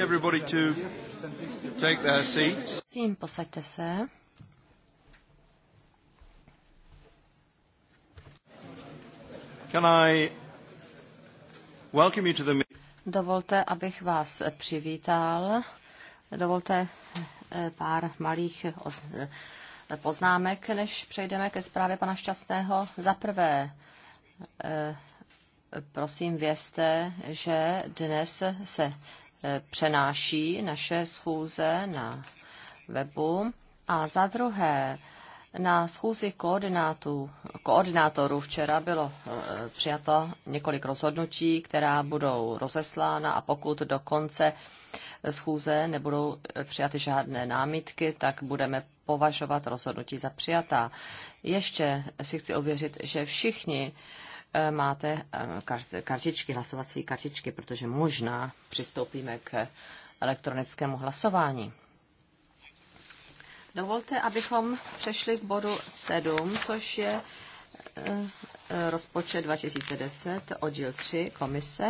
everybody to take their seats. Prosím, posaďte se. Can I welcome you to the Dovolte, abych vás přivítal. Dovolte eh, pár malých eh, poznámek, než přejdeme ke zprávě pana Šťastného. Za prvé, eh, prosím vězte, že dnes se Eh, přenáší naše schůze na webu. A za druhé, na schůzi koordinátorů včera bylo eh, přijato několik rozhodnutí, která budou rozeslána a pokud do konce schůze nebudou eh, přijaty žádné námitky, tak budeme považovat rozhodnutí za přijatá. Ještě si chci ověřit, že všichni Eh, máte eh, kartičky, hlasovací kartičky, protože možná přistoupíme k elektronickému hlasování. Dovolte, abychom přešli k bodu 7, což je eh, rozpočet 2010, oddíl 3, komise.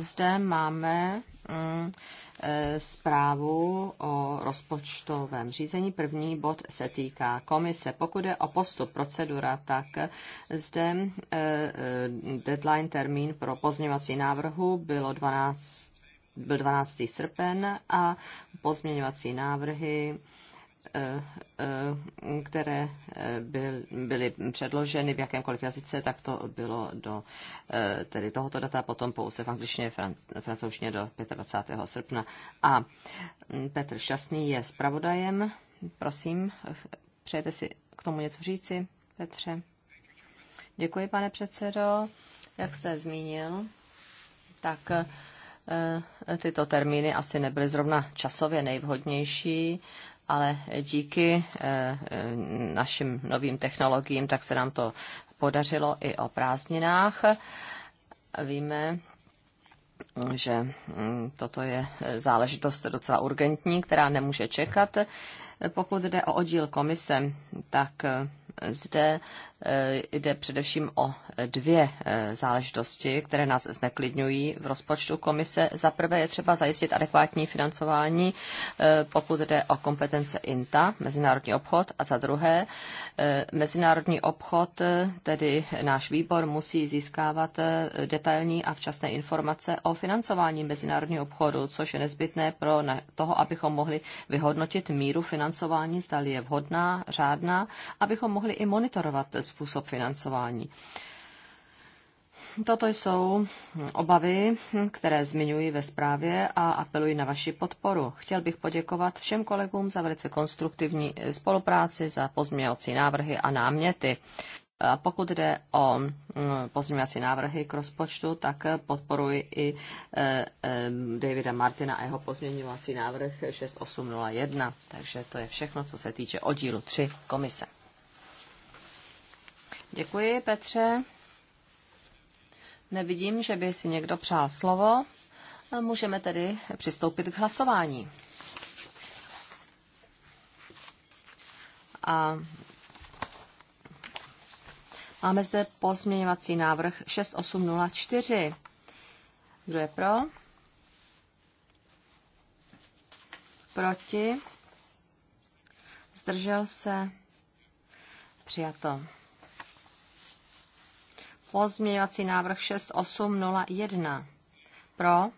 Zde máme mm, Eh, zprávu o rozpočtovém řízení. První bod se týká komise. Pokud je o postup procedura, tak zde eh, eh, deadline termín pro pozměňovací návrhu bylo 12, byl 12. srpen a pozměňovací návrhy Eh, eh, které eh, byly předloženy v jakémkoliv jazyce, tak to bylo do tedy tohoto data, potom pouze v angličtině, francouzštině do 25. srpna. A hm, Petr Šťastný je zpravodajem. Prosím, přejete si k tomu něco říci, Petře? Děkuji, pane předsedo. Jak jste zmínil, tak tyto termíny asi nebyly zrovna časově nejvhodnější ale díky eh, eh, našim novým technologiím, tak se nám to podařilo i o prázdninách. Víme, že hm, toto je eh, záležitost docela urgentní, která nemůže čekat. Pokud jde o oddíl komise, tak zde Eh, jde především o eh, dvě eh, záležitosti, které nás zneklidňují v rozpočtu komise. Za prvé je třeba zajistit adekvátní financování, pokud jde o kompetence INTA, mezinárodní obchod, a za druhé, mezinárodní obchod, tedy náš výbor, musí získávat detailní a včasné informace o financování mezinárodního obchodu, což je nezbytné pro toho, abychom mohli vyhodnotit míru financování, zda je vhodná, řádná, abychom mohli i monitorovat způsob financování. Toto jsou obavy, které zmiňuji ve zprávě a apeluji na vaši podporu. Chtěl bych poděkovat všem kolegům za velice konstruktivní spolupráci, za pozměňovací návrhy a náměty. A pokud jde o mm, pozměňovací návrhy k rozpočtu, tak podporuji i e, e, Davida Martina a jeho pozměňovací návrh 6801. Takže to je všechno, co se týče oddílu 3 komise. Děkuji, Petře. Nevidím, že by si někdo přál slovo. Můžeme tedy přistoupit k hlasování. A máme zde pozměňovací návrh 6804. Kdo je pro? Proti? Zdržel se? Přijato. Pozměňovací návrh 6801. Pro.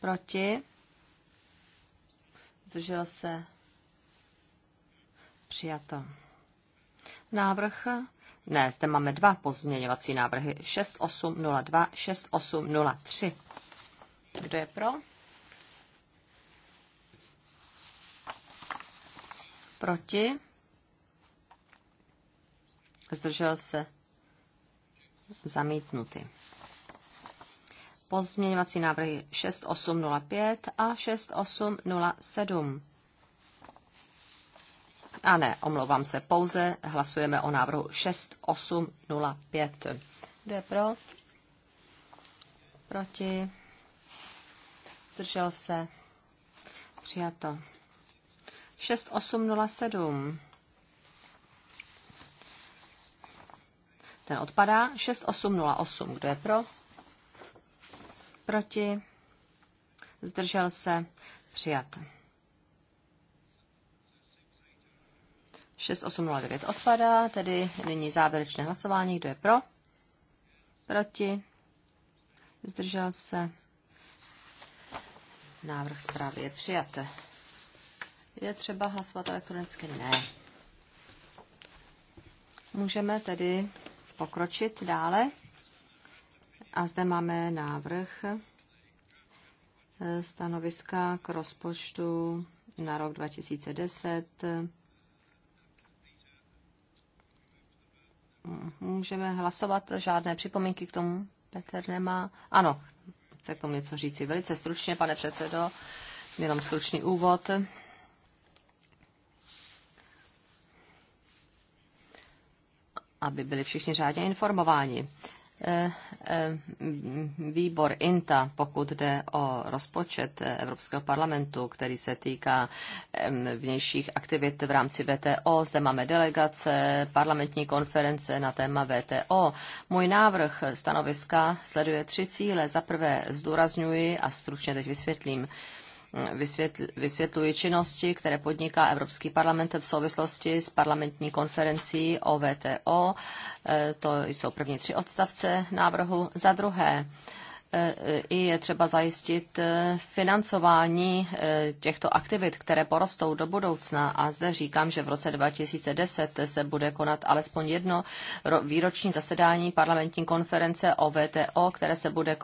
Proti. Zdržel se. Přijato. Návrh. Ne, zde máme dva pozměňovací návrhy. 6802, 6803. Kdo je pro? Proti? zdržel se, zamítnuty. Pozměňovací návrhy 6805 a 6807. A ne, omlouvám se, pouze hlasujeme o návrhu 6805. Kdo je pro? Proti? Zdržel se? Přijato. 6807. ten odpadá. 6808, kdo je pro? Proti? Zdržel se? Přijat. 6809 odpadá, tedy nyní závěrečné hlasování. Kdo je pro? Proti? Zdržel se? Návrh zprávy je přijat. Je třeba hlasovat elektronicky? Ne. Můžeme tedy pokročit dále. A zde máme návrh eh, stanoviska k rozpočtu na rok 2010. Můžeme hlasovat, žádné připomínky k tomu Petr nemá. Ano, chce k tomu něco říci. Velice stručně, pane předsedo, jenom stručný úvod. aby byli všichni řádně informováni. Eh, eh, výbor INTA, pokud jde o rozpočet Evropského parlamentu, který se týká vnějších aktivit v rámci VTO, zde máme delegace, parlamentní konference na téma VTO. Můj návrh stanoviska sleduje tři cíle. Za prvé zdůrazňuji a stručně teď vysvětlím vysvětl, vysvětluji činnosti, které podniká Evropský parlament v souvislosti s parlamentní konferencí o VTO. E, to jsou první tři odstavce návrhu. Za druhé, E, e, i je třeba zajistit e, financování těchto aktivit, které porostou do budoucna. A zde říkám, že v roce 2010 se bude konat alespoň jedno výroční zasedání parlamentní konference o VTO, které se bude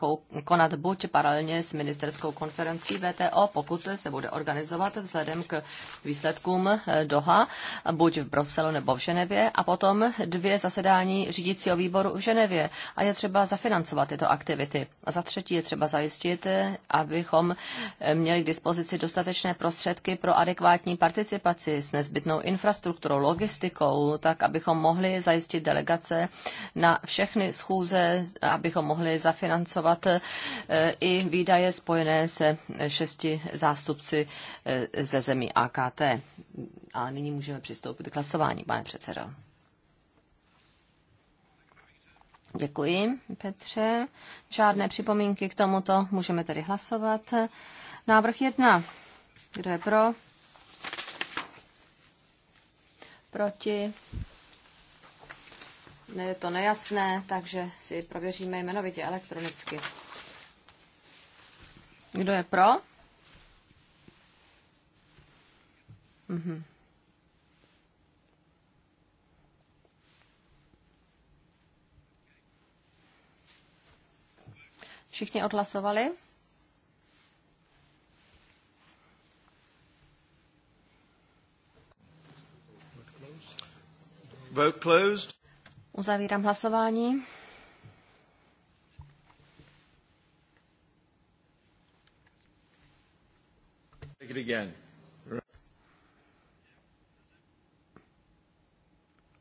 konat buď paralelně s ministerskou konferencí VTO, pokud se bude organizovat vzhledem k výsledkům Doha, buď v Bruselu nebo v Ženevě, a potom dvě zasedání řídícího výboru v Ženevě. A je třeba zafinancovat tyto aktivity za třetí je třeba zajistit, abychom měli k dispozici dostatečné prostředky pro adekvátní participaci s nezbytnou infrastrukturou, logistikou, tak abychom mohli zajistit delegace na všechny schůze, abychom mohli zafinancovat eh, i výdaje spojené se šesti zástupci eh, ze zemí AKT. A nyní můžeme přistoupit k hlasování, pane předsedo. Děkuji, Petře. Žádné připomínky k tomuto. Můžeme tedy hlasovat. Návrh jedna. Kdo je pro? Proti? Je to nejasné, takže si prověříme jmenovitě elektronicky. Kdo je pro? Mhm. Všichni odhlasovali? Vote closed. Uzavírám hlasování. Take it again.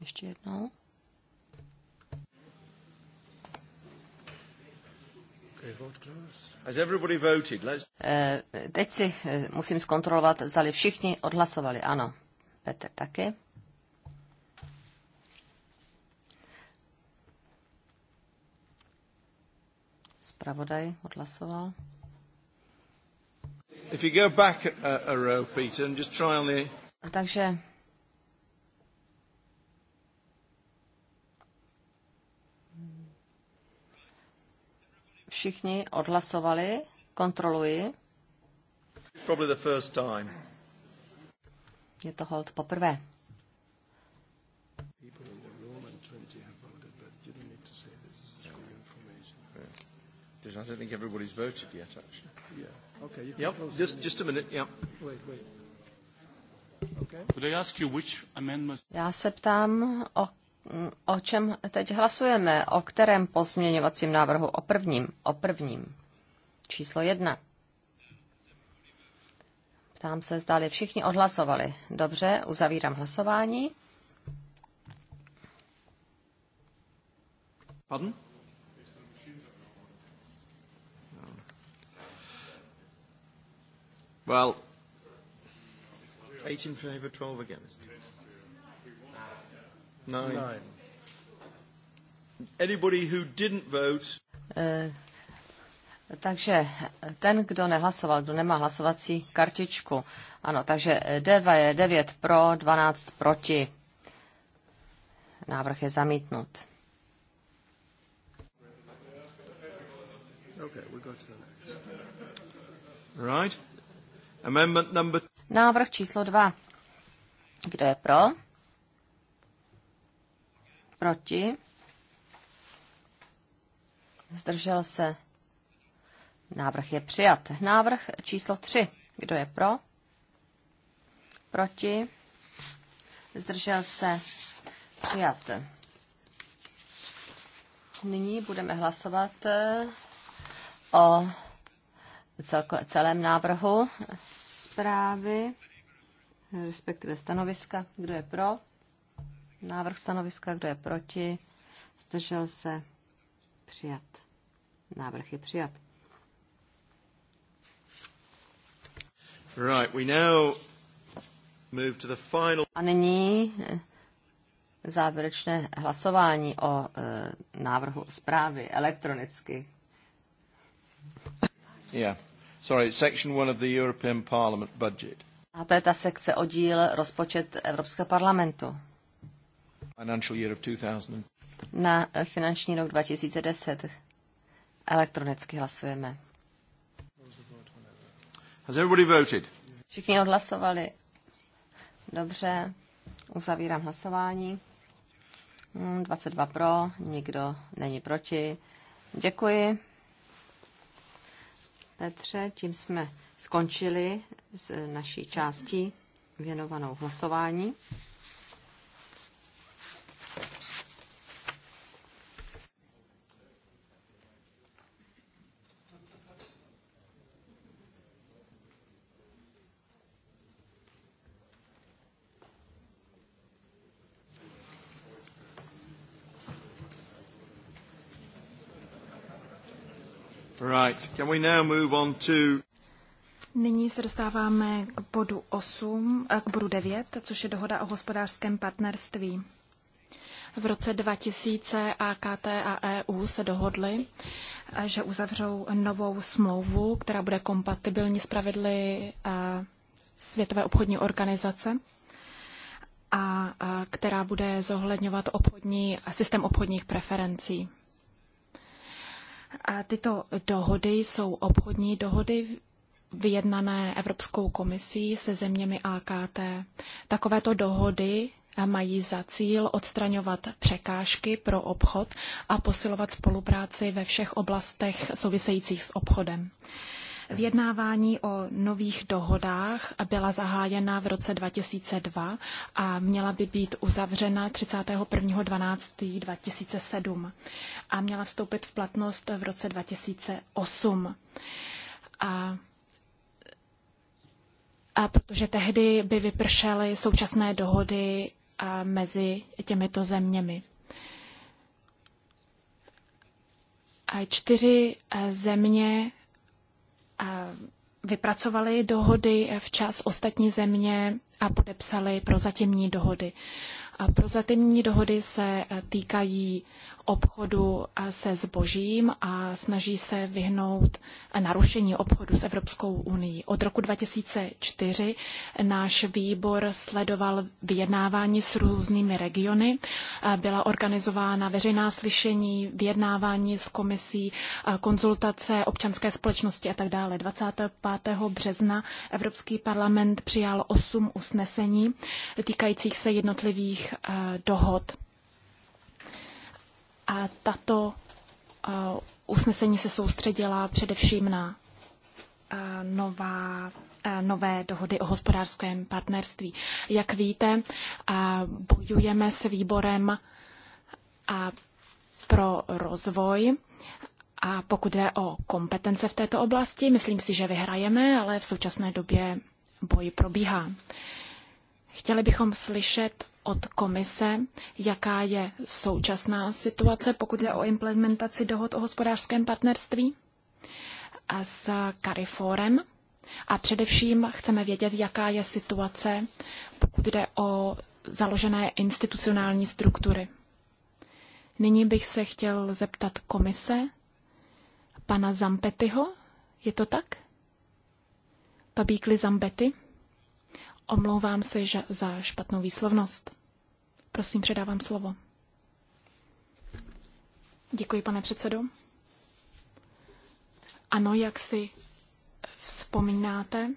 Ještě jednou. Eh, teď si eh, musím zkontrolovat, zdali všichni odhlasovali. Ano, Petr taky. Spravodaj odhlasoval. A takže Všichni odhlasovali, kontroluji. Je to hold poprvé. I don't think everybody's voted yet, actually. Yeah. Okay. You yep. Just, just a minute. Yeah. Wait, wait. Okay. I ask you which amendments? Já se ptám, o o čem teď hlasujeme, o kterém pozměňovacím návrhu, o prvním, o prvním, číslo jedna. Ptám se, zdali všichni odhlasovali. Dobře, uzavírám hlasování. Pardon? Well, 18 in favor, 12 against. Nine. Anybody who didn't vote. Uh, takže ten, kdo nehlasoval, kdo nemá hlasovací kartičku. Ano, takže 9, 9 pro, 12 proti. Návrh je zamítnut. right. Amendment number... Návrh číslo 2. Kdo je pro? Proti? Zdržel se? Návrh je přijat. Návrh číslo 3. Kdo je pro? Proti? Zdržel se? Přijat. Nyní budeme hlasovat eh, o celko, celém návrhu zprávy, respektive stanoviska. Kdo je pro? návrh stanoviska, kdo je proti, zdržel se, přijat. Návrh je přijat. Right, we now move to the final... A nyní eh, závěrečné hlasování o e, návrhu zprávy elektronicky. Yeah. Sorry, section one of the European Parliament budget. A to je ta sekce oddíl rozpočet Evropského parlamentu. Na finanční rok 2010 elektronicky hlasujeme. Has everybody voted? Všichni odhlasovali. Dobře, uzavírám hlasování. 22 hmm, pro, nikdo není proti. Děkuji. Petře, tím jsme skončili s naší částí věnovanou hlasování. Right. Can we now move on to... Nyní se dostáváme k bodu 8, eh, k bodu 9, což je dohoda o hospodářském partnerství. V roce 2000 AKT a EU se dohodly, eh, že uzavřou novou smlouvu, která bude kompatibilní s pravidly eh, Světové obchodní organizace a která bude zohledňovat obchodní, systém obchodních preferencí. A tyto dohody jsou obchodní dohody vyjednané Evropskou komisí se zeměmi AKT. Takovéto dohody mají za cíl odstraňovat překážky pro obchod a posilovat spolupráci ve všech oblastech souvisejících s obchodem. Vyjednávání o nových dohodách byla zahájena v roce 2002 a měla by být uzavřena 31.12.2007 a měla vstoupit v platnost v roce 2008. A a protože tehdy by vypršely současné dohody mezi těmito zeměmi. A čtyři e, země vypracovali dohody včas, ostatní země a podepsali prozatímní dohody. prozatímní dohody se e, týkají obchodu se zbožím a snaží se vyhnout narušení obchodu s Evropskou unii. Od roku 2004 náš výbor sledoval vyjednávání s různými regiony. Byla organizována veřejná slyšení, vyjednávání s komisí, konzultace občanské společnosti a tak dále. 25. března Evropský parlament přijal osm usnesení týkajících se jednotlivých dohod a tato eh, usnesení se soustředila především na eh, nová eh, nové dohody o hospodářském partnerství. Jak víte, bojujeme s výborem a pro rozvoj. A pokud jde o kompetence v této oblasti, myslím si, že vyhrajeme, ale v současné době boj probíhá. Chtěli bychom slyšet od komise, jaká je současná situace, pokud je o implementaci dohod o hospodářském partnerství a s Cariforem. A především chceme vědět, jaká je situace, pokud jde o založené institucionální struktury. Nyní bych se chtěl zeptat komise, pana Zampetyho, je to tak? Pabíkli Zambety? Omlouvám se že za špatnou výslovnost. Prosím, předávám slovo. Děkuji, pane předsedo. Ano, jak si vzpomínáte,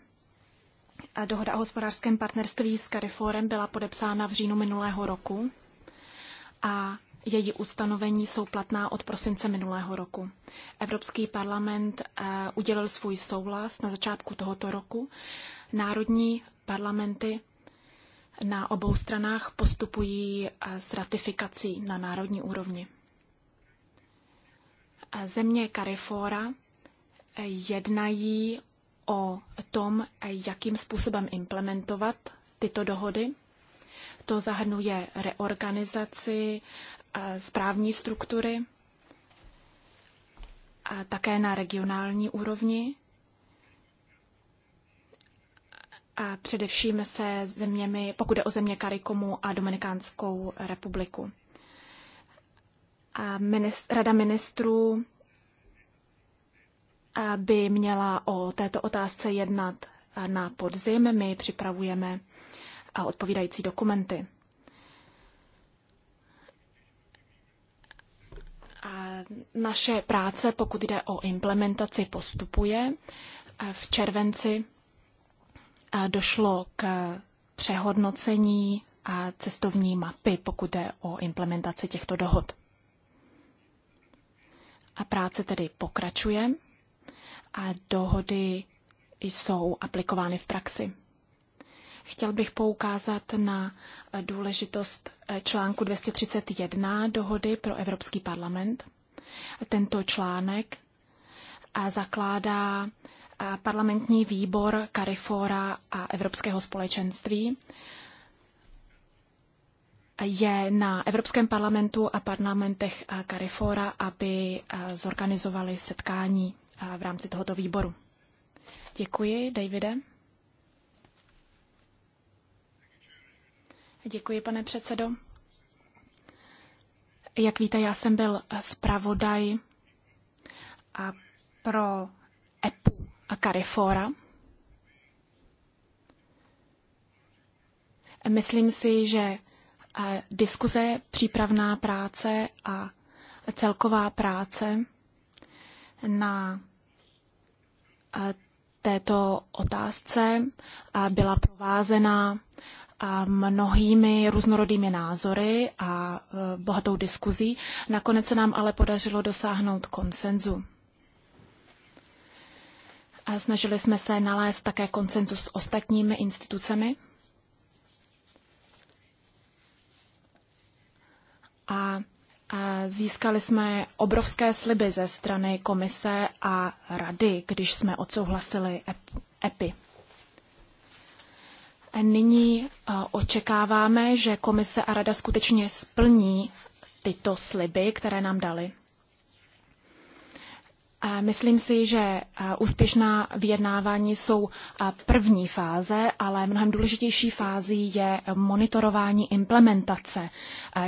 eh, dohoda o hospodářském partnerství s Cariforem byla podepsána v říjnu minulého roku a její ustanovení jsou platná od prosince minulého roku. Evropský parlament eh, udělil svůj souhlas na začátku tohoto roku. Národní parlamenty na obou stranách postupují eh, s ratifikací na národní úrovni. Eh, země Carifora eh, jednají o tom, jakým způsobem implementovat tyto dohody. To zahrnuje reorganizaci správní struktury, a také na regionální úrovni a především se zeměmi, pokud je o země Karikomu a Dominikánskou republiku. A minist, Rada ministrů by měla o této otázce jednat na podzim. My připravujeme odpovídající dokumenty. A naše práce, pokud jde o implementaci, postupuje. V červenci došlo k přehodnocení a cestovní mapy, pokud jde o implementaci těchto dohod. A práce tedy pokračuje a dohody jsou aplikovány v praxi. Chtěl bych poukázat na důležitost článku 231 dohody pro Evropský parlament. Tento článek zakládá parlamentní výbor Carifora a Evropského společenství je na Evropském parlamentu a parlamentech Carifora, aby eh, zorganizovali setkání eh, v rámci tohoto výboru. Děkuji, Davide. Děkuji, pane předsedo. Jak víte, já jsem byl zpravodaj a eh, pro EPU, a Carifora. Myslím si, že eh, diskuze, přípravná práce a celková práce na eh, této otázce eh, byla provázena mnohými různorodými názory a bohatou diskuzí. Nakonec se nám ale podařilo dosáhnout konsenzu. Snažili jsme se nalézt také koncenzus s ostatními institucemi. A Získali jsme obrovské sliby ze strany komise a rady, když jsme odsouhlasili EPI. E nyní očekáváme, že komise a rada skutečně splní tyto sliby, které nám dali. Myslím si, že úspěšná vyjednávání jsou první fáze, ale mnohem důležitější fází je monitorování implementace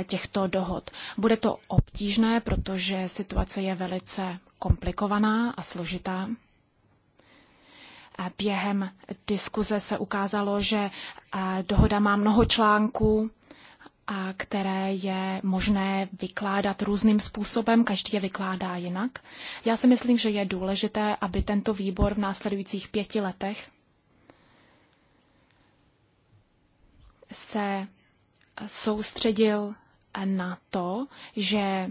těchto dohod. Bude to obtížné, protože situace je velice komplikovaná a složitá. Během diskuze se ukázalo, že dohoda má mnoho článků, a které je možné vykládat různým způsobem, každý je vykládá jinak. Já si myslím, že je důležité, aby tento výbor v následujících pěti letech se soustředil na to, že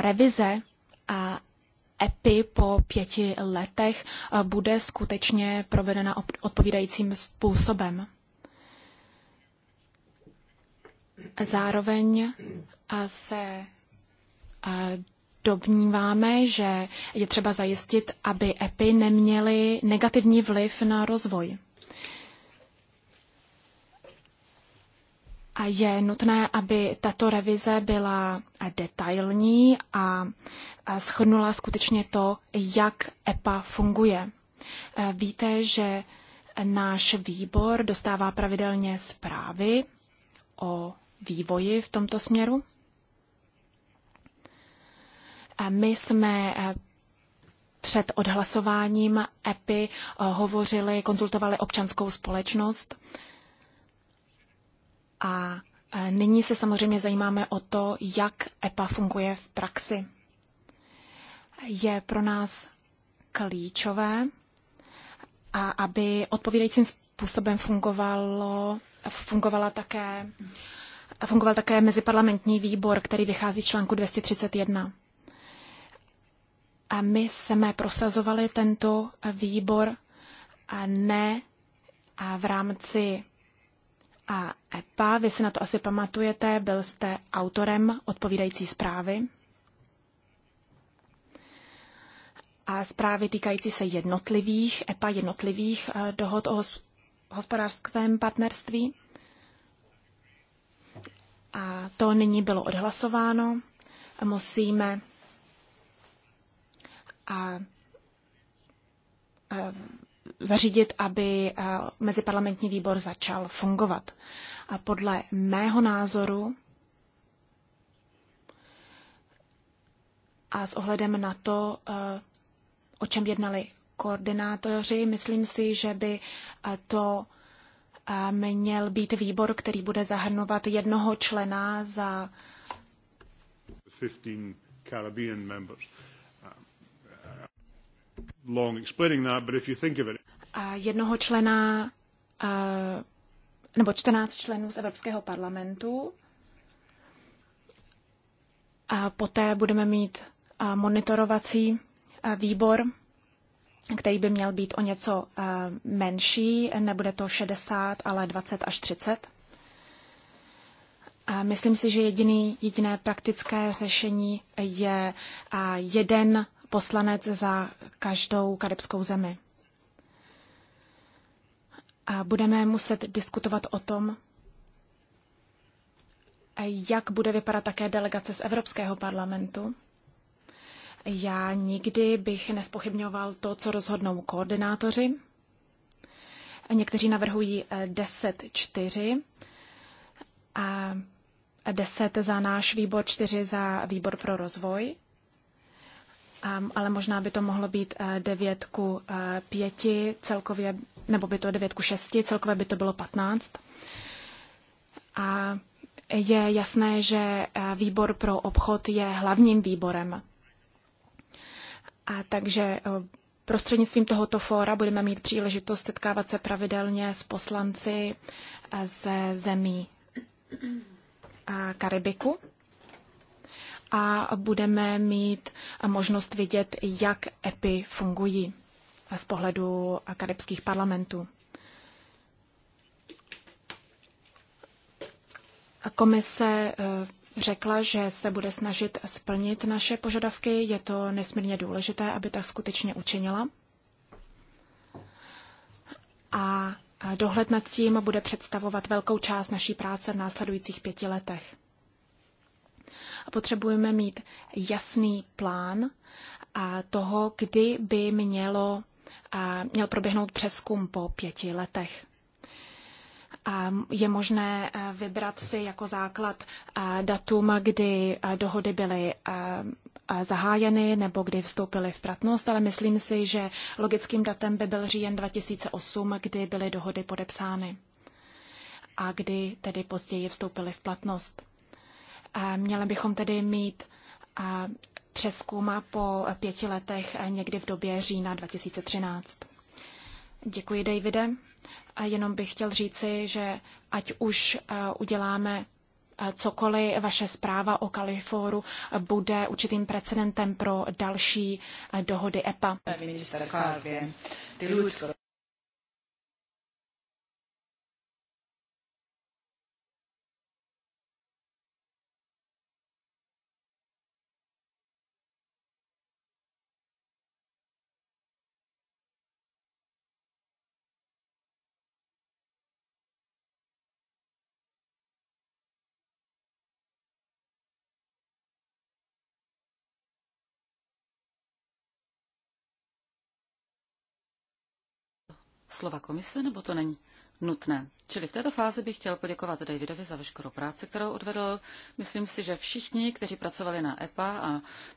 revize a EPI po pěti letech bude skutečně provedena odpovídajícím způsobem. Zároveň se dobníváme, že je třeba zajistit, aby EPI neměly negativní vliv na rozvoj. A je nutné, aby tato revize byla detailní a shrnula skutečně to, jak EPA funguje. E, víte, že náš výbor dostává pravidelně zprávy o vývoji v tomto směru. My jsme eh, před odhlasováním EPI eh, hovořili, konzultovali občanskou společnost a eh, nyní se samozřejmě zajímáme o to, jak EPA funguje v praxi. Je pro nás klíčové, a aby odpovídajícím způsobem fungovalo, fungovala také a fungoval také meziparlamentní výbor, který vychází článku 231. A my jsme prosazovali tento výbor a ne a v rámci a EPA, vy si na to asi pamatujete, byl jste autorem odpovídající zprávy. A zprávy týkající se jednotlivých, EPA jednotlivých eh, dohod o hospodářském partnerství. A to nyní bylo odhlasováno. A musíme a, a zařídit, aby meziparlamentní výbor začal fungovat. A podle mého názoru a s ohledem na to, o čem jednali koordinátoři, myslím si, že by to měl být výbor, který bude zahrnovat jednoho člena za 15 uh, A jednoho člena uh, nebo 14 členů z Evropského parlamentu. A poté budeme mít uh, monitorovací výbor který by měl být o něco eh, menší, nebude to 60, ale 20 až 30. myslím si, že jediný, jediné praktické řešení je eh, jeden poslanec za každou karibskou zemi. A budeme muset diskutovat o tom, eh, jak bude vypadat také delegace z Evropského parlamentu. Já nikdy bych nespochybňoval to, co rozhodnou koordinátoři. Někteří navrhují 10-4 eh, a 10 za náš výbor, 4 za výbor pro rozvoj. Um, ale možná by to mohlo být uh, eh, devětku uh, eh, pěti celkově, nebo by to devětku šesti, celkově by to bylo patnáct. A je jasné, že uh, výbor pro obchod je hlavním výborem a takže eh, prostřednictvím tohoto fóra budeme mít příležitost setkávat se pravidelně s poslanci eh, ze zemí eh, Karibiku a budeme mít možnost vidět, jak EPI fungují z pohledu karibských parlamentů. Komise řekla, že se bude snažit splnit naše požadavky. Je to nesmírně důležité, aby tak skutečně učinila. A dohled nad tím bude představovat velkou část naší práce v následujících pěti letech. Potřebujeme mít jasný plán a toho, kdy by mělo, a měl proběhnout přeskum po pěti letech. Je možné eh, vybrat si jako základ eh, datum, kdy eh, dohody byly zahájeny nebo kdy vstoupily v platnost, ale myslím si, že logickým datem by byl říjen 2008, kdy byly dohody podepsány a kdy tedy později vstoupily v platnost. Měli bychom tedy mít přeskum po pěti letech někdy v době října 2013. Děkuji, Davide. A jenom bych chtěl říci, že ať už eh, uděláme eh, cokoliv, vaše zpráva o Kaliforu bude určitým precedentem pro další eh, dohody EPA. slova komise, nebo to není nutné? Čili v této fázi bych chtěl poděkovat Davidovi za veškerou práci, kterou odvedl. Myslím si, že všichni, kteří pracovali na EPA a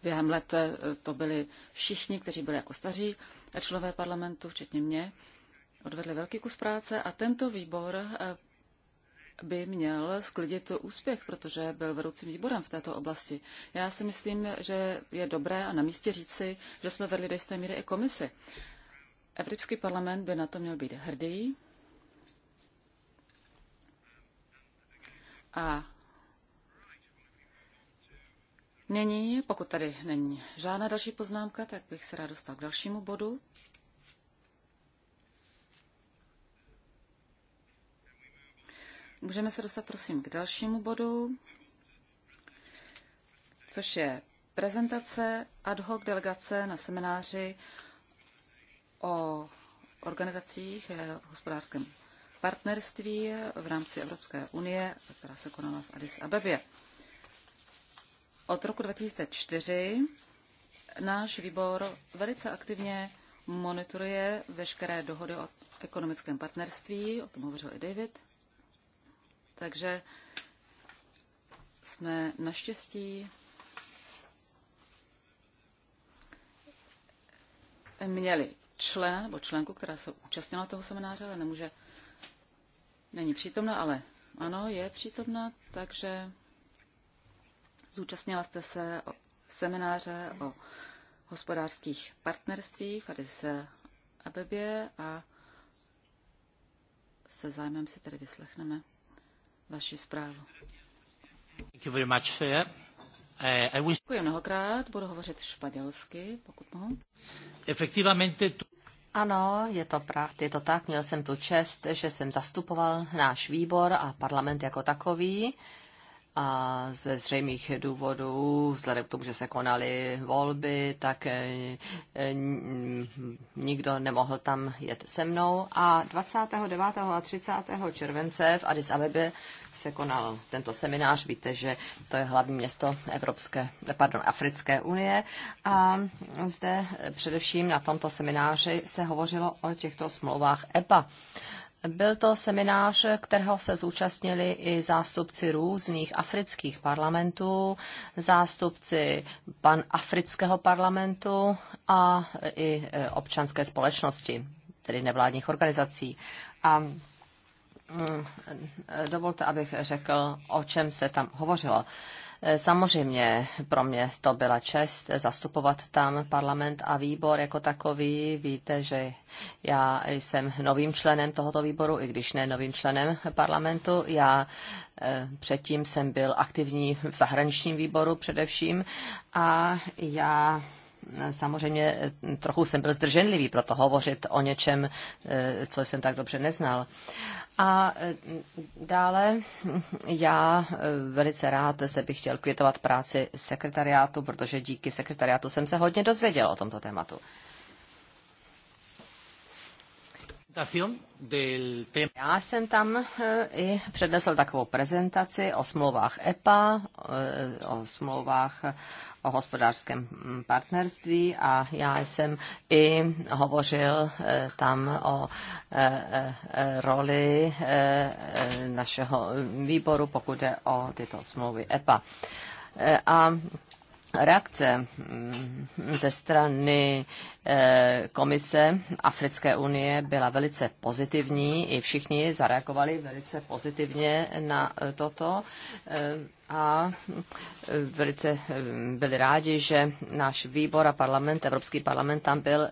během let eh, to byli všichni, kteří byli jako staří členové parlamentu, včetně mě, odvedli velký kus práce a tento výbor eh, by měl sklidit úspěch, protože byl vedoucím výborem v této oblasti. Já si myslím, že je dobré a na místě říci, že jsme vedli do jisté míry i komisi. Evropský parlament by na to měl být hrdý a Nyní, pokud tady není žádná další poznámka, tak bych se rád dostal k dalšímu bodu. Můžeme se dostat, prosím, k dalšímu bodu, což je prezentace ad hoc delegace na semináři o organizacích eh, hospodářském partnerství v rámci Evropské unie, která se konala v Addis Abebě. Od roku 2004 náš výbor velice aktivně monitoruje veškeré dohody o ekonomickém partnerství, o tom hovořil i David. Takže jsme naštěstí měli člen nebo členku, která se účastnila toho semináře, ale nemůže, není přítomna, ale ano, je přítomna, takže zúčastnila jste se o semináře o hospodářských partnerstvích v Addis Abebě a se zájmem si tedy vyslechneme vaši zprávu. Thank you very much, sir. Eh, Děkuji mnohokrát, budu hovořit španělsky, pokud mohu. Efektivamente tu... Ano, je to, pravda, je to tak. Měl jsem tu čest, že jsem zastupoval náš výbor a parlament jako takový a ze zřejmých důvodů, vzhledem k tomu, že se konaly volby, tak eh, nikdo nemohl tam jet se mnou. A 29. a 30. července v Addis Abebe se konal tento seminář. Víte, že to je hlavní město Evropské, pardon, Africké unie. A zde především na tomto semináři se hovořilo o těchto smlouvách EPA. Byl to seminář, kterého se zúčastnili i zástupci různých afrických parlamentů, zástupci pan afrického parlamentu a i e, občanské společnosti, tedy nevládních organizací. A mm, e, dovolte, abych řekl, o čem se tam hovořilo. Eh, samozřejmě pro mě to byla čest zastupovat tam parlament a výbor jako takový. Víte, že já jsem novým členem tohoto výboru, i když ne novým členem parlamentu. Já eh, předtím jsem byl aktivní v zahraničním výboru především a já eh, samozřejmě trochu jsem byl zdrženlivý pro to hovořit o něčem, co jsem tak dobře neznal. A eh, dále já eh, velice rád se bych chtěl květovat práci sekretariátu, protože díky sekretariátu jsem se hodně dozvěděl o tomto tématu. Já jsem tam eh, i přednesl takovou prezentaci o smlouvách EPA, o smlouvách o hospodářském mm, partnerství a já jsem i hovořil eh, tam o eh, eh, roli našeho výboru, pokud je o tyto smlouvy EPA. A reakce mm, ze strany komise Africké unie byla velice pozitivní. I všichni zareagovali velice pozitivně na toto a e, velice e, byli rádi, že náš výbor a parlament, Evropský parlament tam byl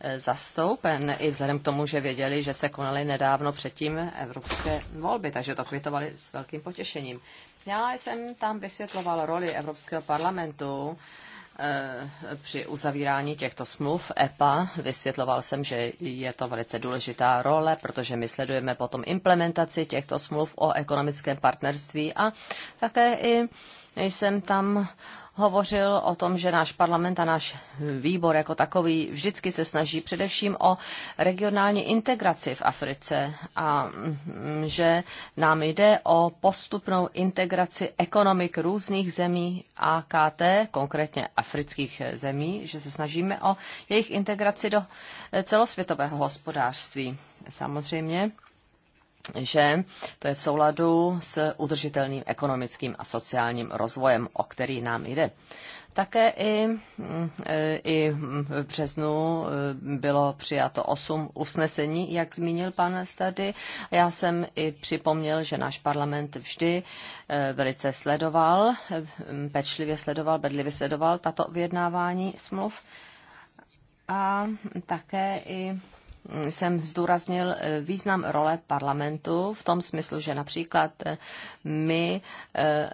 e, zastoupen i vzhledem k tomu, že věděli, že se konaly nedávno předtím evropské volby, takže to kvitovali s velkým potěšením. Já jsem tam vysvětloval roli Evropského parlamentu Eh, při uzavírání těchto smluv EPA. Vysvětloval jsem, že je to velice důležitá role, protože my sledujeme potom implementaci těchto smluv o ekonomickém partnerství a také i jsem tam hovořil o tom, že náš parlament a náš výbor jako takový vždycky se snaží především o regionální integraci v Africe a mm, že nám jde o postupnou integraci ekonomik různých zemí AKT, konkrétně afrických zemí, že se snažíme o jejich integraci do celosvětového hospodářství. Samozřejmě že to je v souladu s udržitelným ekonomickým a sociálním rozvojem, o který nám jde. Také i, i v březnu bylo přijato osm usnesení, jak zmínil pan Stady. Já jsem i připomněl, že náš parlament vždy eh, velice sledoval, pečlivě sledoval, bedlivě sledoval tato vyjednávání smluv. A také i jsem zdůraznil eh, význam role parlamentu v tom smyslu, že například eh, my eh,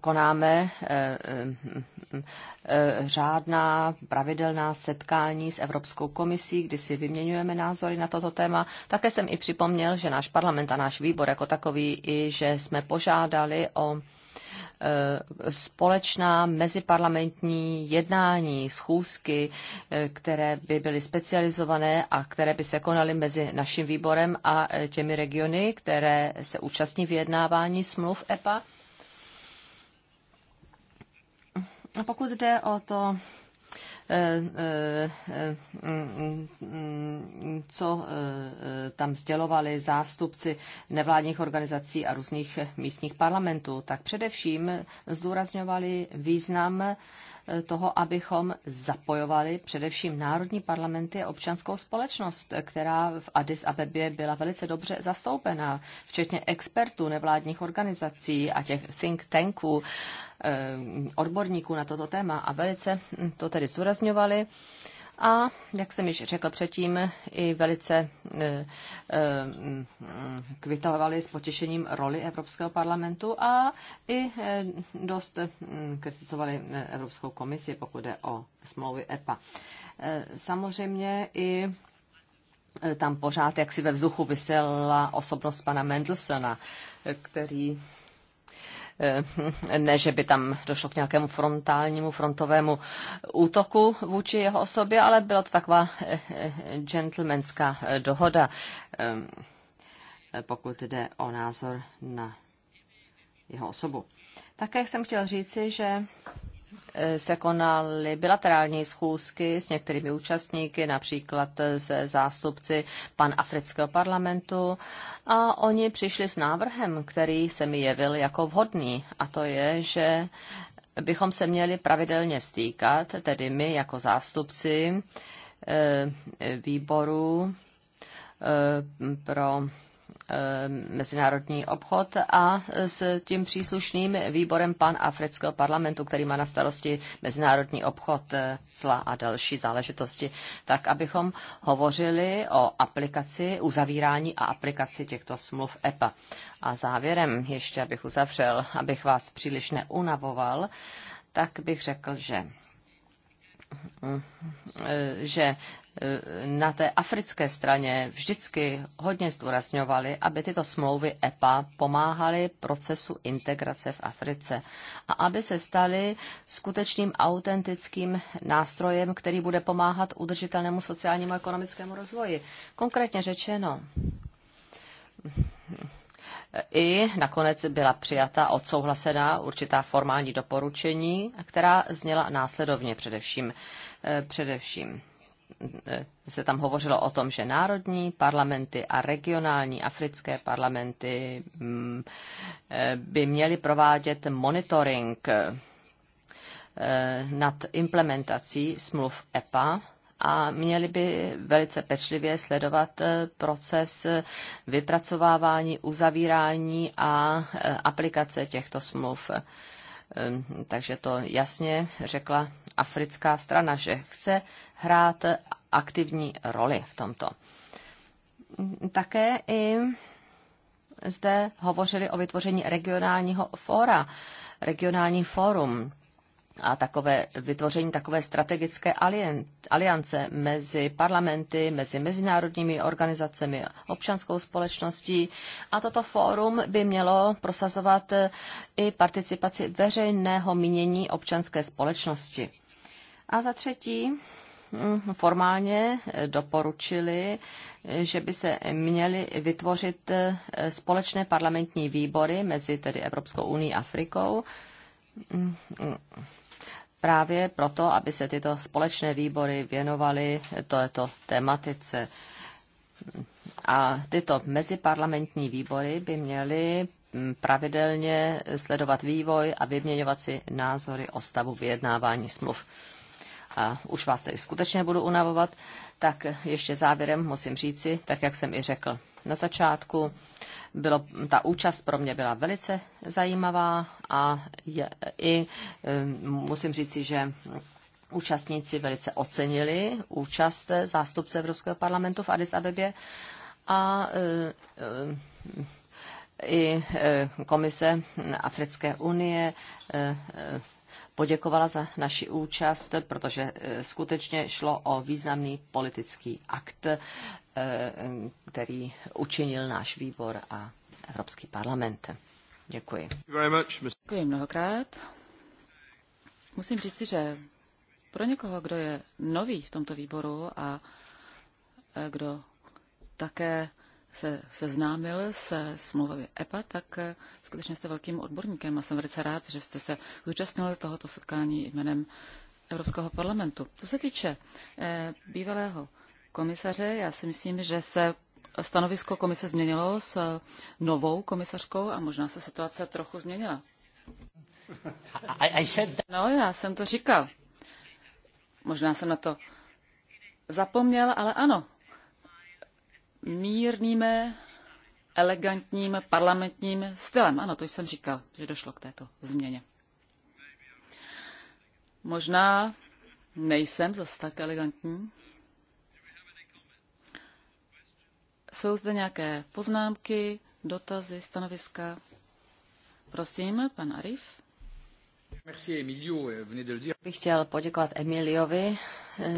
konáme řádná pravidelná setkání s Evropskou komisí, kdy si vyměňujeme názory na toto téma. Také jsem i připomněl, že náš parlament a náš výbor jako takový i, že jsme požádali o Eh, společná meziparlamentní jednání, schůzky, eh, které by byly specializované a které by se konaly mezi naším výborem a eh, těmi regiony, které se účastní vyjednávání smluv EPA. A pokud jde o to co eh, eh, tam sdělovali zástupci nevládních organizací a různých místních parlamentů, tak především zdůrazňovali význam toho, abychom zapojovali především národní parlamenty a občanskou společnost, která v Addis Abebě byla velice dobře zastoupena, včetně expertů nevládních organizací a těch think tanků, eh, odborníků na toto téma a velice to tedy zdůrazňovali a, jak jsem již řekl předtím, i velice eh, eh, kvitovali s potěšením roli Evropského parlamentu a i eh, dost kritizovali Evropskou komisi, pokud jde o smlouvy EPA. Samozřejmě i tam pořád jaksi ve vzduchu vysela osobnost pana Mendelsona, který Eh, ne, že by tam došlo k nějakému frontálnímu, frontovému útoku vůči jeho osobě, ale byla to taková eh, eh, gentlemanská dohoda, pokud jde o názor na jeho osobu. Také jsem chtěl říci, že Eh, se konaly bilaterální schůzky s některými účastníky, například se zástupci pan Afrického parlamentu a oni přišli s návrhem, který se mi jevil jako vhodný a to je, že bychom se měli pravidelně stýkat, tedy my jako zástupci eh, výboru eh, pro Eh, mezinárodní obchod a s tím příslušným výborem pan Afrického parlamentu, který má na starosti mezinárodní obchod, eh, cla a další záležitosti, tak abychom hovořili o aplikaci, uzavírání a aplikaci těchto smluv EPA. A závěrem ještě, abych uzavřel, abych vás příliš neunavoval, tak bych řekl, že mm, eh, že na té africké straně vždycky hodně zdůrazňovali, aby tyto smlouvy EPA pomáhaly procesu integrace v Africe a aby se staly skutečným autentickým nástrojem, který bude pomáhat udržitelnému sociálnímu a ekonomickému rozvoji. Konkrétně řečeno, i nakonec byla přijata, odsouhlasená určitá formální doporučení, která zněla následovně především. Eh, především Eh, se tam hovořilo o tom, že národní parlamenty a regionální africké parlamenty mm, eh, by měly provádět monitoring eh, nad implementací smluv EPA a měli by velice pečlivě sledovat proces vypracovávání, uzavírání a aplikace těchto smluv takže to jasně řekla africká strana, že chce hrát aktivní roli v tomto. Také i zde hovořili o vytvoření regionálního fóra, regionální fórum, a takové, vytvoření takové strategické aliance mezi parlamenty, mezi mezinárodními organizacemi, občanskou společností. A toto fórum by mělo prosazovat eh, i participaci veřejného mínění občanské společnosti. A za třetí, hm, formálně eh, doporučili, eh, že by se měly vytvořit společné parlamentní výbory mezi tedy Evropskou unii a Afrikou, hm, hm, právě proto, aby se tyto společné výbory věnovaly této tematice. A tyto meziparlamentní výbory by měly mm, pravidelně sledovat vývoj a vyměňovat si názory o stavu vyjednávání smluv. A už vás tedy skutečně budu unavovat, tak ještě závěrem musím říci, tak jak jsem i řekl, na začátku. Bylo, ta účast pro mě byla velice zajímavá a je, i musím říci, že účastníci velice ocenili účast zástupce Evropského parlamentu v Addis Abebě a i komise Africké unie poděkovala za naši účast, protože eh, skutečně šlo o významný politický akt, eh, který učinil náš výbor a Evropský parlament. Děkuji. Děkuji mnohokrát. Musím říci, že pro někoho, kdo je nový v tomto výboru a eh, kdo také se seznámil se smlouvami EPA, tak skutečně jste velkým odborníkem a jsem velice rád, že jste se zúčastnil tohoto setkání jménem Evropského parlamentu. Co se týče eh, bývalého komisaře, já si myslím, že se stanovisko komise změnilo s eh, novou komisařkou a možná se situace trochu změnila. No, já jsem to říkal. Možná jsem na to zapomněl, ale ano. Mírníme elegantním parlamentním stylem. Ano, to jsem říkal, že došlo k této změně. Možná nejsem zas tak elegantní. Jsou zde nějaké poznámky, dotazy, stanoviska? Prosím, pan Arif. Eh, bych chtěl poděkovat Emiliovi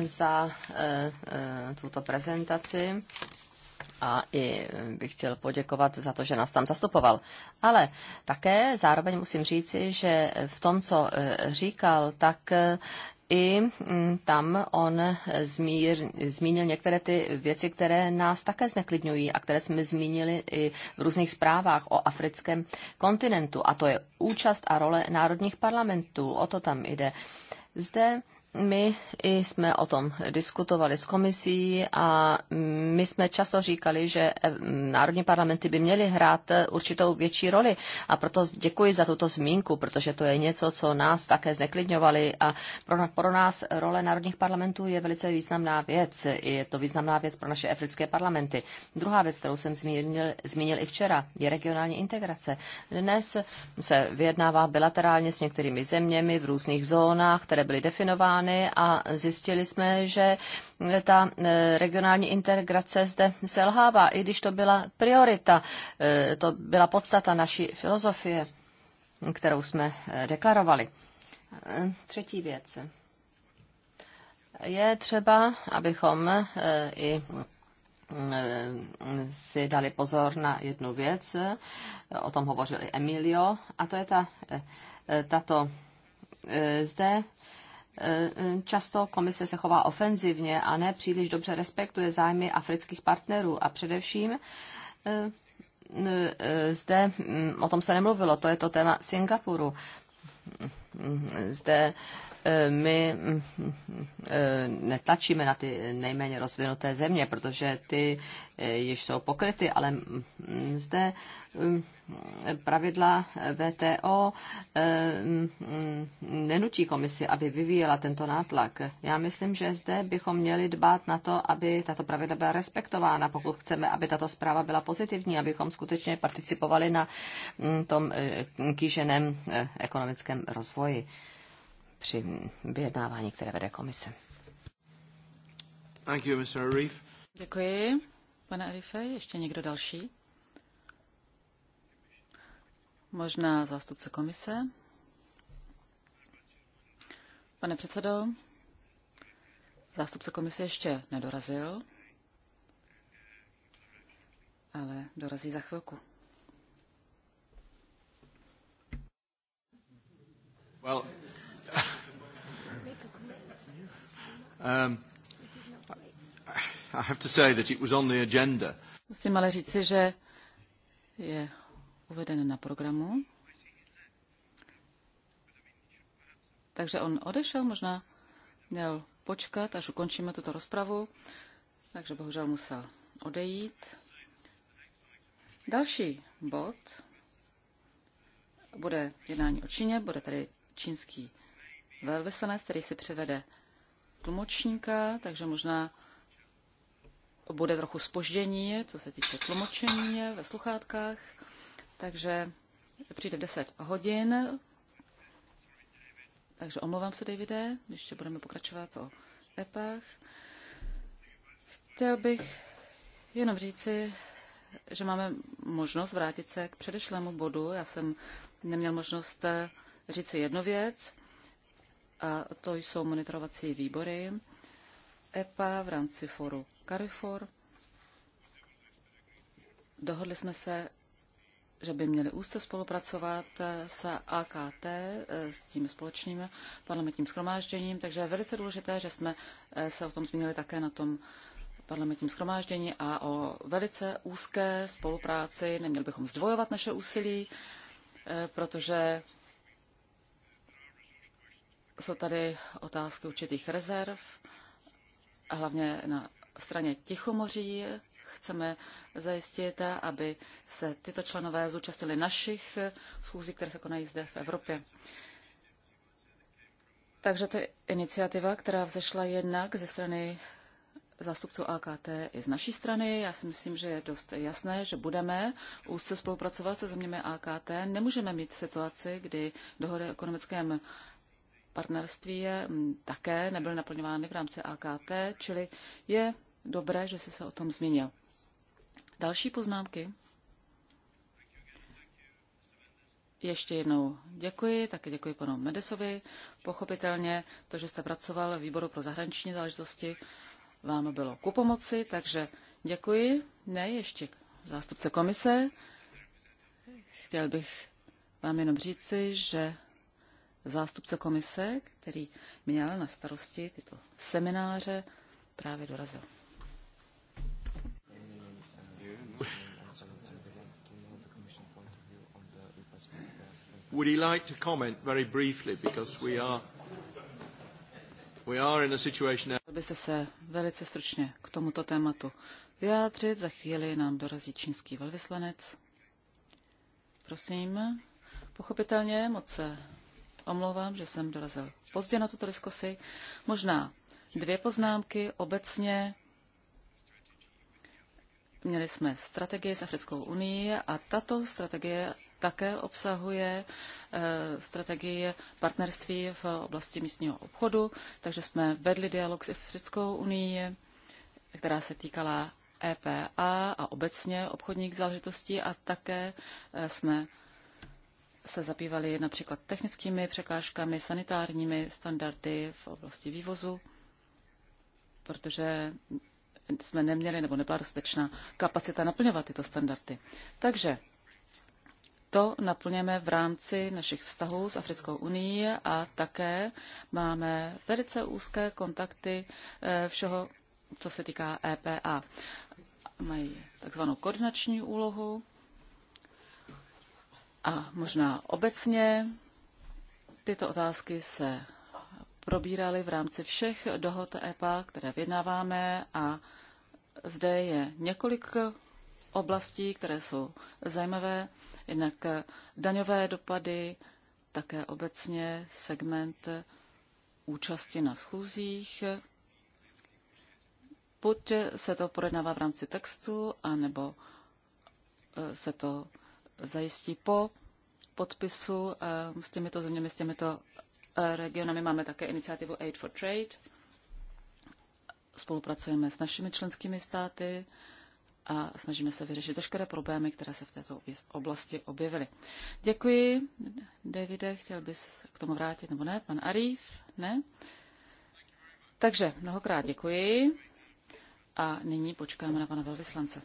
za eh, eh, tuto prezentaci a i bych chtěl poděkovat za to, že nás tam zastupoval. Ale také zároveň musím říci, že v tom, co e, říkal, tak e, i tam on zmír, zmínil některé ty věci, které nás také zneklidňují a které jsme zmínili i v různých zprávách o africkém kontinentu. A to je účast a role národních parlamentů. O to tam jde. Zde my jsme o tom diskutovali s komisí a my jsme často říkali, že národní parlamenty by měly hrát určitou větší roli. A proto děkuji za tuto zmínku, protože to je něco, co nás také zneklidňovali. A pro, pro nás role národních parlamentů je velice významná věc. Je to významná věc pro naše africké parlamenty. Druhá věc, kterou jsem zmínil, zmínil i včera, je regionální integrace. Dnes se vyjednává bilaterálně s některými zeměmi v různých zónách, které byly definovány plány a zjistili jsme, že ta e, regionální integrace zde selhává, i když to byla priorita, e, to byla podstata naší filozofie, kterou jsme e, deklarovali. Třetí věc. Je třeba, abychom i si dali pozor na jednu věc, o tom hovořil i Emilio, a to je ta, tato zde Často komise se chová ofenzivně a ne příliš dobře respektuje zájmy afrických partnerů a především eh, zde, mm, o tom se nemluvilo, to je to téma Singapuru. Zde Eh, my eh, netlačíme na ty nejméně rozvinuté země, protože ty eh, již jsou pokryty, ale mm, zde mm, pravidla VTO mm, nenutí komisi, aby vyvíjela tento nátlak. Já myslím, že zde bychom měli dbát na to, aby tato pravidla byla respektována, pokud chceme, aby tato zpráva byla pozitivní, abychom skutečně participovali na tom kýženém ekonomickém rozvoji při vyjednávání, které vede komise. Thank you, Mr. Arif. Děkuji. Pane Arife, ještě někdo další? Možná zástupce komise? Pane předsedo, zástupce komise ještě nedorazil, ale dorazí za chvilku. Well, Um, I have to say that it was on the agenda. Musím ale říci, že je uveden na programu. Takže on odešel, možná měl počkat, až ukončíme tuto rozpravu, takže bohužel musel odejít. Další bod bude jednání o Číně, bude tady čínský velvyslanec, který si přivede tlumočníka, takže možná bude trochu spoždění, co se týče tlumočení ve sluchátkách. Takže přijde v 10 hodin. Takže omlouvám se, Davide, ještě budeme pokračovat o epách. Chtěl bych jenom říci, že máme možnost vrátit se k předešlému bodu. Já jsem neměl možnost říci jednu věc a to jsou monitorovací výbory EPA v rámci foru Carrefour. Dohodli jsme se, že by měli úzce spolupracovat s AKT, s tím společným parlamentním schromážděním, takže je velice důležité, že jsme eh, se o tom zmínili také na tom parlamentním schromáždění a o velice úzké spolupráci. Neměli bychom zdvojovat naše úsilí, eh, protože jsou tady otázky určitých rezerv, hlavně na straně Tichomoří. Chceme zajistit, aby se tyto členové zúčastnili našich schůzí, které se konají zde v Evropě. Takže to je iniciativa, která vzešla jednak ze strany zástupců AKT i z naší strany. Já si myslím, že je dost jasné, že budeme úzce spolupracovat se zeměmi AKT. Nemůžeme mít situaci, kdy dohody o ekonomickém partnerství mm, také nebyly naplňovány v rámci AKT, čili je dobré, že jsi se o tom zmínil. Další poznámky? Ještě jednou děkuji, také děkuji panu Medesovi. Pochopitelně to, že jste pracoval v výboru pro zahraniční záležitosti, vám bylo ku pomoci, takže děkuji. Ne, ještě zástupce komise. Chtěl bych vám jenom říci, že zástupce komise, který měl na starosti tyto semináře, právě dorazil. Would he like to comment very briefly because we are we are in a situation now. Byste se velice stručně k tomuto tématu vyjádřit. Za chvíli nám dorazí čínský velvyslanec. Prosím, pochopitelně moc se omlouvám, že jsem dorazil pozdě na tuto diskusi. Možná dvě poznámky obecně. Měli jsme strategii s Africkou unii a tato strategie také obsahuje eh, strategii partnerství v oblasti místního obchodu, takže jsme vedli dialog s Africkou unii, která se týkala EPA a obecně obchodních záležitostí a také eh, jsme se zabývali například technickými překážkami, sanitárními standardy v oblasti vývozu, protože jsme neměli nebo nebyla dostatečná kapacita naplňovat tyto standardy. Takže to naplňujeme v rámci našich vztahů s Africkou unii a také máme velice úzké kontakty eh, všeho, co se týká EPA. Mají takzvanou koordinační úlohu a možná obecně tyto otázky se probíraly v rámci všech dohod EPA, které vyjednáváme a zde je několik oblastí, které jsou zajímavé, jednak daňové dopady, také obecně segment účasti na schůzích. Buď se to projednává v rámci textu, anebo e, se to zajistí po podpisu eh, s těmito zeměmi, s těmito eh, regionami. Máme také iniciativu Aid for Trade. Spolupracujeme s našimi členskými státy a snažíme se vyřešit veškeré problémy, které se v této oblasti objevily. Děkuji. Davide, chtěl bys se k tomu vrátit, nebo ne? Pan Arif? Ne? Takže mnohokrát děkuji a nyní počkáme na pana velvyslance.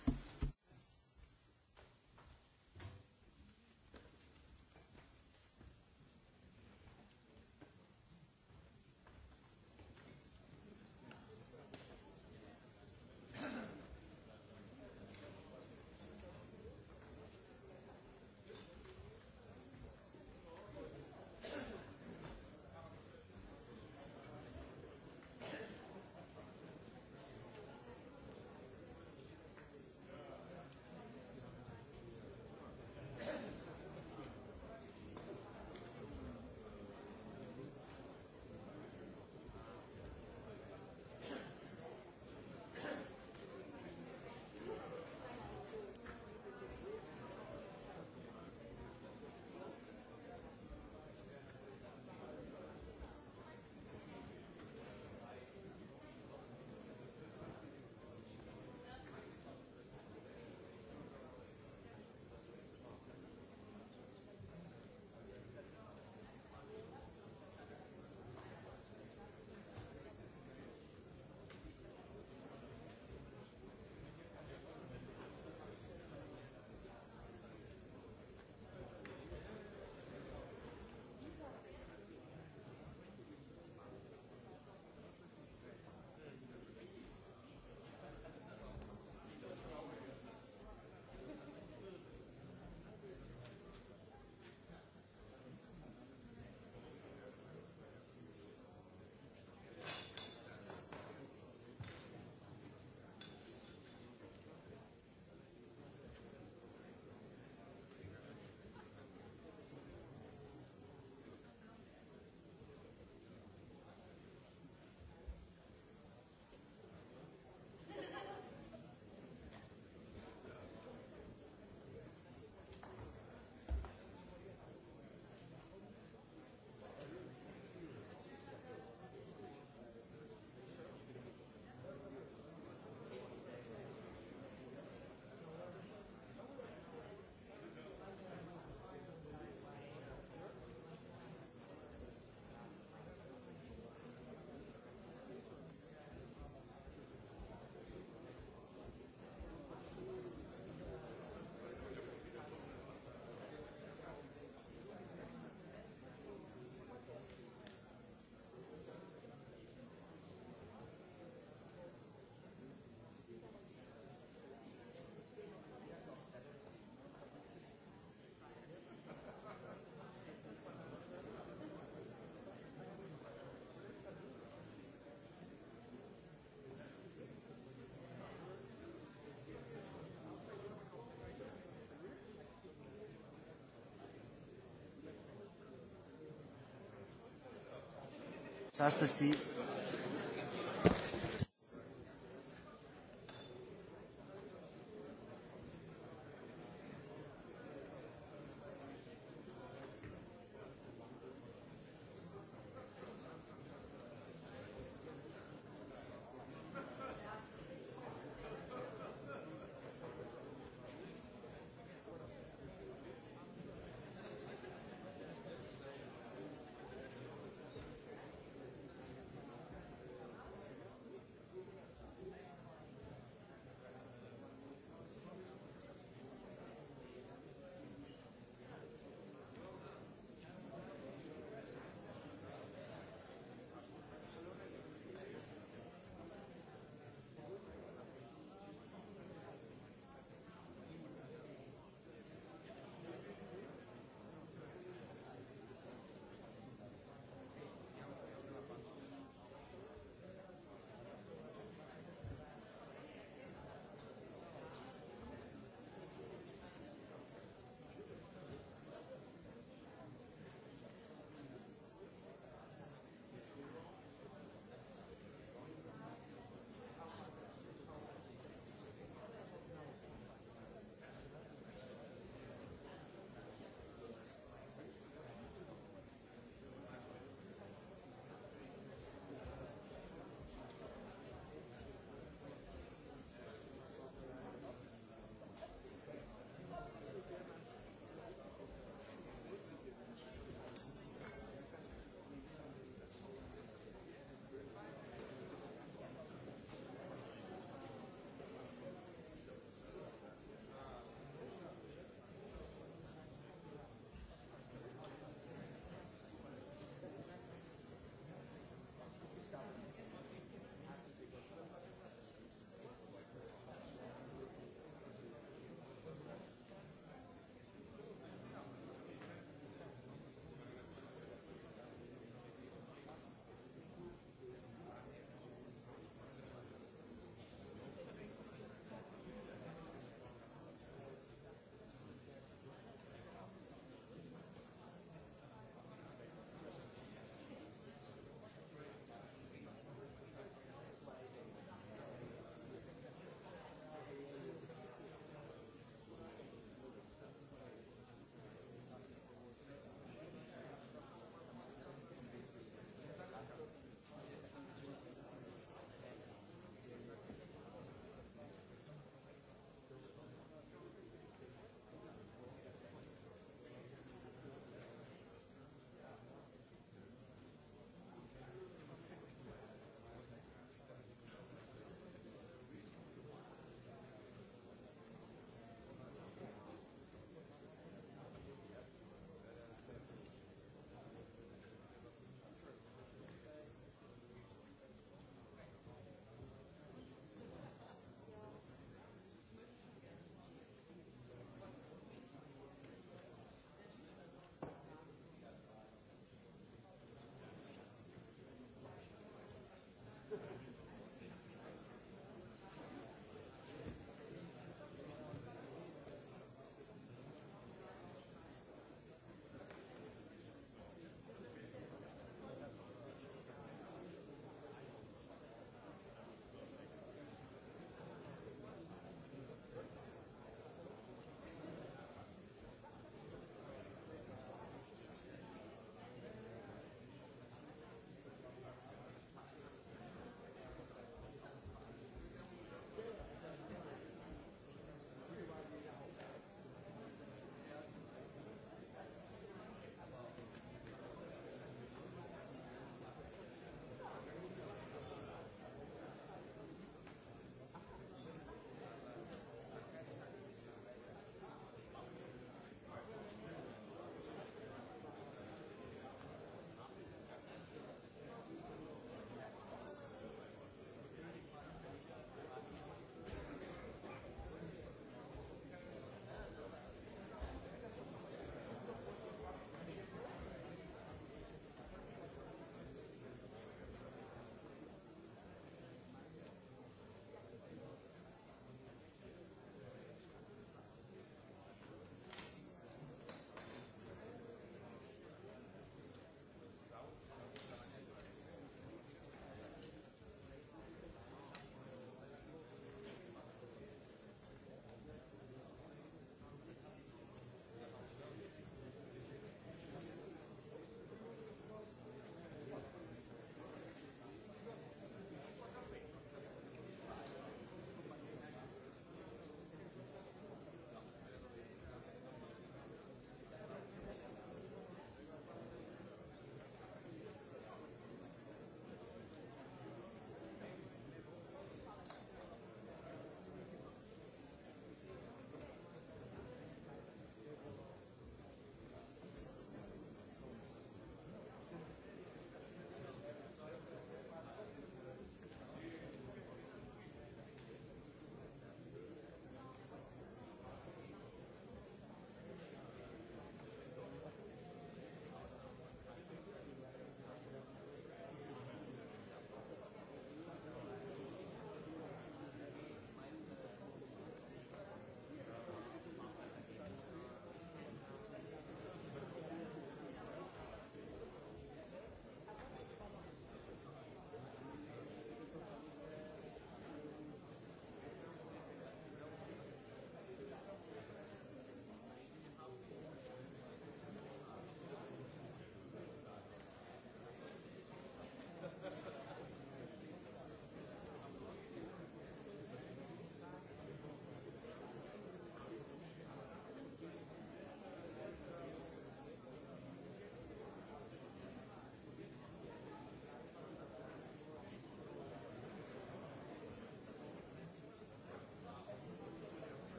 Das heißt, dass die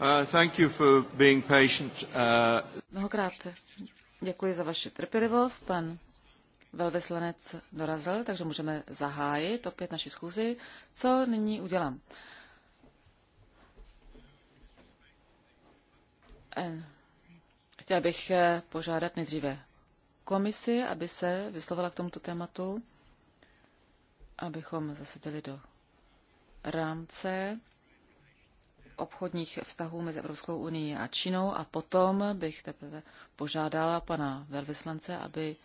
Uh, thank you for being patient. Uh, Mnohokrát děkuji za vaši trpělivost. Pan velvyslanec dorazil, takže můžeme zahájit opět naši schůzi. Co nyní udělám? Eh, chtěl bych eh, požádat nejdříve komisi, aby se vyslovila k tomuto tématu, abychom zasedili do rámce obchodních vztahů mezi Evropskou unii a Čínou a potom bych teprve požádala pana velvyslance, aby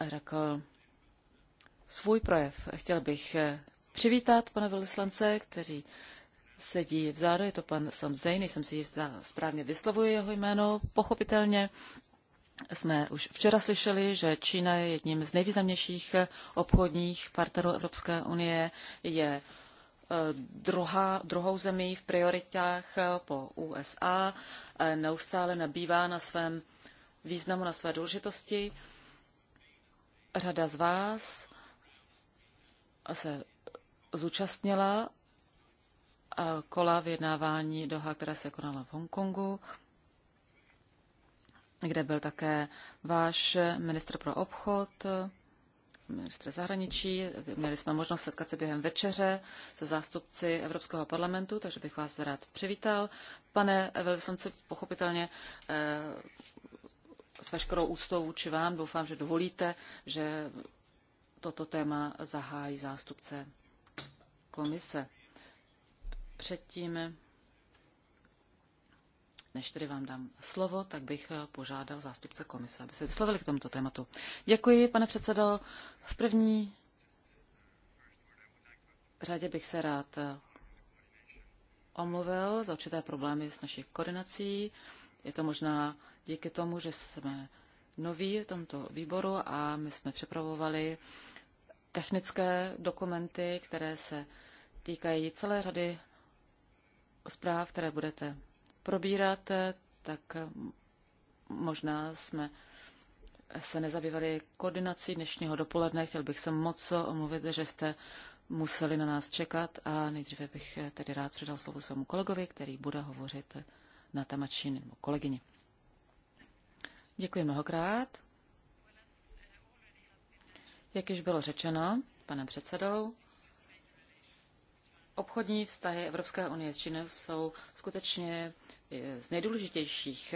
řekl svůj projev. Chtěl bych přivítat pana velvyslance, který sedí vzadu, je to pan Sam Zayn. nejsem si jistá, správně vyslovuje jeho jméno, pochopitelně. Jsme už včera slyšeli, že Čína je jedním z nejvýznamnějších obchodních partnerů Evropské unie, je Eh, druhá, druhou zemí v prioritách eh, po USA, eh, neustále nabývá na svém významu, na své důležitosti. Řada z vás se zúčastnila kola vyjednávání Doha, která se konala v Hongkongu, kde byl také váš ministr pro obchod, ministr zahraničí. Měli jsme možnost setkat se během večeře se zástupci Evropského parlamentu, takže bych vás rád přivítal. Pane velvyslanci, pochopitelně eh, s veškerou úctou vůči vám doufám, že dovolíte, že toto téma zahájí zástupce komise. Předtím než tedy vám dám slovo, tak bych eh, požádal zástupce komise, aby se vyslovili k tomuto tématu. Děkuji, pane předsedo. V první řadě bych se rád eh, omluvil za určité problémy s naší koordinací. Je to možná díky tomu, že jsme noví v tomto výboru a my jsme připravovali technické dokumenty, které se týkají celé řady zpráv, které budete Probíráte, tak eh, možná jsme se nezabývali koordinací dnešního dopoledne. Chtěl bych se moc omluvit, že jste museli na nás čekat a nejdříve bych eh, tedy rád předal slovo svému kolegovi, který bude hovořit eh, na téma Číny, nebo kolegyně. Děkuji mnohokrát. Jak již bylo řečeno panem předsedou, obchodní vztahy Evropské unie s Čínou jsou skutečně eh, z nejdůležitějších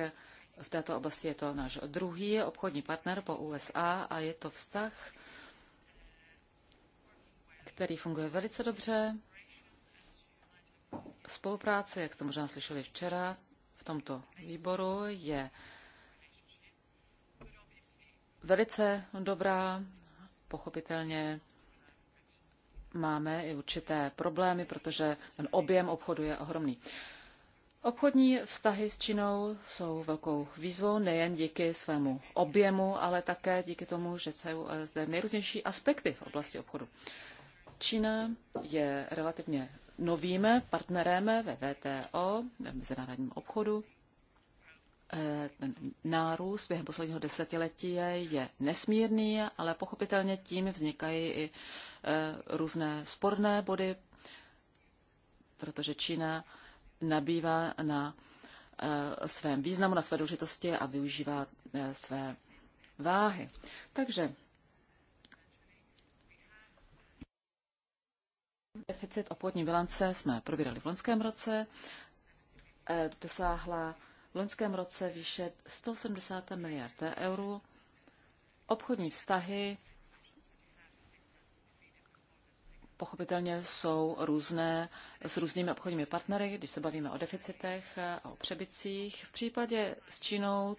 v této oblasti je to náš druhý obchodní partner po USA a je to vztah, který funguje velice dobře. Spolupráce, jak jste možná slyšeli včera v tomto výboru, je velice dobrá. Pochopitelně máme i určité problémy, protože ten objem obchodu je ohromný. Obchodní vztahy s Čínou jsou velkou výzvou nejen díky svému objemu, ale také díky tomu, že jsou eh, zde nejrůznější aspekty v oblasti obchodu. Čína je relativně novým partnerem ve VTO, ve mezinárodním obchodu. Eh, ten nárůst během posledního desetiletí je nesmírný, ale pochopitelně tím vznikají i Eh, různé sporné body, protože Čína nabývá na eh, svém významu, na své důležitosti a využívá eh, své váhy. Takže deficit obchodní bilance jsme probírali v loňském roce. Dosáhla v loňském roce výše 170 miliard eur. Obchodní vztahy pochopitelně jsou různé s různými obchodními partnery, když se bavíme o deficitech a o přebycích. V případě s Čínou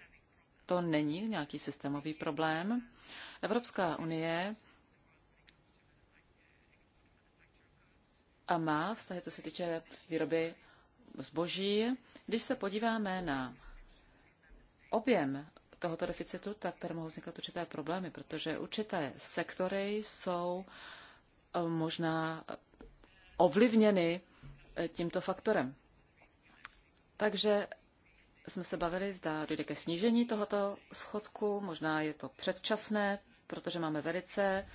to není nějaký systémový problém. Evropská unie a má vztahy, co se týče výroby zboží. Když se podíváme na objem tohoto deficitu, tak tady mohou vznikat určité problémy, protože určité sektory jsou uh, možná ovlivněny eh, tímto faktorem. Takže jsme se bavili, zda dojde ke snížení tohoto schodku, možná je to předčasné, protože máme velice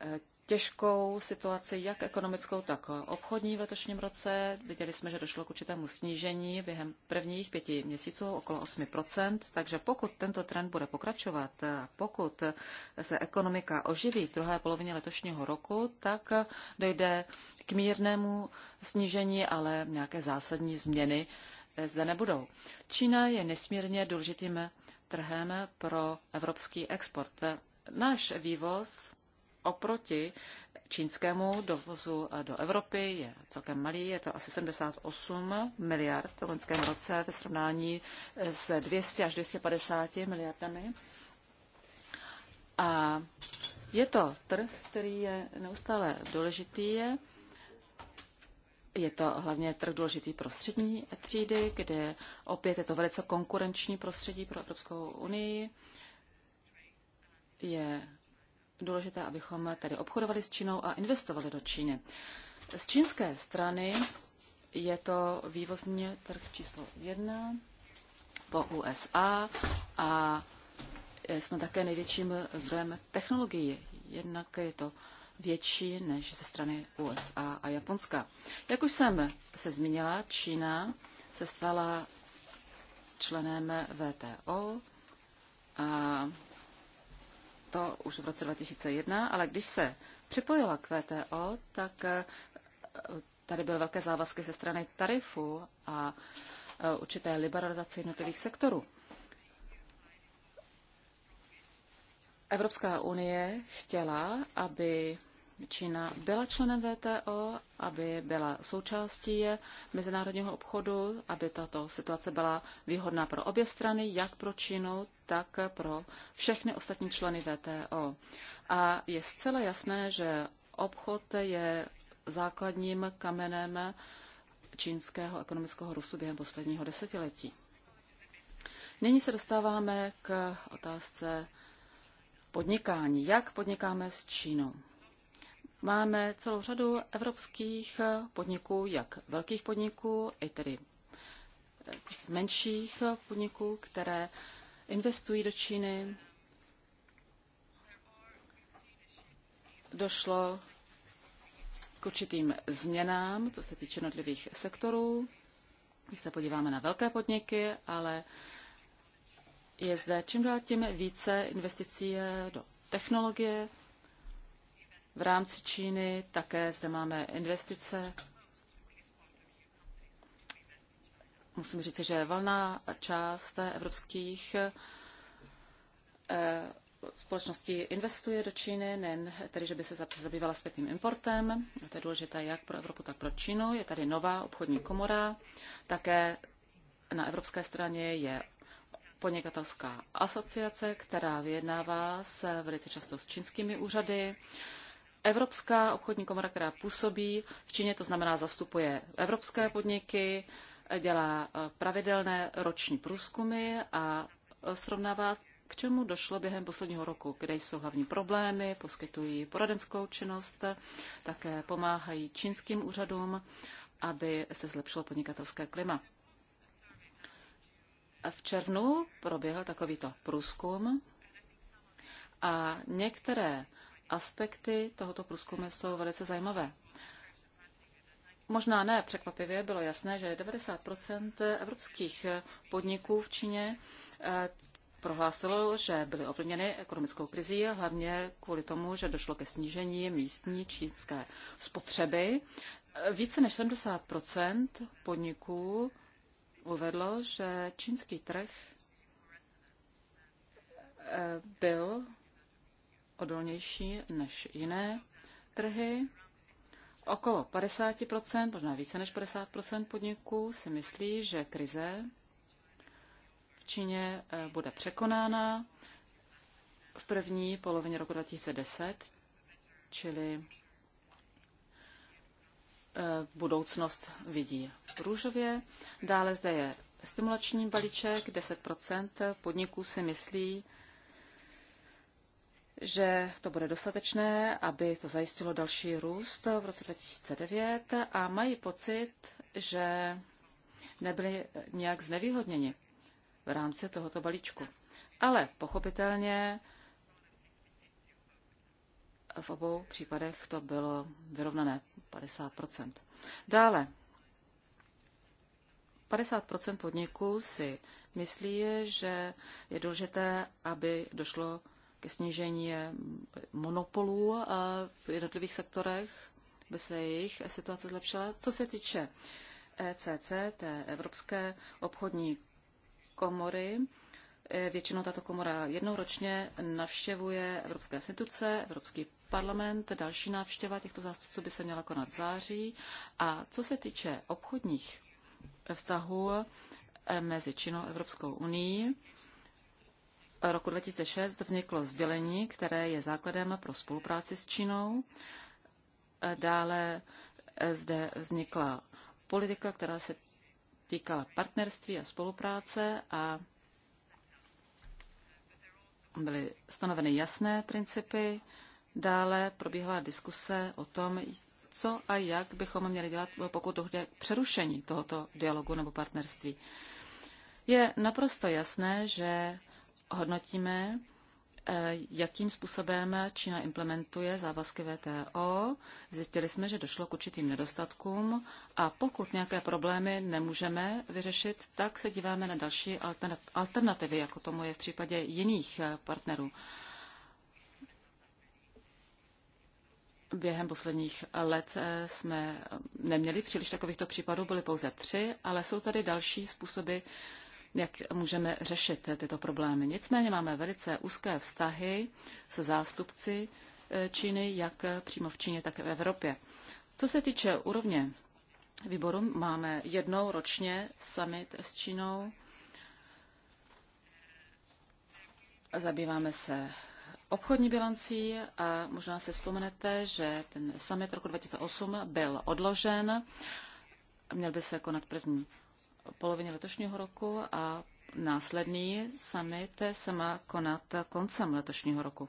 eh, těžkou situaci, jak ekonomickou, tak obchodní v letošním roce. Viděli jsme, že došlo k určitému snížení během prvních pěti měsíců okolo 8%, takže pokud tento trend bude pokračovat, pokud se ekonomika oživí v druhé polovině letošního roku, tak dojde k mírnému snížení, ale nějaké zásadní změny zde nebudou. Čína je nesmírně důležitým trhem pro evropský export. Náš vývoz oproti čínskému dovozu eh, do Evropy je celkem malý, je to asi 78 miliard v loňském roce ve srovnání eh, s 200 až 250 miliardami. A je to trh, který je neustále důležitý. Je to hlavně trh důležitý pro střední třídy, kde opět je to velice konkurenční prostředí pro Evropskou unii. Je důležité, abychom tady obchodovali s Čínou a investovali do Číny. Z čínské strany je to vývozní trh číslo jedna po USA a jsme také největším zdrojem technologií. Jednak je to větší než ze strany USA a Japonska. Jak už jsem se zmínila, Čína se stala členem VTO a to už v roce 2001, ale když se připojila k VTO, tak eh, tady byly velké závazky ze strany tarifu a eh, určité liberalizace jednotlivých sektorů. Evropská unie chtěla, aby Čína byla členem VTO, aby byla součástí mezinárodního obchodu, aby tato situace byla výhodná pro obě strany, jak pro Čínu, tak pro všechny ostatní členy VTO. A je zcela jasné, že obchod je základním kamenem čínského ekonomického růstu během posledního desetiletí. Nyní se dostáváme k otázce podnikání. Jak podnikáme s Čínou? Máme celou řadu evropských podniků, jak velkých podniků, i tedy eh, těch menších podniků, které investují do Číny. Došlo k určitým změnám, co se týče jednotlivých sektorů. Když se podíváme na velké podniky, ale je zde čím dál tím více investicí do technologie, v rámci Číny, také zde máme investice. Musím říct, že valná část evropských eh, společností investuje do Číny, nejen tedy, že by se zabývala zpětným importem. To je důležité jak pro Evropu, tak pro Čínu. Je tady nová obchodní komora. Také na evropské straně je podnikatelská asociace, která vyjednává se velice často s čínskými úřady. Evropská obchodní komora, která působí v Číně, to znamená zastupuje evropské podniky, dělá eh, pravidelné roční průzkumy a eh, srovnává, k čemu došlo během posledního roku, kde jsou hlavní problémy, poskytují poradenskou činnost, také pomáhají čínským úřadům, aby se zlepšilo podnikatelské klima. V červnu proběhl takovýto průzkum a některé aspekty tohoto průzkumu jsou velice zajímavé. Možná ne překvapivě, bylo jasné, že 90 evropských podniků v Číně eh, prohlásilo, že byly ovlivněny ekonomickou krizí, hlavně kvůli tomu, že došlo ke snížení místní čínské spotřeby. Eh, více než 70 podniků uvedlo, že čínský trh eh, byl odolnější než jiné trhy. Okolo 50%, možná více než 50% podniků si myslí, že krize v Číně eh, bude překonána v první polovině roku 2010, čili eh, budoucnost vidí růžově. Dále zde je stimulační balíček, 10% podniků si myslí, že to bude dostatečné, aby to zajistilo další růst v roce 2009 a mají pocit, že nebyli nějak znevýhodněni v rámci tohoto balíčku. Ale pochopitelně v obou případech to bylo vyrovnané 50 Dále 50 podniků si myslí, že je důležité, aby došlo ke snížení monopolů eh, v jednotlivých sektorech, by se jejich situace zlepšila. Co se týče ECC, té Evropské obchodní komory, eh, většinou tato komora jednou ročně navštěvuje evropské instituce, Evropský parlament, další návštěva těchto zástupců by se měla konat v září. A co se týče obchodních vztahů eh, mezi Čínou a Evropskou unii, roku 2006 vzniklo sdělení, které je základem pro spolupráci s Čínou. Dále zde vznikla politika, která se týkala partnerství a spolupráce a byly stanoveny jasné principy. Dále probíhala diskuse o tom, co a jak bychom měli dělat, pokud dojde k přerušení tohoto dialogu nebo partnerství. Je naprosto jasné, že hodnotíme, eh, jakým způsobem Čína implementuje závazky VTO. Zjistili jsme, že došlo k určitým nedostatkům a pokud nějaké problémy nemůžeme vyřešit, tak se díváme na další alternativy, jako tomu je v případě jiných eh, partnerů. Během posledních let eh, jsme neměli příliš takovýchto případů, byly pouze tři, ale jsou tady další způsoby jak můžeme řešit tyto problémy. Nicméně máme velice úzké vztahy se zástupci eh, Číny, jak přímo v Číně, tak v Evropě. Co se týče úrovně výboru, máme jednou ročně summit s Čínou. Zabýváme se obchodní bilancí a možná si vzpomenete, že ten summit roku 2008 byl odložen. Měl by se konat první polovině letošního roku a následný summit se má konat koncem letošního roku.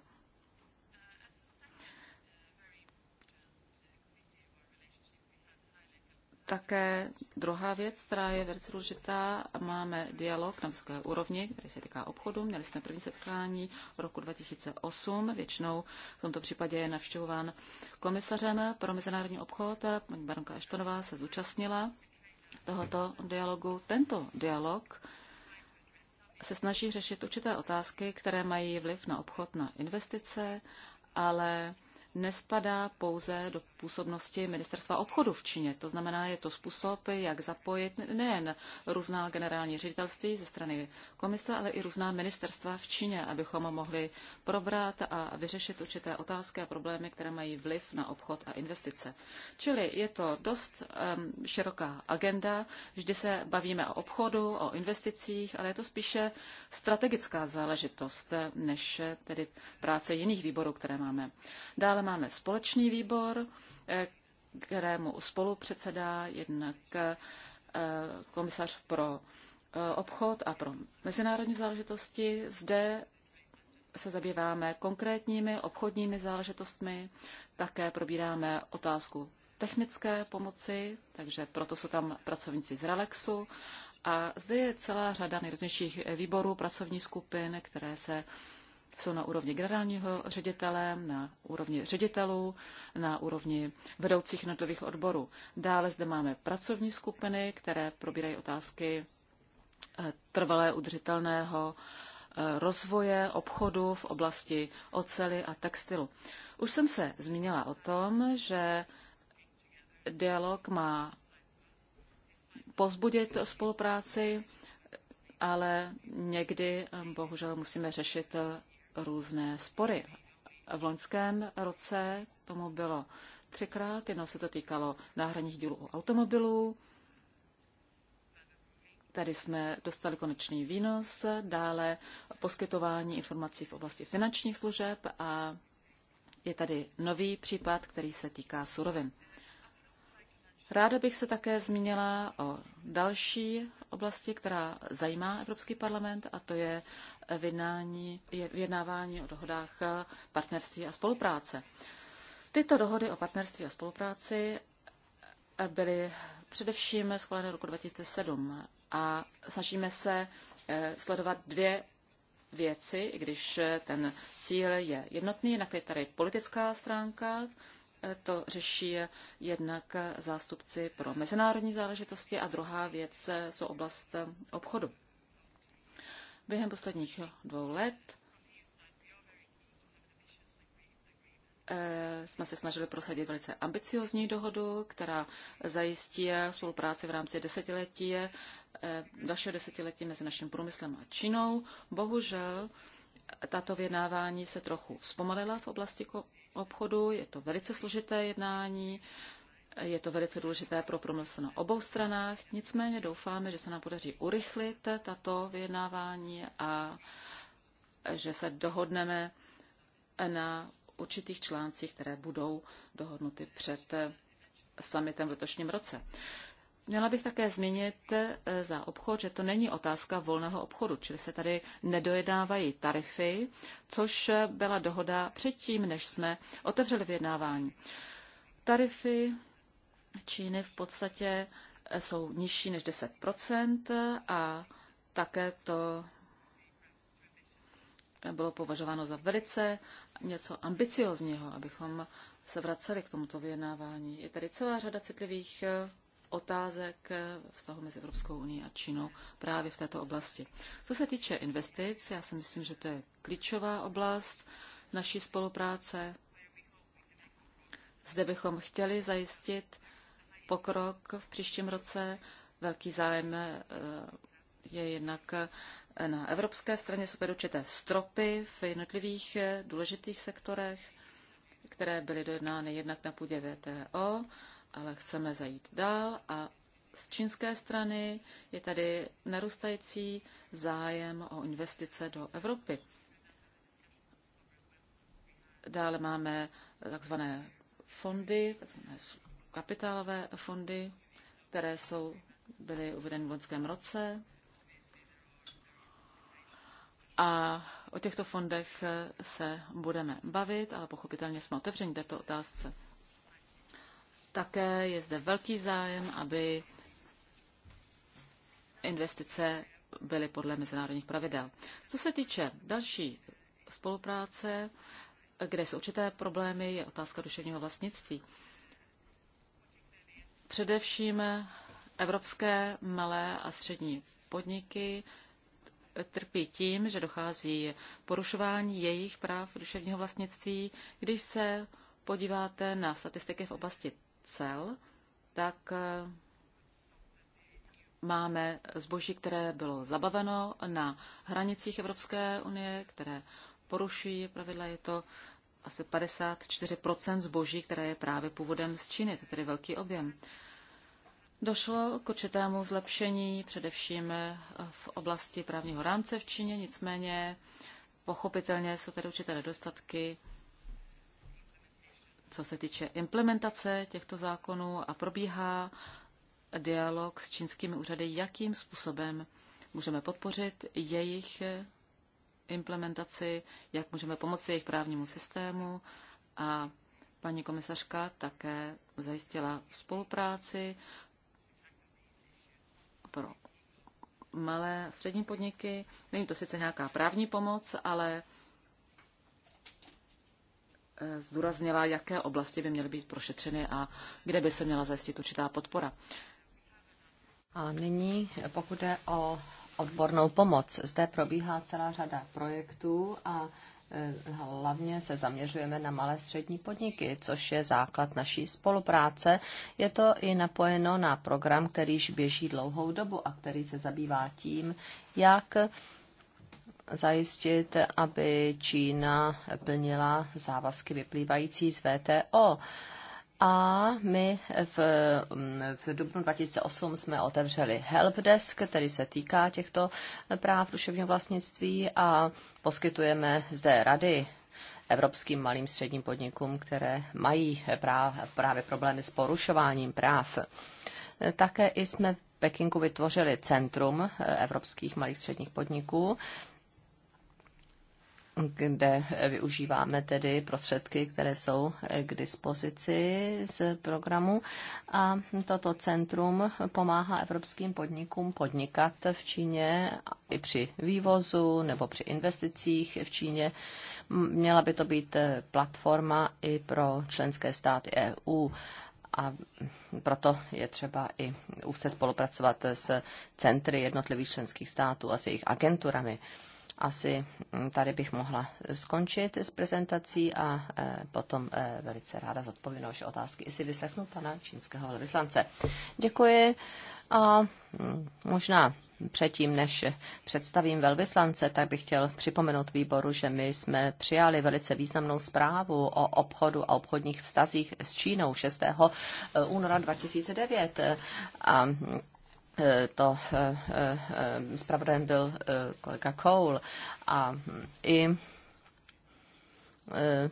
Také druhá věc, která je velice důležitá, máme dialog na vysoké úrovni, který se týká obchodu. Měli jsme první setkání v roku 2008. Většinou v tomto případě je navštěvován komisařem pro mezinárodní obchod. Paní baronka Eštonová se zúčastnila tohoto dialogu. Tento dialog se snaží řešit určité otázky, které mají vliv na obchod, na investice, ale nespadá pouze do působnosti ministerstva obchodu v Číně. To znamená, je to způsob, jak zapojit nejen různá generální ředitelství ze strany komise, ale i různá ministerstva v Číně, abychom mohli probrat a vyřešit určité otázky a problémy, které mají vliv na obchod a investice. Čili je to dost um, široká agenda. Vždy se bavíme o obchodu, o investicích, ale je to spíše strategická záležitost, než tedy práce jiných výborů, které máme. Dále máme společný výbor, eh, kterému spolu předsedá jednak eh, komisař pro eh, obchod a pro mezinárodní záležitosti. Zde se zabýváme konkrétními obchodními záležitostmi, také probíráme otázku technické pomoci, takže proto jsou tam pracovníci z Relexu. A zde je celá řada nejrůznějších výborů, pracovních skupin, které se jsou na úrovni generálního ředitele, na úrovni ředitelů, na úrovni vedoucích jednotlivých odborů. Dále zde máme pracovní skupiny, které probírají otázky eh, trvalé udržitelného eh, rozvoje obchodu v oblasti ocely a textilu. Už jsem se zmínila o tom, že dialog má pozbudit spolupráci, ale někdy eh, bohužel musíme řešit různé spory. V loňském roce tomu bylo třikrát, jednou se to týkalo náhradních dílů u automobilů, Tady jsme dostali konečný výnos, dále poskytování informací v oblasti finančních služeb a je tady nový případ, který se týká surovin. Ráda bych se také zmínila o další oblasti, která zajímá Evropský parlament, a to je, vydnání, je vyjednávání o dohodách partnerství a spolupráce. Tyto dohody o partnerství a spolupráci byly především schváleny roku 2007 a snažíme se eh, sledovat dvě věci, i když ten cíl je jednotný, jednak je tady politická stránka, to řeší jednak zástupci pro mezinárodní záležitosti a druhá věc jsou oblast obchodu. Během posledních dvou let eh, jsme se snažili prosadit velice ambiciozní dohodu, která zajistí spolupráci v rámci desetiletí, eh, dalšího desetiletí mezi naším průmyslem a Čínou. Bohužel tato vyjednávání se trochu zpomalila v oblasti obchodu. Je to velice složité jednání, je to velice důležité pro promysl na obou stranách. Nicméně doufáme, že se nám podaří urychlit tato vyjednávání a že se dohodneme na určitých článcích, které budou dohodnuty před samitem v letošním roce. Měla bych také změnit eh, za obchod, že to není otázka volného obchodu, čili se tady nedojednávají tarify, což eh, byla dohoda předtím, než jsme otevřeli vyjednávání. Tarify Číny v podstatě eh, jsou nižší než 10 a také to bylo považováno za velice něco ambiciozního, abychom se vraceli k tomuto vyjednávání. Je tady celá řada citlivých otázek vztahu mezi Evropskou unii a Čínou právě v této oblasti. Co se týče investic, já si myslím, že to je klíčová oblast naší spolupráce. Zde bychom chtěli zajistit pokrok v příštím roce. Velký zájem eh, je jednak eh, na evropské straně jsou tady určité stropy v jednotlivých eh, důležitých sektorech, které byly dojednány jednak na půdě VTO ale chceme zajít dál a z čínské strany je tady narůstající zájem o investice do Evropy. Dále máme takzvané fondy, takzvané kapitálové fondy, které jsou, byly uvedeny v loňském roce. A o těchto fondech se budeme bavit, ale pochopitelně jsme otevření této otázce. Také je zde velký zájem, aby investice byly podle mezinárodních pravidel. Co se týče další spolupráce, kde jsou určité problémy, je otázka duševního vlastnictví. Především evropské malé a střední podniky trpí tím, že dochází porušování jejich práv duševního vlastnictví. Když se podíváte na statistiky v oblasti cel, tak eh, máme zboží, které bylo zabaveno na hranicích Evropské unie, které porušují pravidla. Je to asi 54 zboží, které je právě původem z Číny, to je tedy velký objem. Došlo k určitému zlepšení, především eh, v oblasti právního rámce v Číně, nicméně pochopitelně jsou tady určité nedostatky co se týče implementace těchto zákonů a probíhá dialog s čínskými úřady, jakým způsobem můžeme podpořit jejich implementaci, jak můžeme pomoci jejich právnímu systému a paní komisařka také zajistila spolupráci pro malé a střední podniky. Není to sice nějaká právní pomoc, ale Eh, zdůraznila, jaké oblasti by měly být prošetřeny a kde by se měla zajistit určitá podpora. A nyní, pokud jde o odbornou pomoc, zde probíhá celá řada projektů a eh, Hlavně se zaměřujeme na malé střední podniky, což je základ naší spolupráce. Je to i napojeno na program, který již běží dlouhou dobu a který se zabývá tím, jak zajistit, aby Čína plnila závazky vyplývající z VTO. A my v, v dubnu 2008 jsme otevřeli helpdesk, který se týká těchto práv duševního vlastnictví a poskytujeme zde rady evropským malým středním podnikům, které mají práv, právě problémy s porušováním práv. Také jsme v Pekinku vytvořili Centrum evropských malých středních podniků, kde využíváme tedy prostředky, které jsou k dispozici z programu. A toto centrum pomáhá evropským podnikům podnikat v Číně i při vývozu nebo při investicích v Číně. Měla by to být platforma i pro členské státy EU a proto je třeba i už se spolupracovat s centry jednotlivých členských států a s jejich agenturami asi mm, tady bych mohla skončit s prezentací a e, potom e, velice ráda zodpovím na vaše otázky. I si vyslechnu pana čínského velvyslance. Děkuji. A mm, možná předtím, než představím velvyslance, tak bych chtěl připomenout výboru, že my jsme přijali velice významnou zprávu o obchodu a obchodních vztazích s Čínou 6. E, února 2009. A to zpravodajem byl kolega Cole a i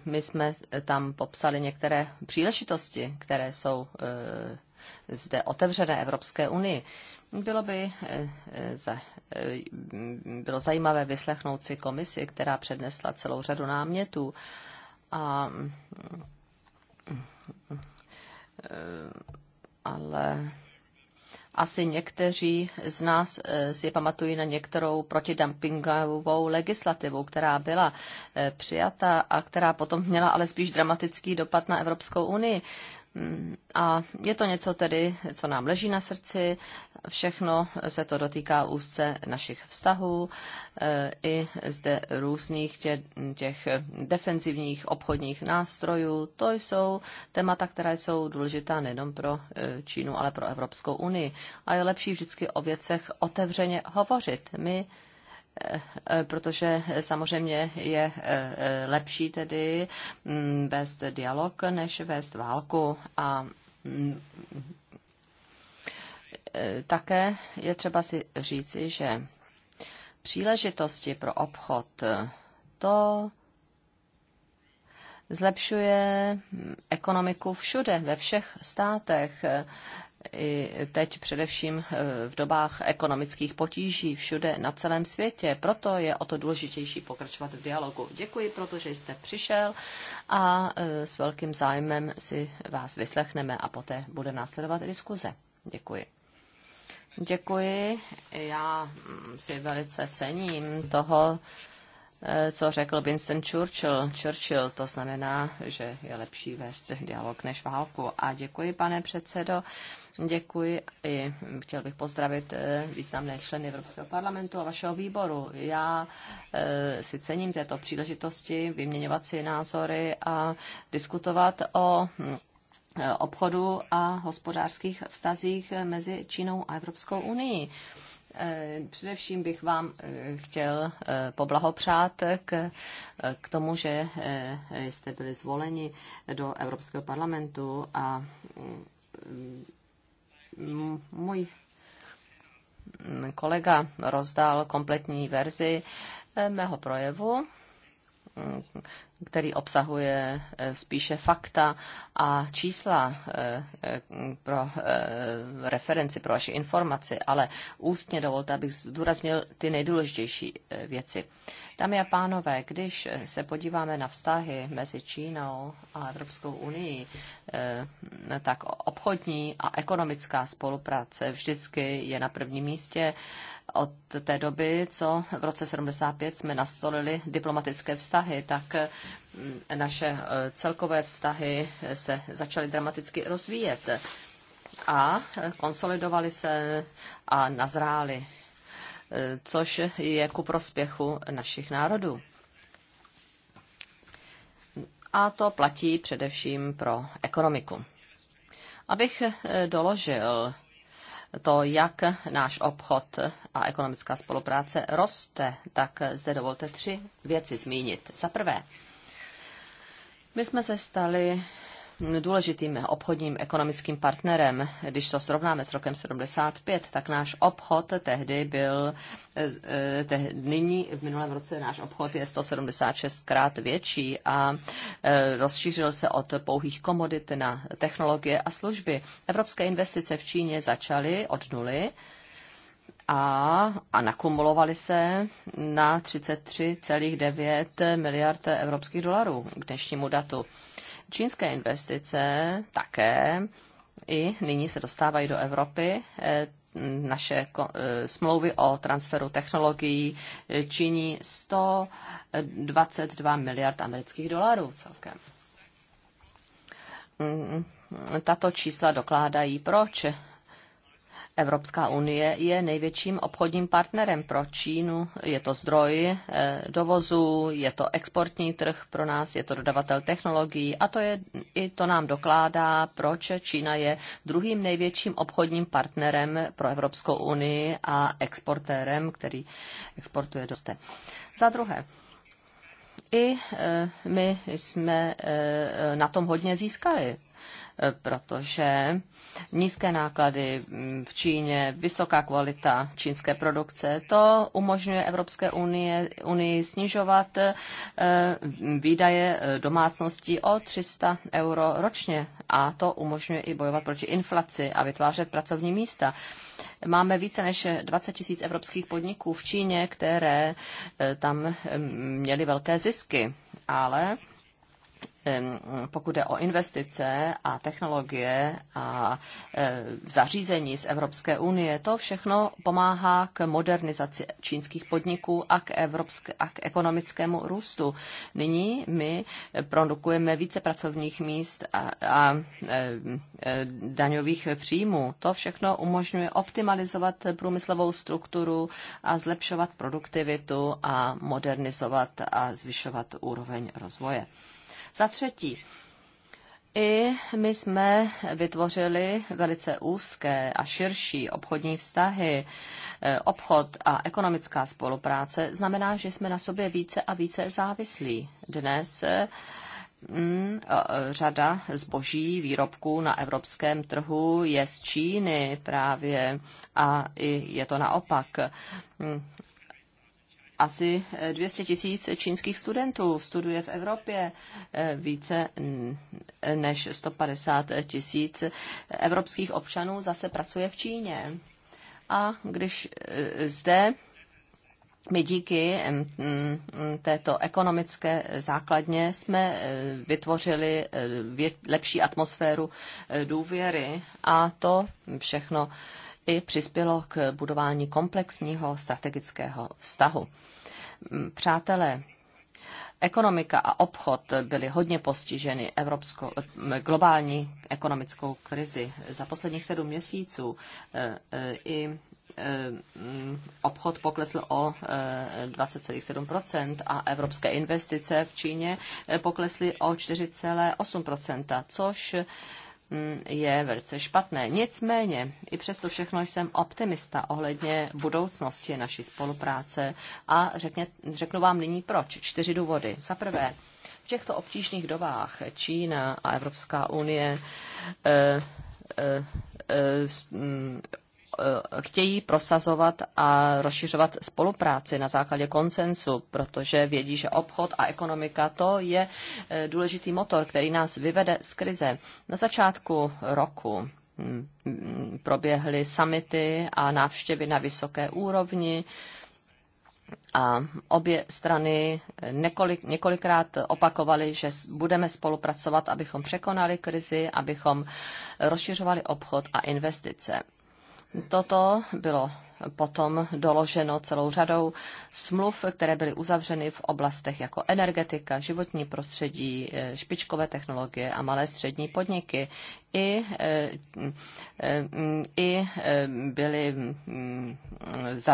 my jsme tam popsali některé příležitosti, které jsou zde otevřené Evropské unii. Bylo by bylo zajímavé vyslechnout si komisi, která přednesla celou řadu námětů a ale asi někteří z nás eh, si pamatují na některou protidumpingovou legislativu, která byla eh, přijata a která potom měla ale spíš dramatický dopad na Evropskou unii. Hmm. A je to něco tedy, co nám leží na srdci. Všechno se to dotýká úzce našich vztahů eh, i zde různých tě, těch defenzivních obchodních nástrojů. To jsou témata, která jsou důležitá nejenom pro eh, Čínu, ale pro Evropskou unii. A je lepší vždycky o věcech otevřeně hovořit. My Eh, protože samozřejmě je eh, lepší tedy mm, vést dialog, než vést válku a mm, eh, také je třeba si říci, že příležitosti pro obchod to zlepšuje mm, ekonomiku všude, ve všech státech i teď především eh, v dobách ekonomických potíží všude na celém světě. Proto je o to důležitější pokračovat v dialogu. Děkuji, protože jste přišel a eh, s velkým zájmem si vás vyslechneme a poté bude následovat diskuze. Děkuji. Děkuji. Já mm, si velice cením toho, eh, co řekl Winston Churchill. Churchill to znamená, že je lepší vést dialog než válku. A děkuji, pane předsedo. Děkuji i chtěl bych pozdravit eh, významné členy Evropského parlamentu a vašeho výboru. Já eh, si cením této příležitosti vyměňovat si názory a diskutovat o hm, eh, obchodu a hospodářských vztazích mezi Čínou a Evropskou unii. Především bych vám chtěl poblahopřát k, k tomu, že jste byli zvoleni do Evropského parlamentu a hm, můj kolega rozdal kompletní verzi eh, mého projevu, který obsahuje eh, spíše fakta a čísla eh, eh, pro referenci, pro vaši informaci, ale ústně dovolte, abych zdůraznil ty nejdůležitější věci. Dámy a pánové, když se podíváme na vztahy mezi Čínou a Evropskou unii, tak obchodní a ekonomická spolupráce vždycky je na prvním místě od té doby, co v roce 75 jsme nastolili diplomatické vztahy, tak mm, naše eh, celkové vztahy se začaly dramaticky rozvíjet a eh, konsolidovali se a nazráli, eh, což je ku prospěchu našich národů. A to platí především pro ekonomiku. Abych doložil to, jak náš obchod a ekonomická spolupráce roste, tak zde dovolte tři věci zmínit. Za prvé, my jsme se stali důležitým obchodním ekonomickým partnerem. Když to srovnáme s rokem 75, tak náš obchod tehdy byl, eh, eh, teh, nyní v minulém roce náš obchod je 176 krát větší a eh, rozšířil se od pouhých komodit na technologie a služby. Evropské investice v Číně začaly od nuly a, a nakumulovaly se na 33,9 miliard evropských dolarů k dnešnímu datu. Čínské investice také i nyní se dostávají do Evropy. E, naše e, smlouvy o transferu technologií e, činí 122 miliard amerických dolarů celkem. Mm, mm, tato čísla dokládají, proč Evropská unie je největším obchodním partnerem pro Čínu, je to zdroj eh, dovozu, je to exportní trh pro nás, je to dodavatel technologií a to je, i to nám dokládá, proč Čína je druhým největším obchodním partnerem pro Evropskou unii a exportérem, který exportuje do Za druhé, i eh, my jsme eh, na tom hodně získali Eh, protože nízké náklady mm, v Číně, vysoká kvalita čínské produkce, to umožňuje Evropské unie, unii snižovat eh, výdaje eh, domácností o 300 euro ročně a to umožňuje i bojovat proti inflaci a vytvářet pracovní místa. Máme více než 20 tisíc evropských podniků v Číně, které tam mm, měly velké zisky, ale pokud jde o investice a technologie a e, zařízení z Evropské unie, to všechno pomáhá k modernizaci čínských podniků a k, evropské, a k ekonomickému růstu. Nyní my produkujeme více pracovních míst a, a e, e, daňových příjmů. To všechno umožňuje optimalizovat průmyslovou strukturu a zlepšovat produktivitu a modernizovat a zvyšovat úroveň rozvoje. Za třetí, i my jsme vytvořili velice úzké a širší obchodní vztahy. E, obchod a ekonomická spolupráce znamená, že jsme na sobě více a více závislí. Dnes e, mm, řada zboží výrobků na evropském trhu je z Číny právě a i je to naopak. Mm, asi 200 eh, tisíc čínských studentů studuje v Evropě, eh, více než 150 tisíc evropských občanů zase pracuje v Číně. A když eh, zde my díky mm, této ekonomické základně jsme vytvořili lepší atmosféru důvěry a to všechno i přispělo k budování komplexního strategického vztahu. Mm, přátelé, ekonomika a obchod byly hodně postiženy evropskou, eh, globální ekonomickou krizi. Za posledních sedm měsíců eh, eh, i obchod poklesl o 20,7% a evropské investice v Číně poklesly o 4,8%, což Mm, je velice špatné. Nicméně, i přesto všechno jsem optimista ohledně budoucnosti naší spolupráce a řekně, řeknu vám nyní proč. Čtyři důvody. Za prvé, v těchto obtížných dobách Čína a Evropská unie eh, eh, eh, mm, Eh, chtějí prosazovat a rozšiřovat spolupráci na základě konsensu, protože vědí, že obchod a ekonomika to je eh, důležitý motor, který nás vyvede z krize. Na začátku roku hm, hm, proběhly samity a návštěvy na vysoké úrovni. A obě strany eh, několik, několikrát opakovaly, že budeme spolupracovat, abychom překonali krizi, abychom rozšiřovali obchod a investice. Toto bylo potom doloženo celou řadou smluv, které byly uzavřeny v oblastech jako energetika, životní prostředí, eh, špičkové technologie a malé střední podniky i, eh, eh, i eh, byly mm,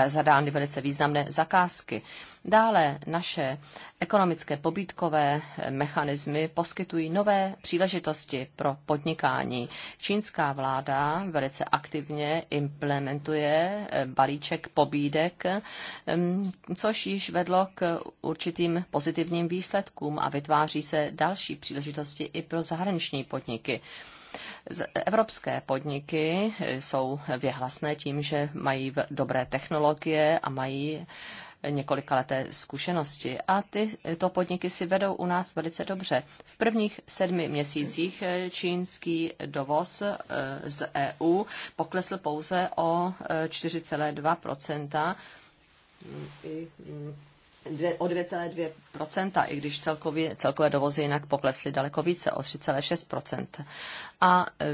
zadány velice významné zakázky. Dále naše ekonomické pobídkové mechanismy poskytují nové příležitosti pro podnikání. Čínská vláda velice aktivně implementuje balíček pobídek, mm, což již vedlo k určitým pozitivním výsledkům a vytváří se další příležitosti i pro zahraniční podniky. Evropské podniky jsou věhlasné tím, že mají dobré technologie a mají leté zkušenosti. A tyto podniky si vedou u nás velice dobře. V prvních sedmi měsících eh, čínský dovoz eh, z EU poklesl pouze o 4,2 eh, dvě, o 2,2%, i když celkově, celkové dovozy jinak poklesly daleko více, o 3,6%. A e,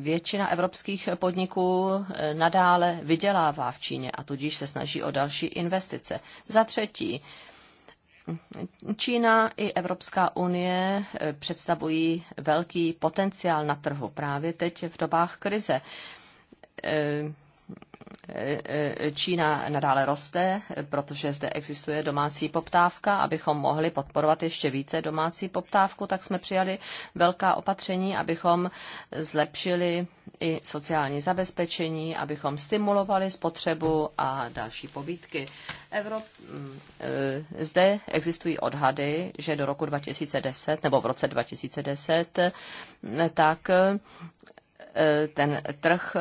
většina evropských podniků e, nadále vydělává v Číně a tudíž se snaží o další investice. Za třetí, Čína i Evropská unie e, představují velký potenciál na trhu právě teď v dobách krize Eh, Čína nadále roste, protože zde existuje domácí poptávka. Abychom mohli podporovat ještě více domácí poptávku, tak jsme přijali velká opatření, abychom zlepšili i sociální zabezpečení, abychom stimulovali spotřebu a další pobídky. Evrop... Eh, zde existují odhady, že do roku 2010 nebo v roce 2010 eh, tak ten trh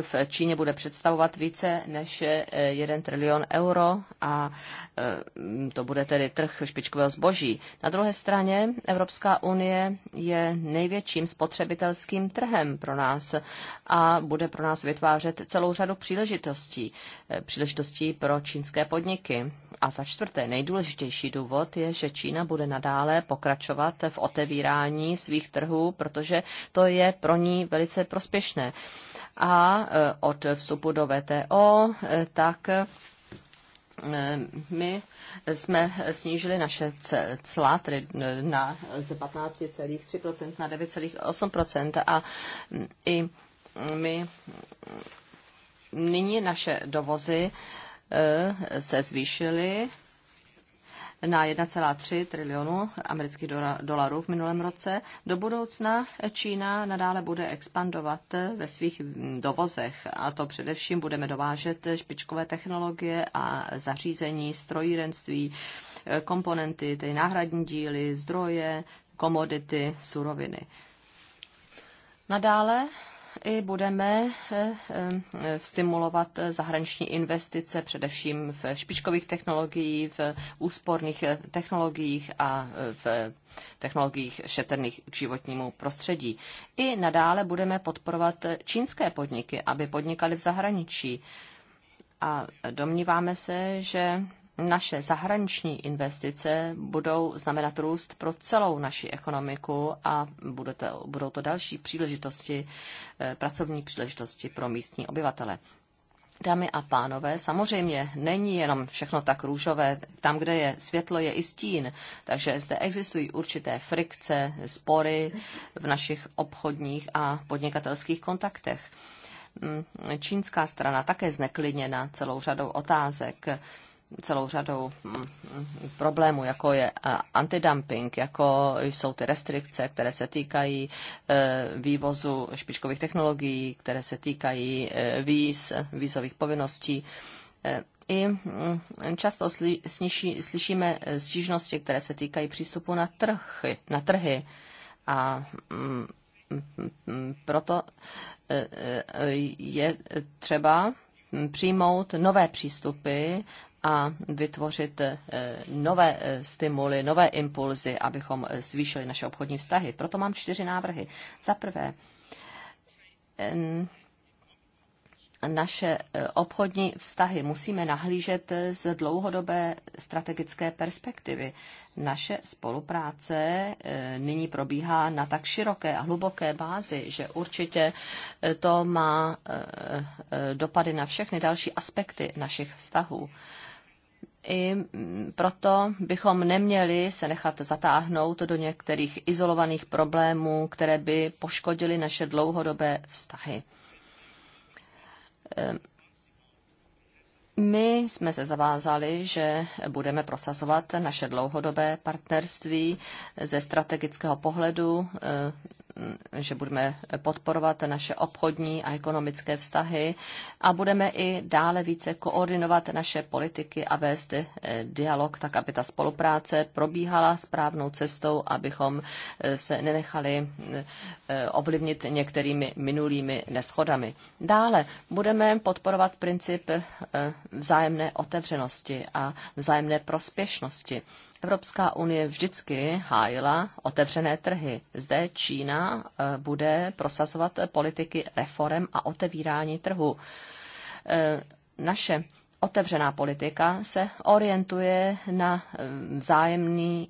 v Číně bude představovat více než 1 eh, trilion euro a eh, to bude tedy trh špičkového zboží. Na druhé straně Evropská unie je největším spotřebitelským trhem pro nás a bude pro nás vytvářet celou řadu příležitostí, eh, příležitostí pro čínské podniky. A za čtvrté, nejdůležitější důvod je, že Čína bude nadále pokračovat v otevírání svých trhů, protože to je pro ní velice prospěšné a e, od vstupu do VTO, e, tak e, my jsme snížili naše cla tedy na, z 15,3% na 9,8% a i my nyní naše dovozy se zvýšily na 1,3 trilionu amerických dolarů v minulém roce. Do budoucna Čína nadále bude expandovat ve svých mm, dovozech a to především budeme dovážet špičkové technologie a zařízení, strojírenství, eh, komponenty, tedy náhradní díly, zdroje, komodity, suroviny. Nadále i budeme eh, eh, stimulovat zahraniční investice, především v špičkových technologiích, v úsporných eh, technologiích a v technologiích šetrných k životnímu prostředí. I nadále budeme podporovat čínské podniky, aby podnikaly v zahraničí. A domníváme se, že naše zahraniční investice budou znamenat růst pro celou naši ekonomiku a budou to další příležitosti, eh, pracovní příležitosti pro místní obyvatele. Dámy a pánové, samozřejmě není jenom všechno tak růžové. Tam, kde je světlo, je i stín. Takže zde existují určité frikce, spory v našich obchodních a podnikatelských kontaktech. Mm, čínská strana také zneklidněna celou řadou otázek celou řadou mm, mm, problémů, jako je eh, antidumping, jako jsou ty restrikce, které se týkají eh, vývozu špičkových technologií, které se týkají eh, víz, vízových povinností. I mm, často slyší, slyšíme stížnosti, které se týkají přístupu na, trhy, na trhy. A proto je třeba přijmout nové přístupy a vytvořit eh, nové eh, stimuly, nové impulzy, abychom eh, zvýšili naše obchodní vztahy. Proto mám čtyři návrhy. Za prvé, naše obchodní vztahy musíme nahlížet z dlouhodobé strategické perspektivy. Naše spolupráce nyní probíhá na tak široké a hluboké bázi, že určitě to má dopady na všechny další aspekty našich vztahů i proto bychom neměli se nechat zatáhnout do některých izolovaných problémů, které by poškodily naše dlouhodobé vztahy. Ehm, my jsme se zavázali, že budeme prosazovat naše dlouhodobé partnerství ze strategického pohledu ehm, že budeme podporovat naše obchodní a ekonomické vztahy a budeme i dále více koordinovat naše politiky a vést eh, dialog, tak aby ta spolupráce probíhala správnou cestou, abychom eh, se nenechali eh, ovlivnit některými minulými neschodami. Dále budeme podporovat princip vzájemné otevřenosti a vzájemné prospěšnosti. Evropská unie vždycky hájila otevřené trhy. Zde Čína eh, bude prosazovat eh, politiky reform a otevírání trhu. Eh, naše otevřená politika se orientuje na vzájemný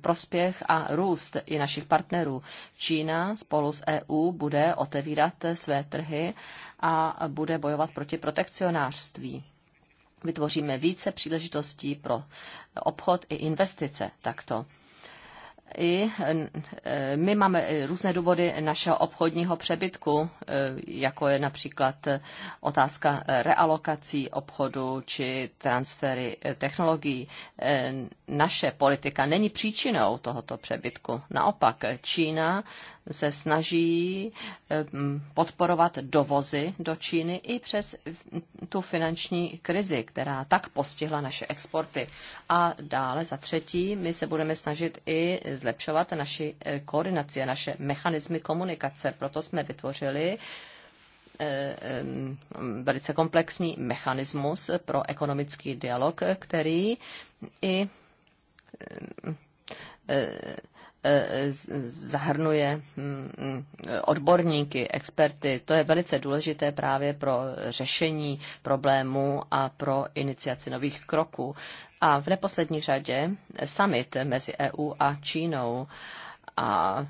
prospěch a růst i našich partnerů. Čína spolu s EU bude otevírat své trhy a bude bojovat proti protekcionářství vytvoříme více příležitostí pro obchod i investice takto. I e, my máme různé důvody našeho obchodního přebytku, e, jako je například e, otázka realokací obchodu či transfery technologií. Naše politika není příčinou tohoto přebytku. Naopak, Čína se snaží eh, podporovat dovozy do Číny i přes tu finanční krizi, která tak postihla naše exporty. A dále za třetí, my se budeme snažit i zlepšovat naši eh, koordinaci a naše mechanismy komunikace. Proto jsme vytvořili eh, velice komplexní mechanismus pro ekonomický dialog, který i E, zahrnuje mm, mm, odborníky, experty. To je velice důležité právě pro řešení problémů a pro iniciaci nových kroků. A v neposlední řadě summit mezi EU a Čínou a e,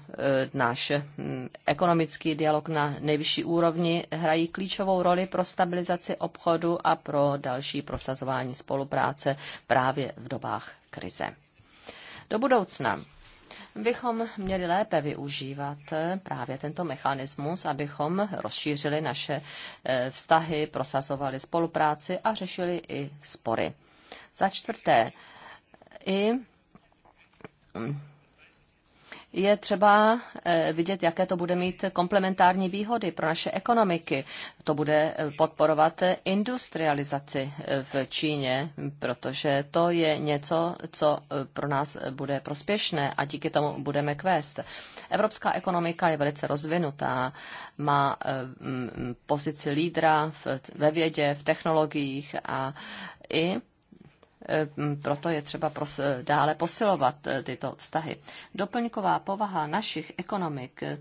náš mm, ekonomický dialog na nejvyšší úrovni hrají klíčovou roli pro stabilizaci obchodu a pro další prosazování spolupráce právě v dobách krize. Do budoucna bychom měli lépe využívat právě tento mechanismus, abychom rozšířili naše eh, vztahy, prosazovali spolupráci a řešili i spory. Za čtvrté, i mm, je třeba eh, vidět, jaké to bude mít komplementární výhody pro naše ekonomiky. To bude eh, podporovat industrializaci eh, v Číně, protože to je něco, co pro nás bude prospěšné a díky tomu budeme kvést. Evropská ekonomika je velice rozvinutá, má pozici lídra ve vědě, v technologiích a i proto je třeba dále posilovat eh, tyto vztahy. Doplňková povaha našich ekonomik eh,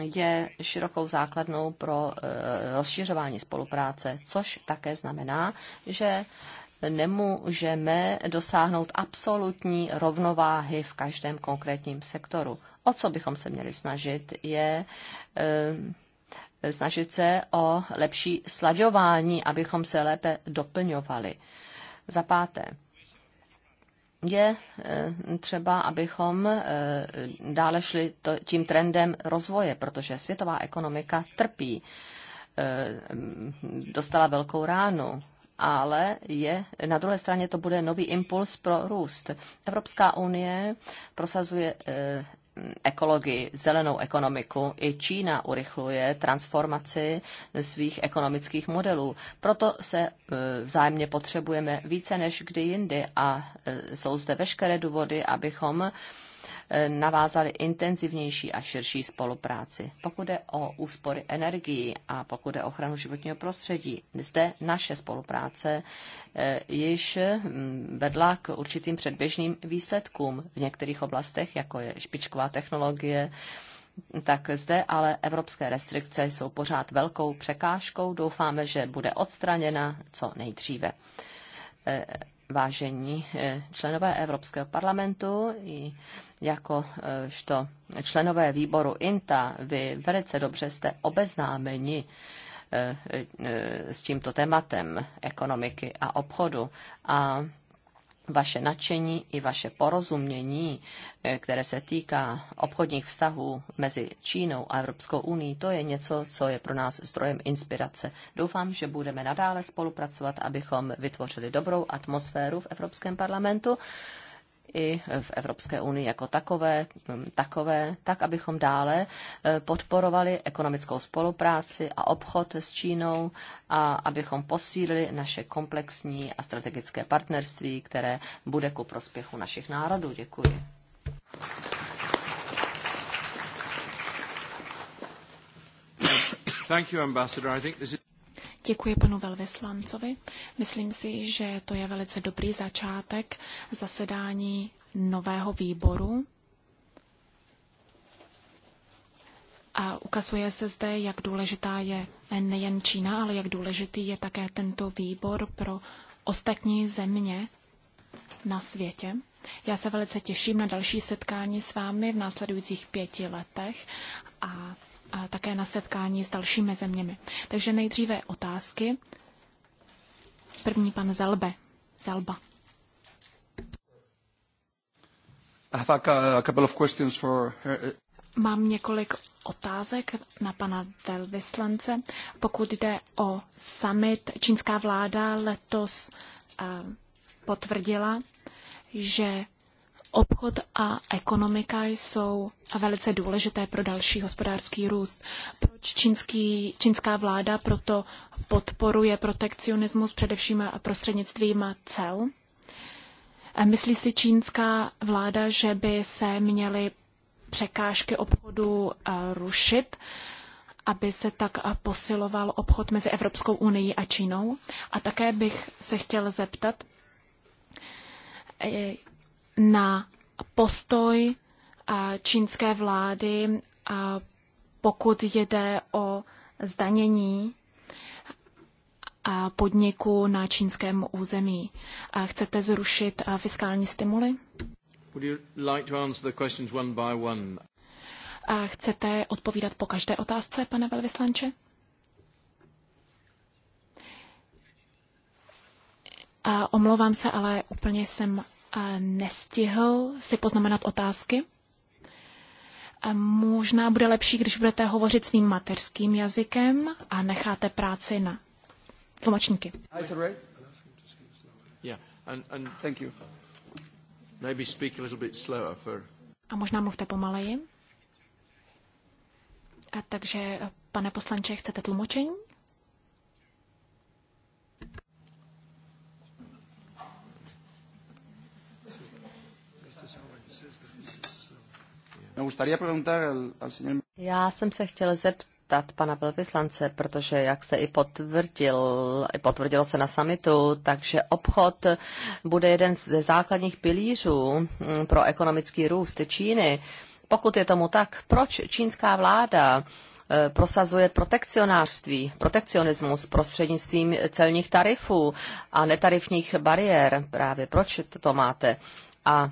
je širokou základnou pro eh, rozšiřování spolupráce, což také znamená, že nemůžeme dosáhnout absolutní rovnováhy v každém konkrétním sektoru. O co bychom se měli snažit, je snažit se o lepší slaďování, abychom se lépe doplňovali. Za páté, je eh, třeba, abychom eh, dále šli tím trendem rozvoje, protože světová ekonomika trpí, eh, dostala velkou ránu, ale je, na druhé straně to bude nový impuls pro růst. Evropská unie prosazuje ekologii, zelenou ekonomiku. I Čína urychluje transformaci svých ekonomických modelů. Proto se e, vzájemně potřebujeme více než kdy jindy a e, jsou zde veškeré důvody, abychom navázali intenzivnější a širší spolupráci. Pokud jde o úspory energii a pokud jde o ochranu životního prostředí, zde naše spolupráce eh, již mm, vedla k určitým předběžným výsledkům v některých oblastech, jako je špičková technologie, tak zde ale evropské restrikce jsou pořád velkou překážkou. Doufáme, že bude odstraněna co nejdříve. Eh, vážení eh, členové Evropského parlamentu, jako eh, što členové výboru INTA, vy velice dobře jste obeznámeni eh, s tímto tématem ekonomiky a obchodu. A vaše nadšení i vaše porozumění, eh, které se týká obchodních vztahů mezi Čínou a Evropskou unii, to je něco, co je pro nás zdrojem inspirace. Doufám, že budeme nadále spolupracovat, abychom vytvořili dobrou atmosféru v Evropském parlamentu i v Evropské unii jako takové, mm, takové, tak abychom dále e, podporovali ekonomickou spolupráci a obchod s Čínou a abychom posílili naše komplexní a strategické partnerství, které bude ku prospěchu našich národů. Děkuji. Thank you, Ambassador. I think this is... Děkuji panu velvyslancovi. Myslím si, že to je velice dobrý začátek zasedání nového výboru. A ukazuje se zde, jak důležitá je nejen Čína, ale jak důležitý je také tento výbor pro ostatní země na světě. Já se velice těším na další setkání s vámi v následujících pěti letech a také na setkání s dalšími zeměmi. Takže nejdříve otázky. První pan Zalbe. Zalba. Mám několik otázek na pana velvyslance. Pokud jde o summit, čínská vláda letos eh, potvrdila, že Obchod a ekonomika jsou velice důležité pro další hospodářský růst. Proč čínský, čínská vláda proto podporuje protekcionismus především prostřednictvím cel? Myslí si čínská vláda, že by se měly překážky obchodu eh, rušit, aby se tak eh, posiloval obchod mezi Evropskou unii a Čínou? A také bych se chtěl zeptat, eh, na postoj čínské vlády, pokud jde o zdanění podniku na čínském území. Chcete zrušit fiskální stimuly? Chcete odpovídat po každé otázce, pane velvyslanče? Omlouvám se, ale úplně jsem nestihl si poznamenat otázky. Možná bude lepší, když budete hovořit svým mateřským jazykem a necháte práci na tlumočníky. A možná mluvte pomaleji. A takže, eh, pane poslanče, chcete tlumočení? Já jsem se chtěl zeptat pana velvyslance, protože jak se i potvrdil, i potvrdilo se na samitu, takže obchod bude jeden ze základních pilířů mm, pro ekonomický růst Číny. Pokud je tomu tak, proč čínská vláda e, prosazuje protekcionářství, protekcionismus prostřednictvím celních tarifů a netarifních bariér? Právě proč to máte? A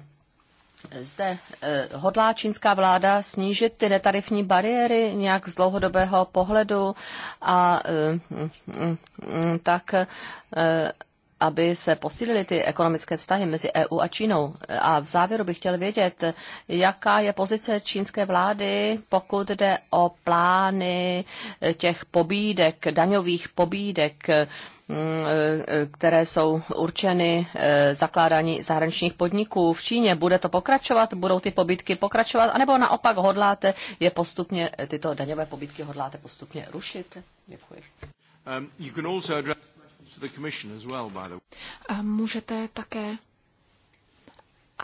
zde eh, hodlá čínská vláda snížit ty netarifní bariéry nějak z dlouhodobého pohledu a eh, mm, mm, mm, tak eh, aby se posílily ty ekonomické vztahy mezi EU a Čínou. A v závěru bych chtěl vědět, jaká je pozice čínské vlády, pokud jde o plány těch pobídek, daňových pobídek, Eh, které jsou určeny eh, zakládání zahraničních podniků v Číně. Bude to pokračovat? Budou ty pobytky pokračovat? A nebo naopak hodláte je postupně, eh, tyto daňové pobytky hodláte postupně rušit? Děkuji. Um, můžete také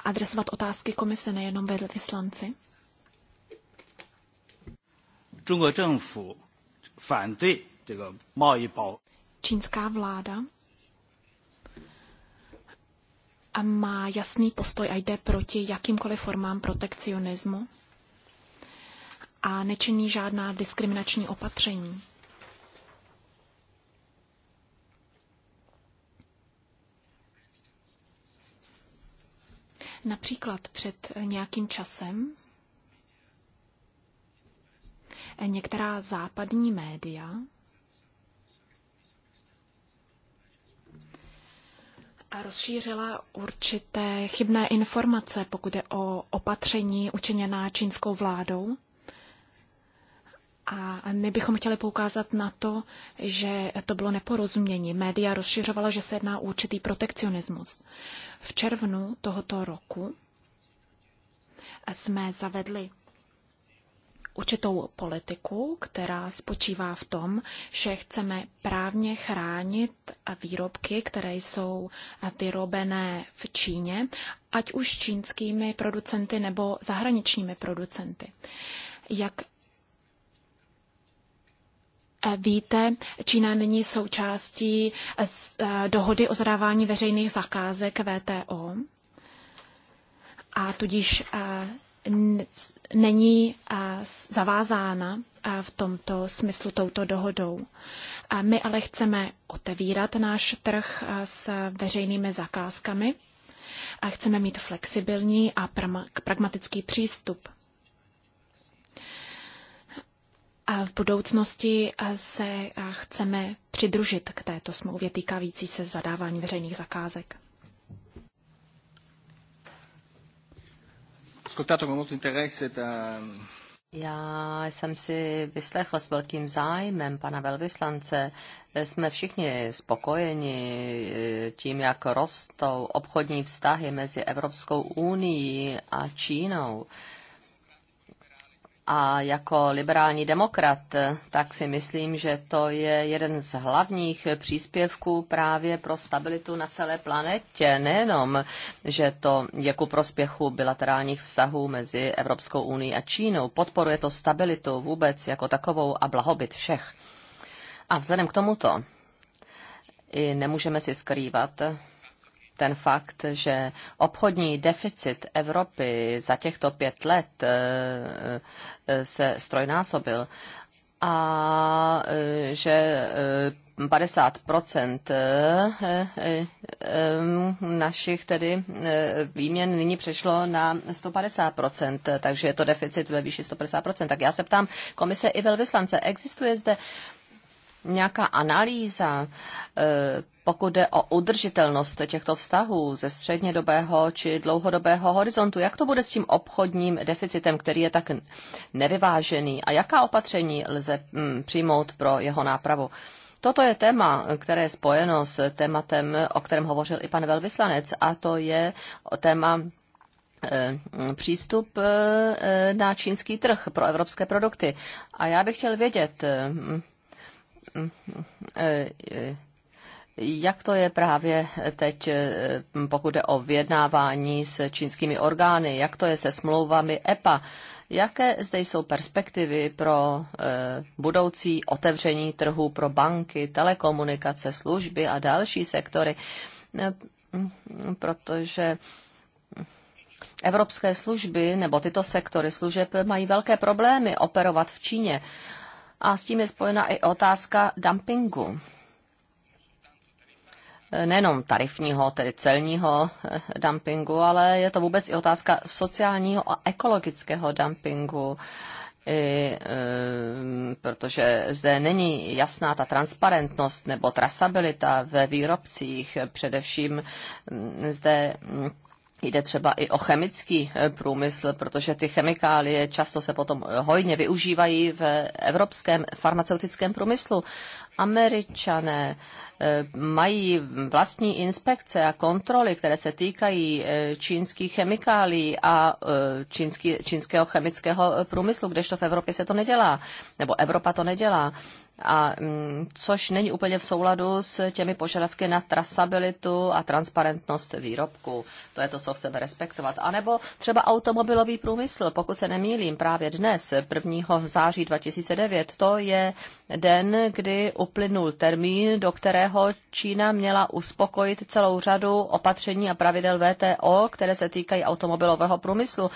adresovat otázky komise nejenom vedle vyslanci. 中国政府反对这个贸易保 Čínská vláda a má jasný postoj a jde proti jakýmkoliv formám protekcionismu a nečiní žádná diskriminační opatření. Například před nějakým časem některá západní média A rozšířila určité chybné informace, pokud je o opatření učiněná čínskou vládou. A my bychom chtěli poukázat na to, že to bylo neporozumění. Média rozšiřovala, že se jedná o určitý protekcionismus. V červnu tohoto roku jsme zavedli určitou politiku, která spočívá v tom, že chceme právně chránit výrobky, které jsou vyrobené v Číně, ať už čínskými producenty nebo zahraničními producenty. Jak Víte, Čína není součástí eh, dohody o zadávání veřejných zakázek VTO a tudíž eh, není zavázána v tomto smyslu touto dohodou. A my ale chceme otevírat náš trh s veřejnými zakázkami a chceme mít flexibilní a pragmatický přístup. A v budoucnosti se chceme přidružit k této smlouvě týkající se zadávání veřejných zakázek. ascoltato con molto interesse Já jsem si vyslechl s velkým zájmem pana velvyslance. Jsme všichni spokojeni eh, tím, jak rostou obchodní vztahy mezi Evropskou unii a Čínou. A jako liberální demokrat, tak si myslím, že to je jeden z hlavních příspěvků právě pro stabilitu na celé planetě. Nejenom, že to je ku prospěchu bilaterálních vztahů mezi Evropskou unii a Čínou. Podporuje to stabilitu vůbec jako takovou a blahobyt všech. A vzhledem k tomuto i nemůžeme si skrývat, ten fakt, že obchodní deficit Evropy za těchto pět let eh, eh, se strojnásobil a eh, že 50 našich tedy výměn nyní přešlo na 150 takže je to deficit ve výši 150 Tak já se ptám komise i velvyslance, existuje zde nějaká analýza, eh, pokud jde o udržitelnost těchto vztahů ze střednědobého či dlouhodobého horizontu, jak to bude s tím obchodním deficitem, který je tak nevyvážený a jaká opatření lze mm, přijmout pro jeho nápravu? Toto je téma, které je spojeno s tématem, o kterém hovořil i pan velvyslanec, a to je téma eh, přístup eh, na čínský trh pro evropské produkty. A já bych chtěl vědět, jak to je právě teď, pokud je o vyjednávání s čínskými orgány, jak to je se smlouvami EPA, jaké zde jsou perspektivy pro eh, budoucí otevření trhu pro banky, telekomunikace, služby a další sektory, eh, protože evropské služby nebo tyto sektory služeb mají velké problémy operovat v Číně a s tím je spojena i otázka dumpingu. Nejenom tarifního, tedy celního eh, dumpingu, ale je to vůbec i otázka sociálního a ekologického dumpingu i, e, protože zde není jasná ta transparentnost nebo trasabilita ve výrobcích. Především mm, zde mm, Jde třeba i o chemický eh, průmysl, protože ty chemikálie často se potom eh, hojně využívají v evropském farmaceutickém průmyslu. Američané eh, mají vlastní inspekce a kontroly, které se týkají čínských chemikálií a čínský, čínského chemického průmyslu, kdežto v Evropě se to nedělá, nebo Evropa to nedělá a, mm, což není úplně v souladu s těmi požadavky na trasabilitu a transparentnost výrobku. To je to, co chceme respektovat. A nebo třeba automobilový průmysl, pokud se nemýlím, právě dnes, 1. září 2009, to je den, kdy uplynul termín, do kterého Čína měla uspokojit celou řadu opatření a pravidel VTO, které se týkají automobilového průmyslu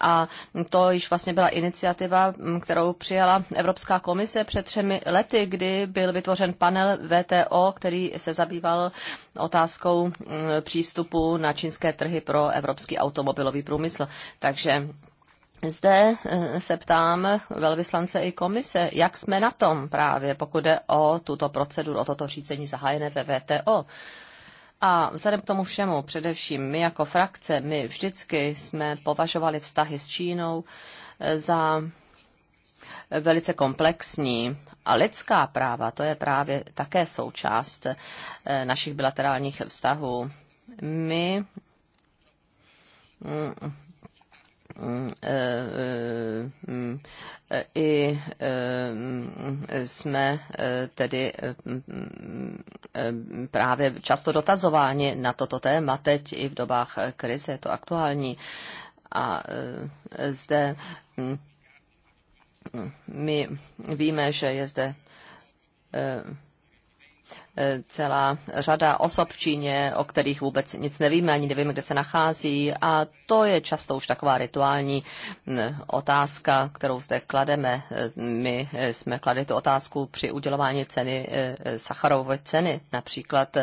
a to již vlastně byla iniciativa, kterou přijala Evropská komise před třemi lety, kdy byl vytvořen panel VTO, který se zabýval otázkou přístupu na čínské trhy pro evropský automobilový průmysl. Takže zde e, se ptám velvyslance i komise, jak jsme na tom právě, pokud jde o tuto proceduru, o toto řízení zahájené ve VTO. A vzhledem k tomu všemu, především my jako frakce, my vždycky jsme považovali vztahy s Čínou eh, za eh, velice komplexní. A lidská práva, to je právě také součást eh, našich bilaterálních vztahů. My mm, Eh, eh, eh, i jsme tedy právě často dotazováni na toto téma teď i v dobách krize, je to aktuální. A zde hm, hm, my víme, že je zde Eh, celá řada osob v Číně, o kterých vůbec nic nevíme, ani nevíme, kde se nachází. A to je často už taková rituální hm, otázka, kterou zde klademe. Eh, my eh, jsme kladli tu otázku při udělování ceny Sacharovové ceny například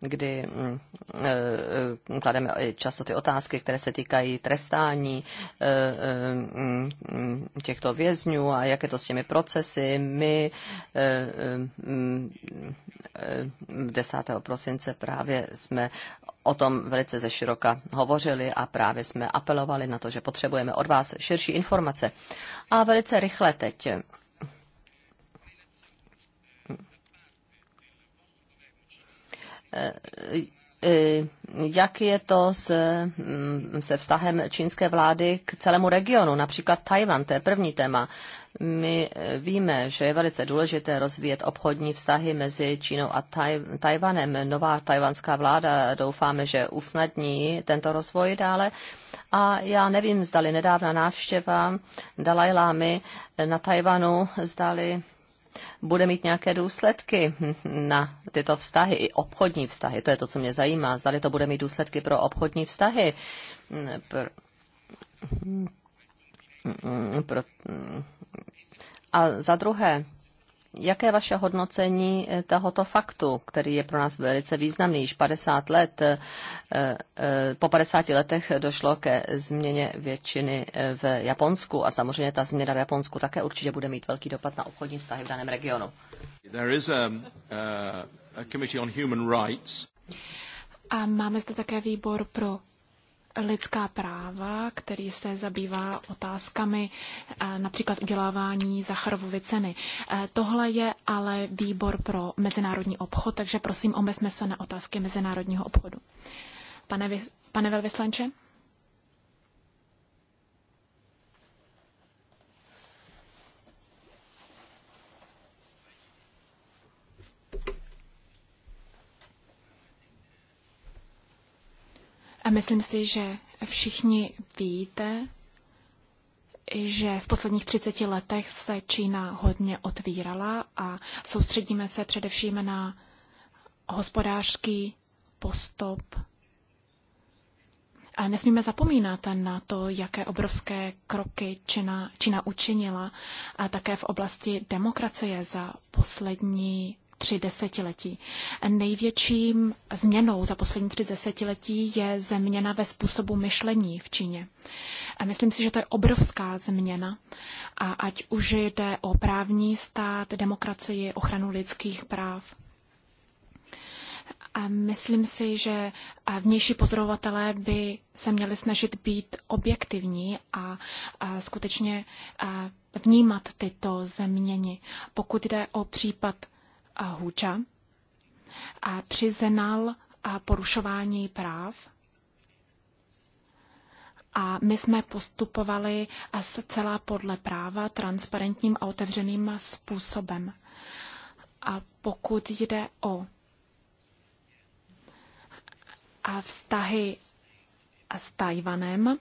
kdy mm, eh, klademe často ty otázky, které se týkají trestání eh, eh, mm, těchto vězňů a jak je to s těmi procesy. My 10. Mm, prosince právě jsme o tom velice ze široka hovořili a právě jsme apelovali na to, že potřebujeme od vás širší informace. A velice rychle teď E, e, jak je to s, mm, se vztahem čínské vlády k celému regionu, například Tajvan, to je první téma. My e, víme, že je velice důležité rozvíjet obchodní vztahy mezi Čínou a taj, Tajvanem. Nová tajvanská vláda doufáme, že usnadní tento rozvoj dále. A já nevím, zdali nedávna návštěva Dalajlámy na Tajvanu, zdali bude mít nějaké důsledky na tyto vztahy, i obchodní vztahy. To je to, co mě zajímá. Zdali to bude mít důsledky pro obchodní vztahy. Pro... pro a za druhé, Jaké je vaše hodnocení eh, tohoto faktu, který je pro nás velice významný? Již 50 let, eh, eh, po 50 letech došlo ke změně většiny v Japonsku a samozřejmě ta změna v Japonsku také určitě bude mít velký dopad na obchodní vztahy v daném regionu. Um, uh, a máme zde také výbor pro lidská práva, který se zabývá otázkami eh, například udělávání Zacharovovy ceny. Eh, tohle je ale výbor pro mezinárodní obchod, takže prosím, omezme se na otázky mezinárodního obchodu. Pane, pane velvyslanče? A myslím si, že všichni víte, že v posledních 30 letech se Čína hodně otvírala a soustředíme se především na hospodářský postup. A nesmíme zapomínat na to, jaké obrovské kroky Čína, Čína učinila a také v oblasti demokracie za poslední tři desetiletí. Největším změnou za poslední tři desetiletí je změna ve způsobu myšlení v Číně. A myslím si, že to je obrovská změna. A ať už jde o právní stát, demokracii, ochranu lidských práv. A myslím si, že vnější pozorovatelé by se měli snažit být objektivní a, a skutečně a vnímat tyto změny. Pokud jde o případ Huča přiznal porušování práv a my jsme postupovali zcela podle práva transparentním a otevřeným způsobem. A pokud jde o a vztahy s Tajvanem,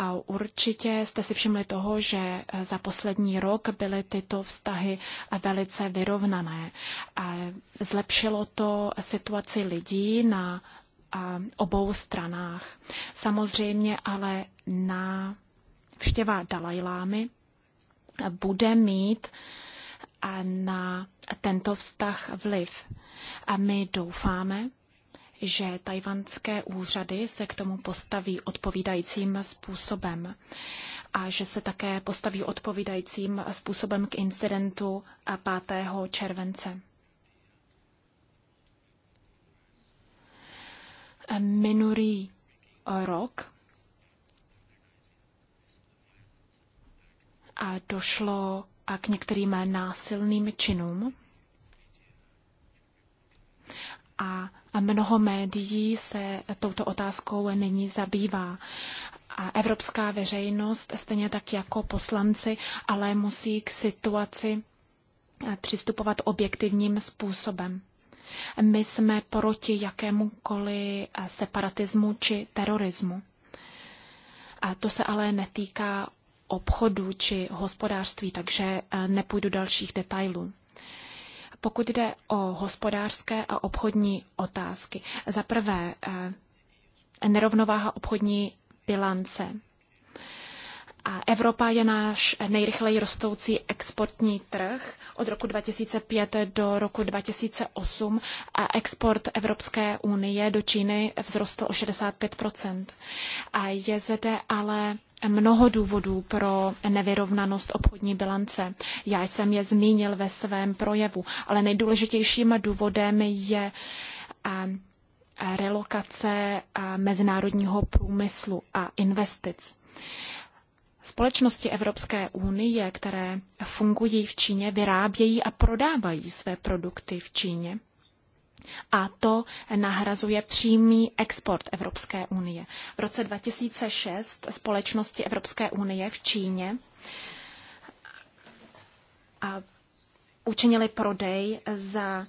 a určitě jste si všimli toho, že eh, za poslední rok byly tyto vztahy eh, velice vyrovnané. Zlepšilo to situaci lidí na obou stranách. Samozřejmě ale na vštěvá Dalajlámy bude mít eh, na tento vztah vliv. A my doufáme, že tajvanské úřady se k tomu postaví odpovídajícím způsobem a že se také postaví odpovídajícím způsobem k incidentu 5. července. Minulý rok a došlo a k některým násilným činům a Mnoho médií se touto otázkou nyní zabývá. A evropská veřejnost, stejně tak jako poslanci, ale musí k situaci eh, přistupovat objektivním způsobem. My jsme proti jakémukoliv eh, separatismu či terorismu. A to se ale netýká obchodu či hospodářství, takže eh, nepůjdu dalších detailů. Pokud jde o hospodářské a obchodní otázky, za prvé eh, nerovnováha obchodní bilance Evropa je náš nejrychleji rostoucí exportní trh. Od roku 2005 do roku 2008 a export Evropské unie do Číny vzrostl o 65 A je zde ale mnoho důvodů pro nevyrovnanost obchodní bilance. Já jsem je zmínil ve svém projevu, ale nejdůležitějším důvodem je relokace mezinárodního průmyslu a investic. Společnosti Evropské unie, které fungují v Číně, vyrábějí a prodávají své produkty v Číně. A to nahrazuje přímý export Evropské unie. V roce 2006 společnosti Evropské unie v Číně a učinili prodej za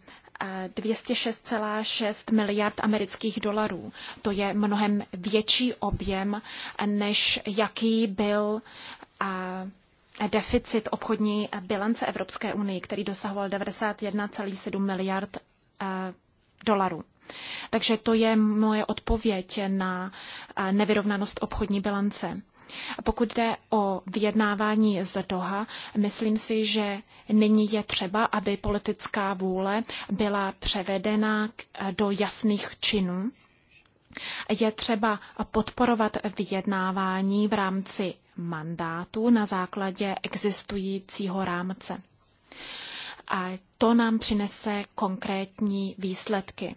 206,6 miliard amerických dolarů. To je mnohem větší objem, než jaký byl deficit obchodní bilance Evropské unie, který dosahoval 91,7 miliard dolarů. Takže to je moje odpověď na nevyrovnanost obchodní bilance. Pokud jde o vyjednávání z Doha, myslím si, že nyní je třeba, aby politická vůle byla převedena do jasných činů. Je třeba podporovat vyjednávání v rámci mandátu na základě existujícího rámce. A to nám přinese konkrétní výsledky.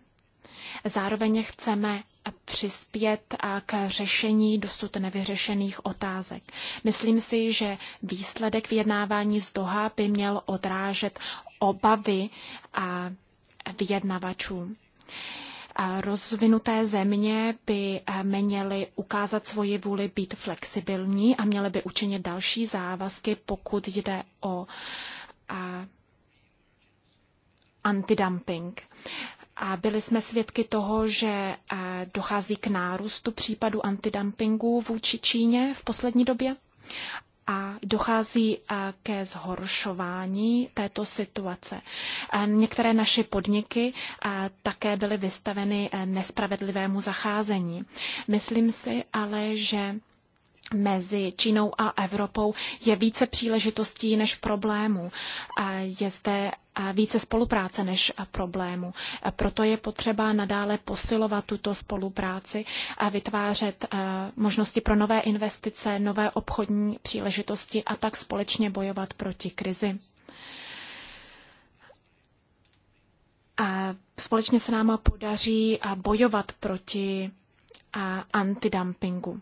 Zároveň chceme přispět k řešení dosud nevyřešených otázek. Myslím si, že výsledek vyjednávání z Doha by měl odrážet obavy a vyjednavačů. Rozvinuté země by měly ukázat svoji vůli být flexibilní a měly by učinit další závazky, pokud jde o antidumping. A byli jsme svědky toho, že eh, dochází k nárůstu případů antidumpingu vůči Číně v poslední době a dochází eh, ke zhoršování této situace. Eh, některé naše podniky také byly vystaveny nespravedlivému zacházení. Myslím si ale, že mezi Čínou a Evropou je více příležitostí než problémů. Je zde více spolupráce než problémů. Proto je potřeba nadále posilovat tuto spolupráci a vytvářet možnosti pro nové investice, nové obchodní příležitosti a tak společně bojovat proti krizi. A společně se nám podaří bojovat proti antidumpingu.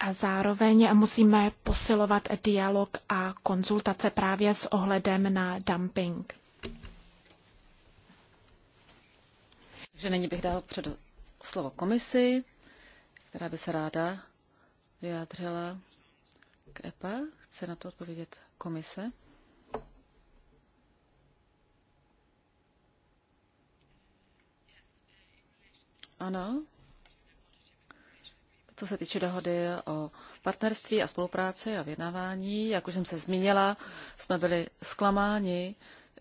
A zároveň musíme posilovat dialog a konzultace právě s ohledem na dumping. Takže nyní bych dal před slovo komisi, která by se ráda vyjádřila k EPA. Chce na to odpovědět komise. Ano, co se týče dohody o partnerství a spolupráci a vědnávání, jak už jsem se zmínila, jsme byli zklamáni,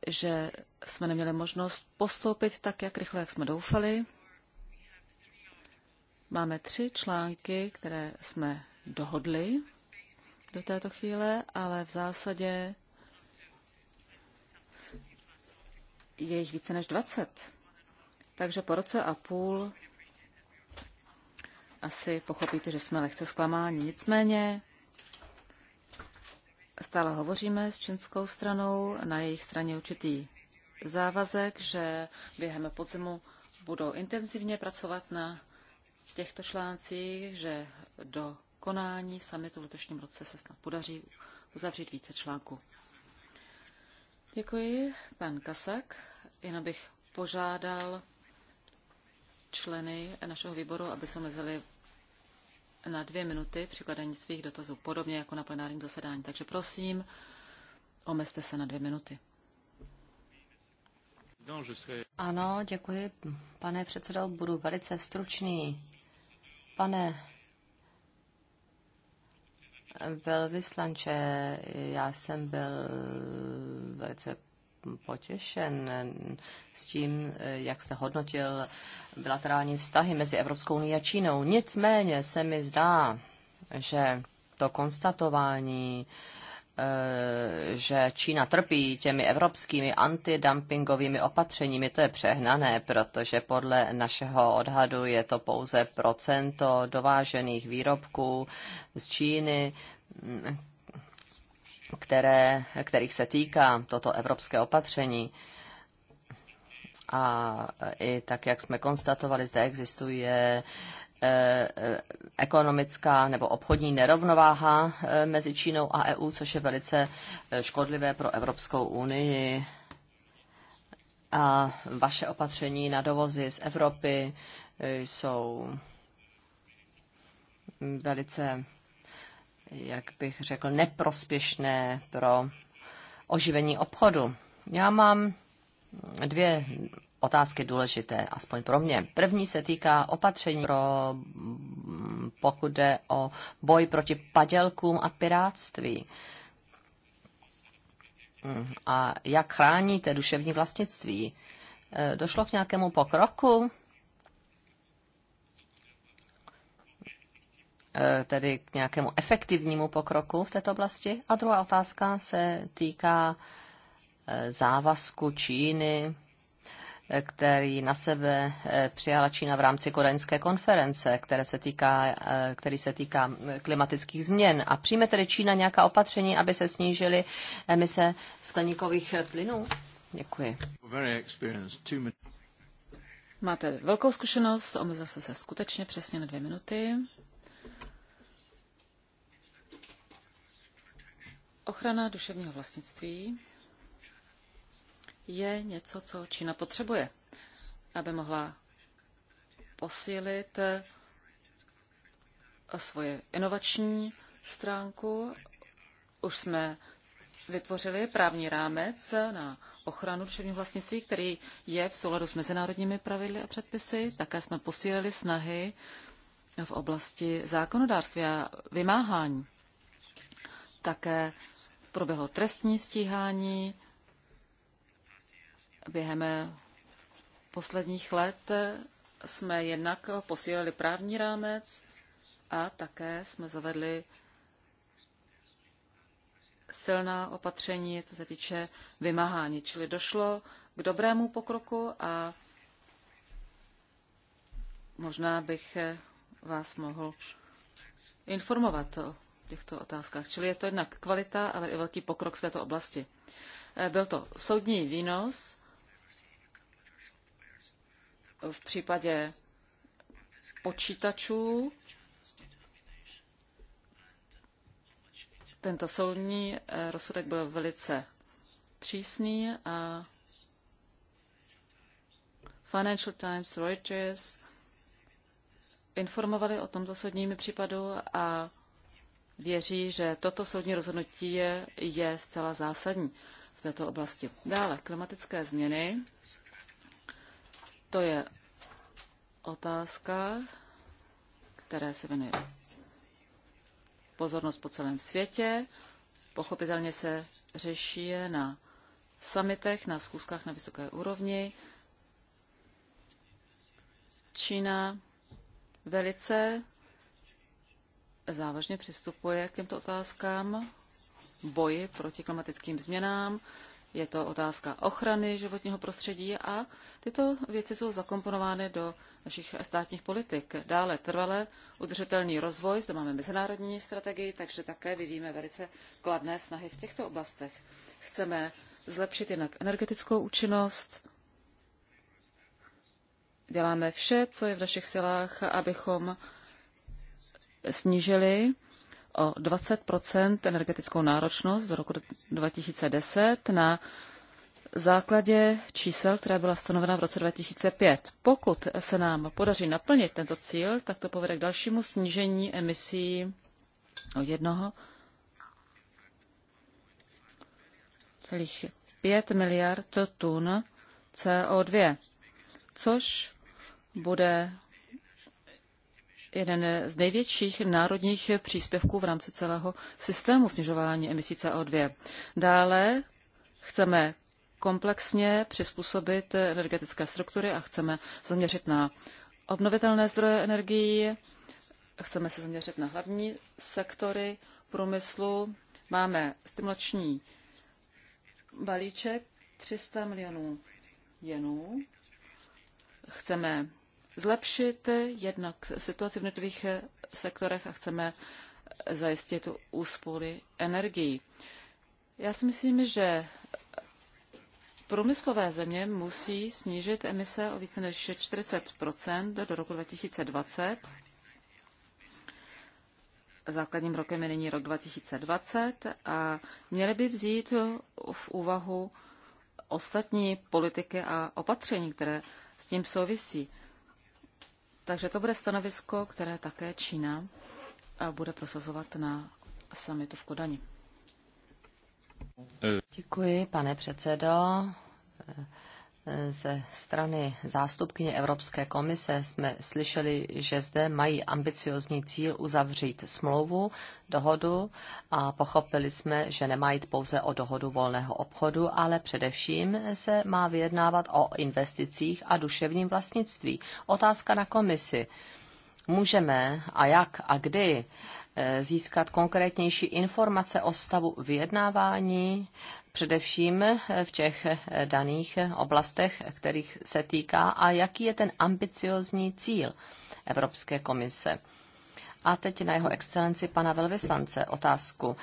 že jsme neměli možnost postoupit tak, jak rychle, jak jsme doufali. Máme tři články, které jsme dohodli do této chvíle, ale v zásadě je jich více než 20. Takže po roce a půl asi pochopíte, že jsme lehce zklamáni. Nicméně stále hovoříme s čínskou stranou, na jejich straně určitý závazek, že během podzimu budou intenzivně pracovat na těchto článcích, že do konání samitu v letošním roce se snad podaří uzavřít více článků. Děkuji, pan Kasak. Jen bych požádal členy našeho výboru, aby se omezili na dvě minuty při kladení svých dotazů, podobně jako na plenárním zasedání. Takže prosím, omezte se na dvě minuty. Ano, děkuji, pane předsedo, budu velice stručný. Pane velvyslanče, já jsem byl velice potěšen s tím, jak jste hodnotil bilaterální vztahy mezi Evropskou unii a Čínou. Nicméně se mi zdá, že to konstatování, eh, že Čína trpí těmi evropskými antidumpingovými opatřeními, to je přehnané, protože podle našeho odhadu je to pouze procento dovážených výrobků z Číny, které, kterých se týká toto evropské opatření. A i tak, jak jsme konstatovali, zde existuje eh, eh, ekonomická nebo obchodní nerovnováha eh, mezi Čínou a EU, což je velice škodlivé pro Evropskou unii. A vaše opatření na dovozy z Evropy jsou mm, velice jak bych řekl, neprospěšné pro oživení obchodu. Já mám dvě otázky důležité, aspoň pro mě. První se týká opatření pro, pokud jde o boj proti padělkům a piráctví. A jak chráníte duševní vlastnictví? E, došlo k nějakému pokroku Eh, tedy k nějakému efektivnímu pokroku v této oblasti? A druhá otázka se týká eh, závazku Číny, eh, který na sebe přijala Čína v rámci koreňské konference, které se týká, který se týká klimatických změn. A přijme tedy Čína nějaká opatření, aby se snížily emise skleníkových plynů? Děkuji. Máte velkou zkušenost, omezil se skutečně přesně na dvě minuty. Ochrana duševního vlastnictví je něco, co Čína potřebuje, aby mohla posílit eh, svoje inovační stránku. Už jsme vytvořili právní rámec na ochranu duševního vlastnictví, který je v souladu s mezinárodními pravidly a předpisy. Také jsme posílili snahy v oblasti zákonodárství a vymáhání. Také proběhlo trestní stíhání. Během posledních let jsme jednak posílili právní rámec a také jsme zavedli silná opatření, co se týče vymáhání. Čili došlo k dobrému pokroku a možná bych vás mohl informovat těchto otázkách. Čili je to jednak kvalita, ale i velký pokrok v této oblasti. Eh, byl to soudní výnos v případě počítačů. Tento soudní eh, rozsudek byl velice přísný a Financial Times, Reuters informovali o tomto soudním případu a věří, že toto soudní rozhodnutí je, je zcela zásadní v této oblasti. Dále, klimatické změny. To je otázka, které se věnuje pozornost po celém světě. Pochopitelně se řeší je na samitech, na zkuskách na vysoké úrovni. Čína velice závažně přistupuje k těmto otázkám boji proti klimatickým změnám, je to otázka ochrany životního prostředí a tyto věci jsou zakomponovány do našich státních politik. Dále trvalé udržitelný rozvoj, zde máme mezinárodní strategii, takže také vyvíjíme velice kladné snahy v těchto oblastech. Chceme zlepšit jinak energetickou účinnost, děláme vše, co je v našich silách, abychom snížili o 20 energetickou náročnost do roku 2010 na základě čísel, která byla stanovena v roce 2005. Pokud se nám podaří naplnit tento cíl, tak to povede k dalšímu snížení emisí o jednoho celých 5 miliard tun CO2, což bude jeden z největších národních příspěvků v rámci celého systému snižování emisí CO2. Dále chceme komplexně přizpůsobit energetické struktury a chceme zaměřit na obnovitelné zdroje energií, chceme se zaměřit na hlavní sektory průmyslu. Máme stimulační balíček 300 milionů jenů. Chceme zlepšit jednak situaci v jednotlivých sektorech a chceme zajistit úspory energií. Já si myslím, že průmyslové země musí snížit emise o více než 40 do roku 2020. Základním rokem je nyní rok 2020 a měly by vzít v úvahu ostatní politiky a opatření, které s tím souvisí. Takže to bude stanovisko, které také Čína eh, bude prosazovat na summitu v Kodani. Eh. Děkuji, pane předsedo. Eh, ze strany zástupkyně Evropské komise jsme slyšeli, že zde mají ambiciozní cíl uzavřít smlouvu, dohodu a pochopili jsme, že nemá jít pouze o dohodu volného obchodu, ale především se má vyjednávat o investicích a duševním vlastnictví. Otázka na komisi. Můžeme a jak a kdy eh, získat konkrétnější informace o stavu vyjednávání především v těch daných oblastech, kterých se týká a jaký je ten ambiciozní cíl Evropské komise. A teď na jeho excelenci pana velvyslance otázku.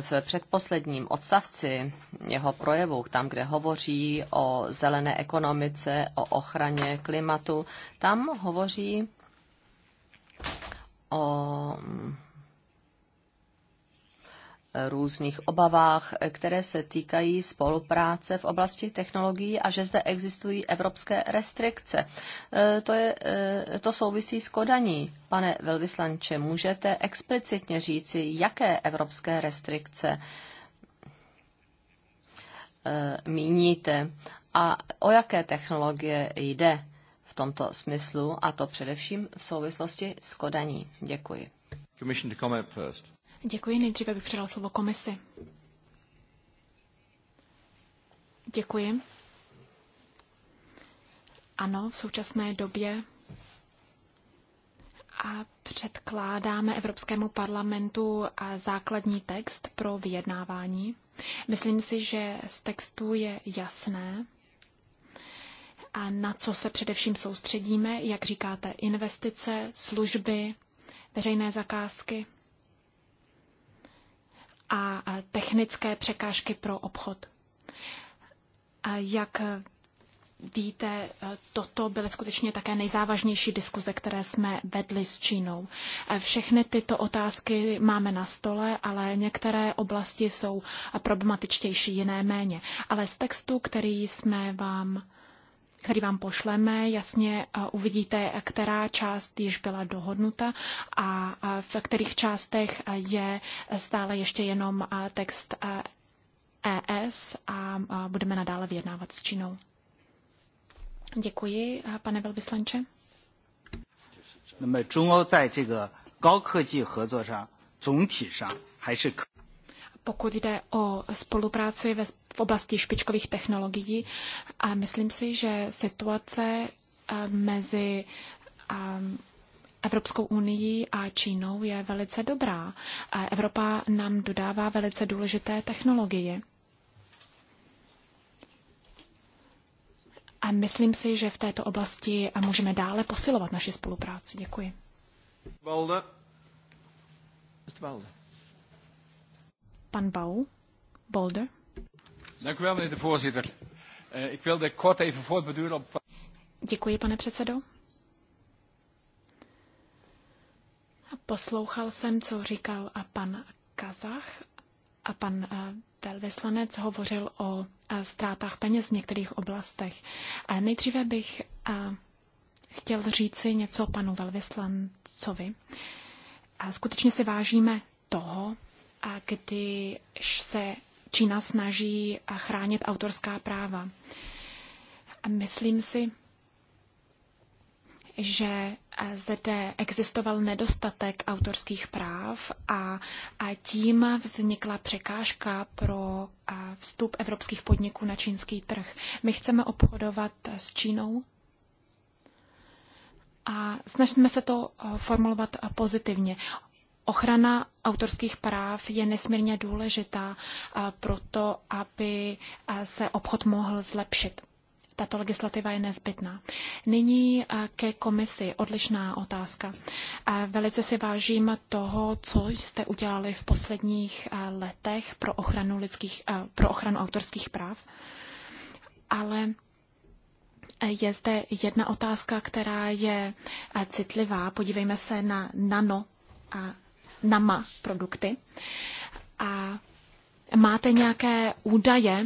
V předposledním odstavci jeho projevu, tam, kde hovoří o zelené ekonomice, o ochraně klimatu, tam hovoří o různých obavách, které se týkají spolupráce v oblasti technologií a že zde existují evropské restrikce. E, to, je, e, to souvisí s Kodaní. Pane velvyslanče, můžete explicitně říci, jaké evropské restrikce e, míníte a o jaké technologie jde v tomto smyslu, a to především v souvislosti s Kodaní. Děkuji. Děkuji. Nejdříve bych předal slovo komisi. Děkuji. Ano, v současné době a předkládáme Evropskému parlamentu základní text pro vyjednávání. Myslím si, že z textu je jasné, a na co se především soustředíme, jak říkáte, investice, služby, veřejné zakázky a technické překážky pro obchod. A jak víte, toto byly skutečně také nejzávažnější diskuze, které jsme vedli s Čínou. Všechny tyto otázky máme na stole, ale některé oblasti jsou problematičtější, jiné méně. Ale z textu, který jsme vám který vám pošleme, jasně uvidíte, která část již byla dohodnuta a v kterých částech je stále ještě jenom text ES a budeme nadále vyjednávat s Čínou. Děkuji, pane velvyslanče. 那么中欧在这个高科技合作上，总体上还是可。pokud jde o spolupráci ve, v oblasti špičkových technologií. A myslím si, že situace eh, mezi ehm, Evropskou unii a Čínou je velice dobrá. Evropa nám dodává velice důležité technologie. A myslím si, že v této oblasti můžeme dále posilovat naši spolupráci. Děkuji. Balde. Mr. Balde. Pan Bouw, Bolder. Dank u wel, meneer de voorzitter. Uh, ik wilde kort even voortbeduren op... Děkuji, pane předsedo. Poslouchal jsem, co říkal a eh, pan Kazach a pan eh, velvyslanec hovořil o ztrátách peněz v některých oblastech. Nejdříve bych chtěl říci něco panu velvyslancovi. Skutečně si vážíme toho, a když se Čína snaží chránit autorská práva. Myslím si, že zde existoval nedostatek autorských práv a tím vznikla překážka pro vstup evropských podniků na čínský trh. My chceme obchodovat s Čínou a snažíme se to eh, formulovat eh, pozitivně. Ochrana autorských práv je nesmírně důležitá pro to, aby se obchod mohl zlepšit. Tato legislativa je nezbytná. Nyní ke komisi odlišná otázka. Velice si vážím toho, co jste udělali v posledních letech pro ochranu, lidských, pro ochranu autorských práv, ale je zde jedna otázka, která je citlivá. Podívejme se na nano a NAMA produkty. A máte nějaké údaje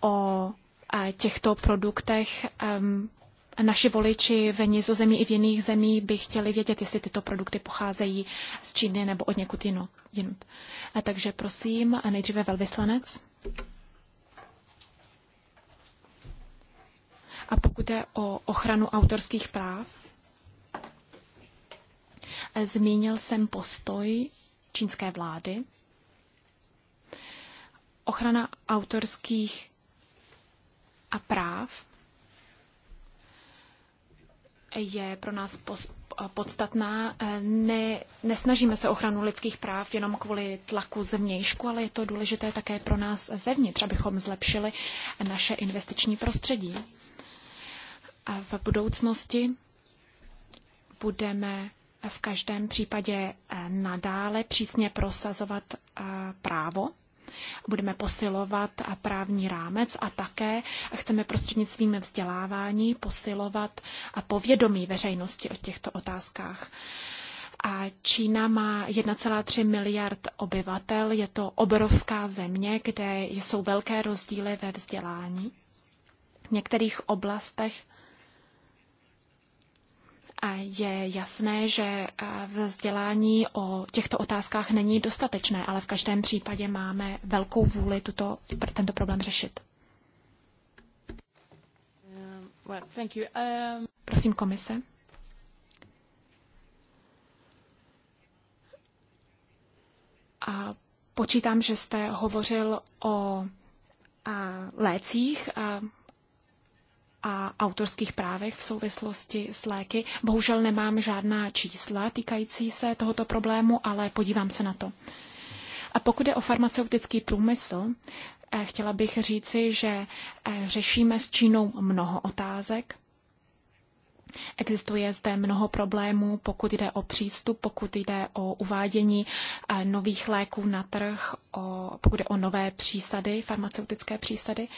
o eh, těchto produktech? Naši voliči ve Nizozemí i v jiných zemích by chtěli vědět, jestli tyto produkty pocházejí z Číny nebo od někud jinut. A eh, takže prosím, nejdříve velvyslanec. A pokud je o ochranu autorských práv, Eh, zmínil jsem postoj čínské vlády. Ochrana autorských a práv je pro nás eh, podstatná. Eh, ne, nesnažíme se ochranu lidských práv jenom kvůli tlaku zvnějšku, ale je to důležité také pro nás zevnitř, abychom zlepšili naše investiční prostředí. A v budoucnosti budeme v každém případě eh, nadále přísně prosazovat eh, právo. Budeme posilovat eh, právní rámec a také chceme prostřednictvím vzdělávání posilovat a povědomí veřejnosti o těchto otázkách. A Čína má 1,3 miliard obyvatel, je to obrovská země, kde jsou velké rozdíly ve vzdělání. V některých oblastech je jasné, že vzdělání o těchto otázkách není dostatečné, ale v každém případě máme velkou vůli tuto, tento problém řešit. Um, well, thank you. Um... Prosím komise. A počítám, že jste hovořil o a lécích. A a autorských právech v souvislosti s léky. Bohužel nemám žádná čísla týkající se tohoto problému, ale podívám se na to. A pokud je o farmaceutický průmysl, eh, chtěla bych říci, že eh, řešíme s Čínou mnoho otázek. Existuje zde mnoho problémů, pokud jde o přístup, pokud jde o uvádění eh, nových léků na trh, o, pokud jde o nové přísady, farmaceutické přísady.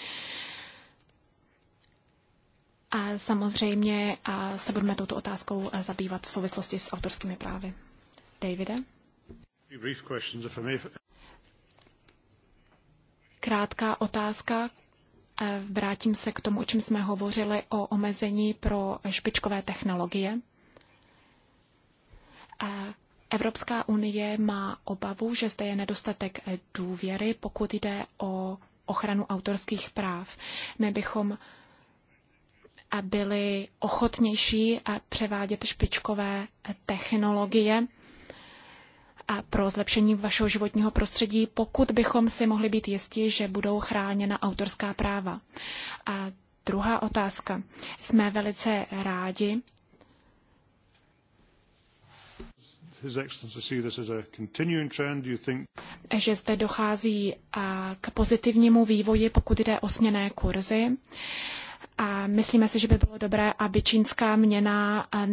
A samozřejmě a se budeme touto otázkou eh, zabývat v souvislosti s autorskými právy. Davide? Krátká otázka. Eh, vrátím se k tomu, o čem jsme hovořili, o omezení pro špičkové technologie. Eh, Evropská unie má obavu, že zde je nedostatek důvěry, pokud jde o ochranu autorských práv. My bychom byli ochotnější a převádět špičkové technologie a pro zlepšení vašeho životního prostředí, pokud bychom si mohli být jistí, že budou chráněna autorská práva. A druhá otázka. Jsme velice rádi, že zde dochází k pozitivnímu vývoji, pokud jde o směné kurzy. A myslíme si, že by bylo dobré, aby čínská měna eh,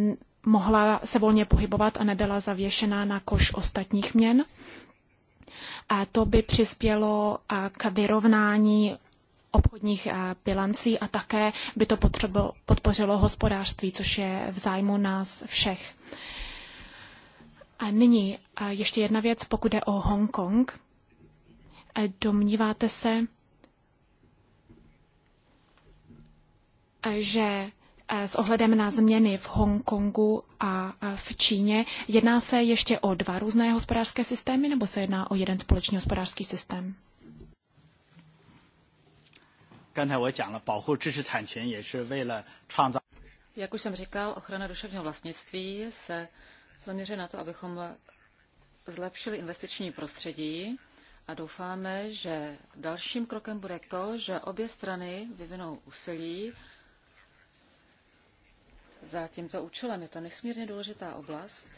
mohla se volně pohybovat a nebyla zavěšena na koš ostatních měn. A to by přispělo eh, k vyrovnání obchodních eh, bilancí a také by to podpořilo hospodářství, což je v zájmu nás všech. A nyní ještě jedna věc, pokud je o Hongkong. Domníváte se, že eh, s ohledem na změny v Hongkongu a eh, v Číně. Jedná se ještě o dva různé hospodářské systémy nebo se jedná o jeden společný hospodářský systém? Jak už jsem říkal, ochrana duševního vlastnictví se zaměřuje na to, abychom zlepšili investiční prostředí a doufáme, že dalším krokem bude to, že obě strany vyvinou úsilí za tímto účelem. Je to nesmírně důležitá oblast.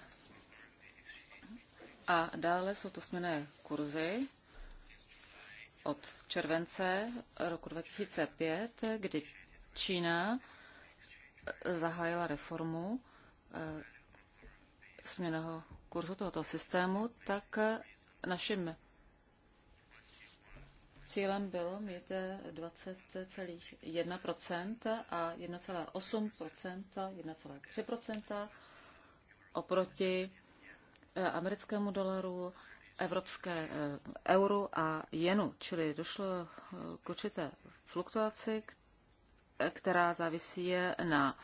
A dále jsou to směné kurzy od července roku 2005, kdy Čína zahájila reformu eh, směného kurzu tohoto systému, tak našim Cílem bylo mít 20,1% a 1,8%, 1,3% oproti eh, americkému dolaru, evropské eh, euru a jenu, čili došlo eh, k určité fluktuaci, která závisí na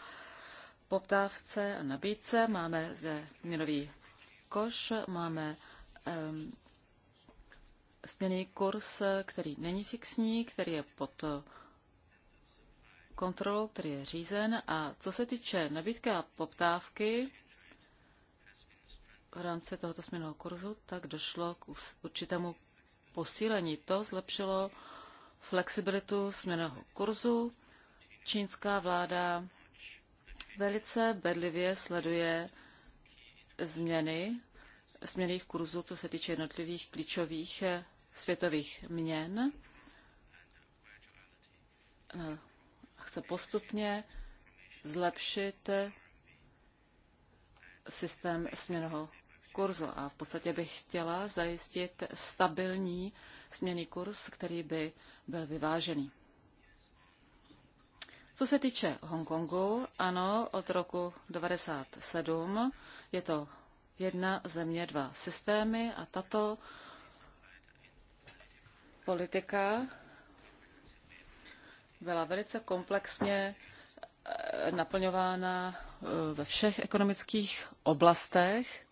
poptávce a nabídce. Máme zde měnový koš, máme um, směný kurz, který není fixní, který je pod eh, kontrolou, který je řízen. A co se týče nabídky a poptávky v rámci tohoto směnného kurzu, tak došlo k určitému posílení. To zlepšilo flexibilitu směného kurzu. Čínská vláda velice bedlivě sleduje změny změných kurzů, co se týče jednotlivých klíčových eh, světových měn. Eh, chce postupně zlepšit eh, systém směnoho kurzu a v podstatě bych chtěla zajistit stabilní směný kurz, který by byl vyvážený. Co se týče Hongkongu, ano, od roku 1997 je to jedna země, dva systémy a tato politika byla velice komplexně eh, naplňována eh, ve všech ekonomických oblastech,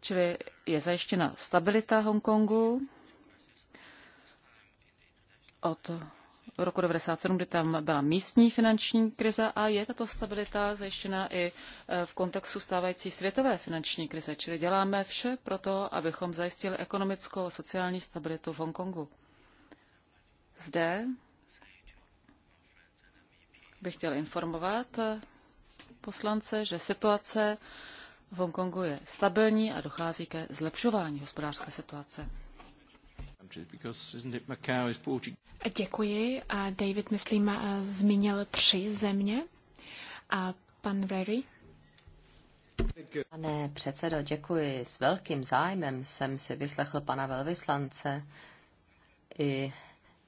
čili je zajištěna stabilita Hongkongu od roku 1997, kdy tam byla místní finanční krize a je tato stabilita zajištěna i eh, v kontextu stávající světové finanční krize. Čili děláme vše pro to, abychom zajistili ekonomickou a sociální stabilitu v Hongkongu. Zde bych chtěl informovat poslance, že situace v Hongkongu je stabilní a dochází ke zlepšování hospodářské situace. Děkuji. A David, myslím, zmínil tři země. A pan Rary? Pane předsedo, děkuji. S velkým zájmem jsem si vyslechl pana velvyslance i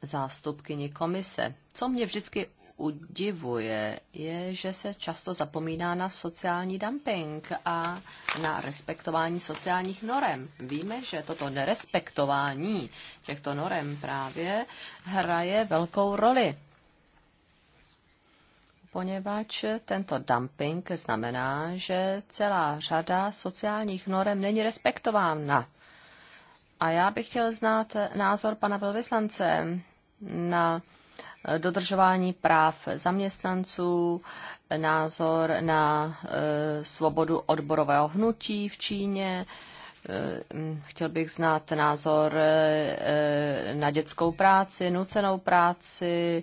zástupkyni komise. Co mě vždycky udivuje, je, že se často zapomíná na sociální dumping a na respektování sociálních norem. Víme, že toto nerespektování těchto norem právě hraje velkou roli. Poněvadž tento dumping znamená, že celá řada sociálních norem není respektována. A já bych chtěl znát názor pana velvyslance na dodržování práv zaměstnanců, názor na eh, svobodu odborového hnutí v Číně, eh, Chtěl bych znát názor eh, na dětskou práci, nucenou práci,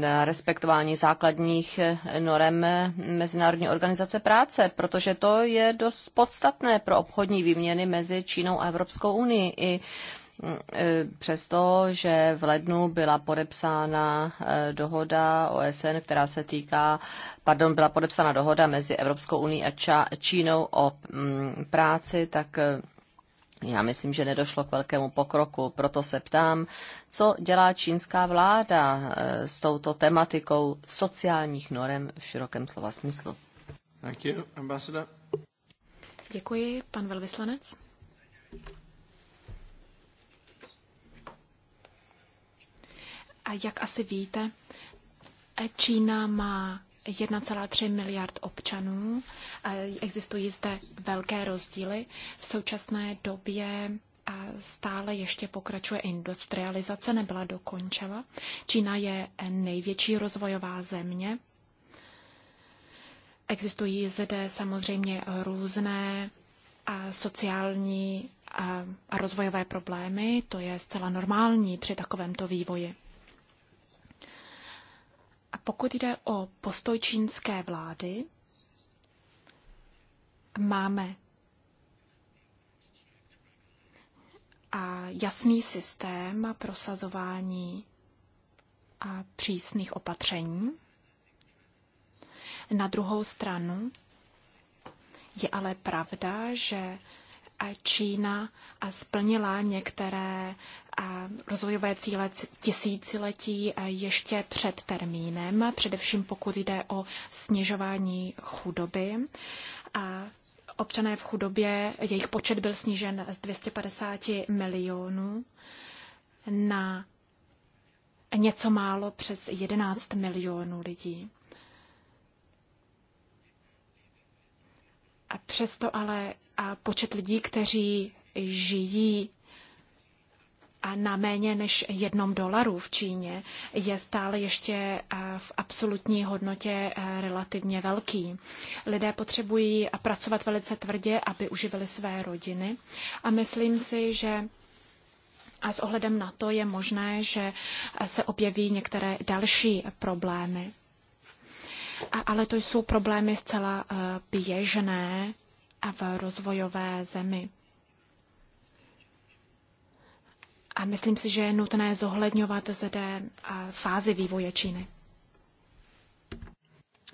na respektování základních norem Mezinárodní organizace práce, protože to je dost podstatné pro obchodní výměny mezi Čínou a Evropskou unii. I Eh, přesto, že v lednu byla podepsána eh, dohoda OSN, která se týká, pardon, byla podepsána dohoda mezi Evropskou unii a Čínou o mm, práci, tak eh, já myslím, že nedošlo k velkému pokroku, proto se ptám, co dělá čínská vláda s touto tematikou sociálních norem v širokém slova smyslu. Děkuji, pan velvyslanec. A jak asi víte, Čína má 1,3 miliard občanů. Existují zde velké rozdíly. V současné době stále ještě pokračuje industrializace, nebyla dokončena. Čína je největší rozvojová země. Existují zde samozřejmě různé sociální a rozvojové problémy. To je zcela normální při takovémto vývoji. A pokud jde o postoj čínské vlády, máme a jasný systém a prosazování a přísných opatření. Na druhou stranu je ale pravda, že Čína splnila některé rozvojové cíle tisíciletí ještě před termínem, především pokud jde o snižování chudoby. A občané v chudobě, jejich počet byl snížen z 250 milionů na něco málo přes 11 milionů lidí. A přesto ale počet lidí, kteří žijí na méně než jednom dolaru v Číně, je stále ještě eh, v absolutní hodnotě eh, relativně velký. Lidé potřebují pracovat velice tvrdě, aby uživili své rodiny. A myslím si, že a s ohledem na to je možné, že se objeví některé další problémy. A, ale to jsou problémy zcela eh, běžné a v rozvojové zemi. A myslím si, že je nutné zohledňovat zde fázi vývoje Číny.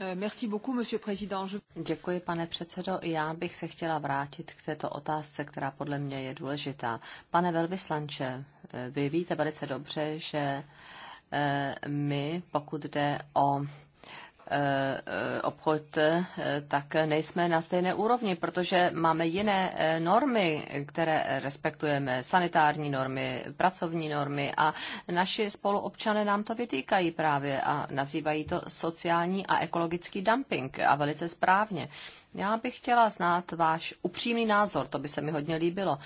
Eh, merci beaucoup, monsieur président. Je... Děkuji, pane předsedo. Já bych se chtěla vrátit k této otázce, která podle mě je důležitá. Pane velvyslanče, eh, vy víte velice dobře, že eh, my, pokud jde o obchod, eh, tak nejsme na stejné úrovni, protože máme jiné eh, normy, které respektujeme, sanitární normy, pracovní normy a naši spoluobčané nám to vytýkají právě a nazývají to sociální a ekologický dumping a velice správně. Já bych chtěla znát váš upřímný názor, to by se mi hodně líbilo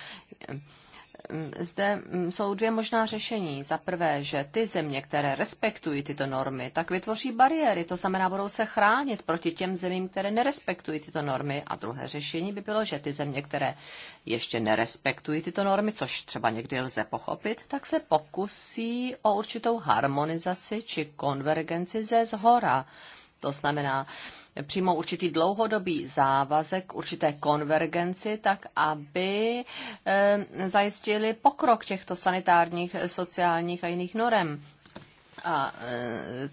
zde mm, jsou dvě možná řešení. Za prvé, že ty země, které respektují tyto normy, tak vytvoří bariéry, to znamená, budou se chránit proti těm zemím, které nerespektují tyto normy. A druhé řešení by bylo, že ty země, které ještě nerespektují tyto normy, což třeba někdy lze pochopit, tak se pokusí o určitou harmonizaci či konvergenci ze zhora. To znamená, přijmou určitý dlouhodobý závazek, určité konvergenci, tak aby eh, zajistili pokrok těchto sanitárních, sociálních a jiných norem. A eh,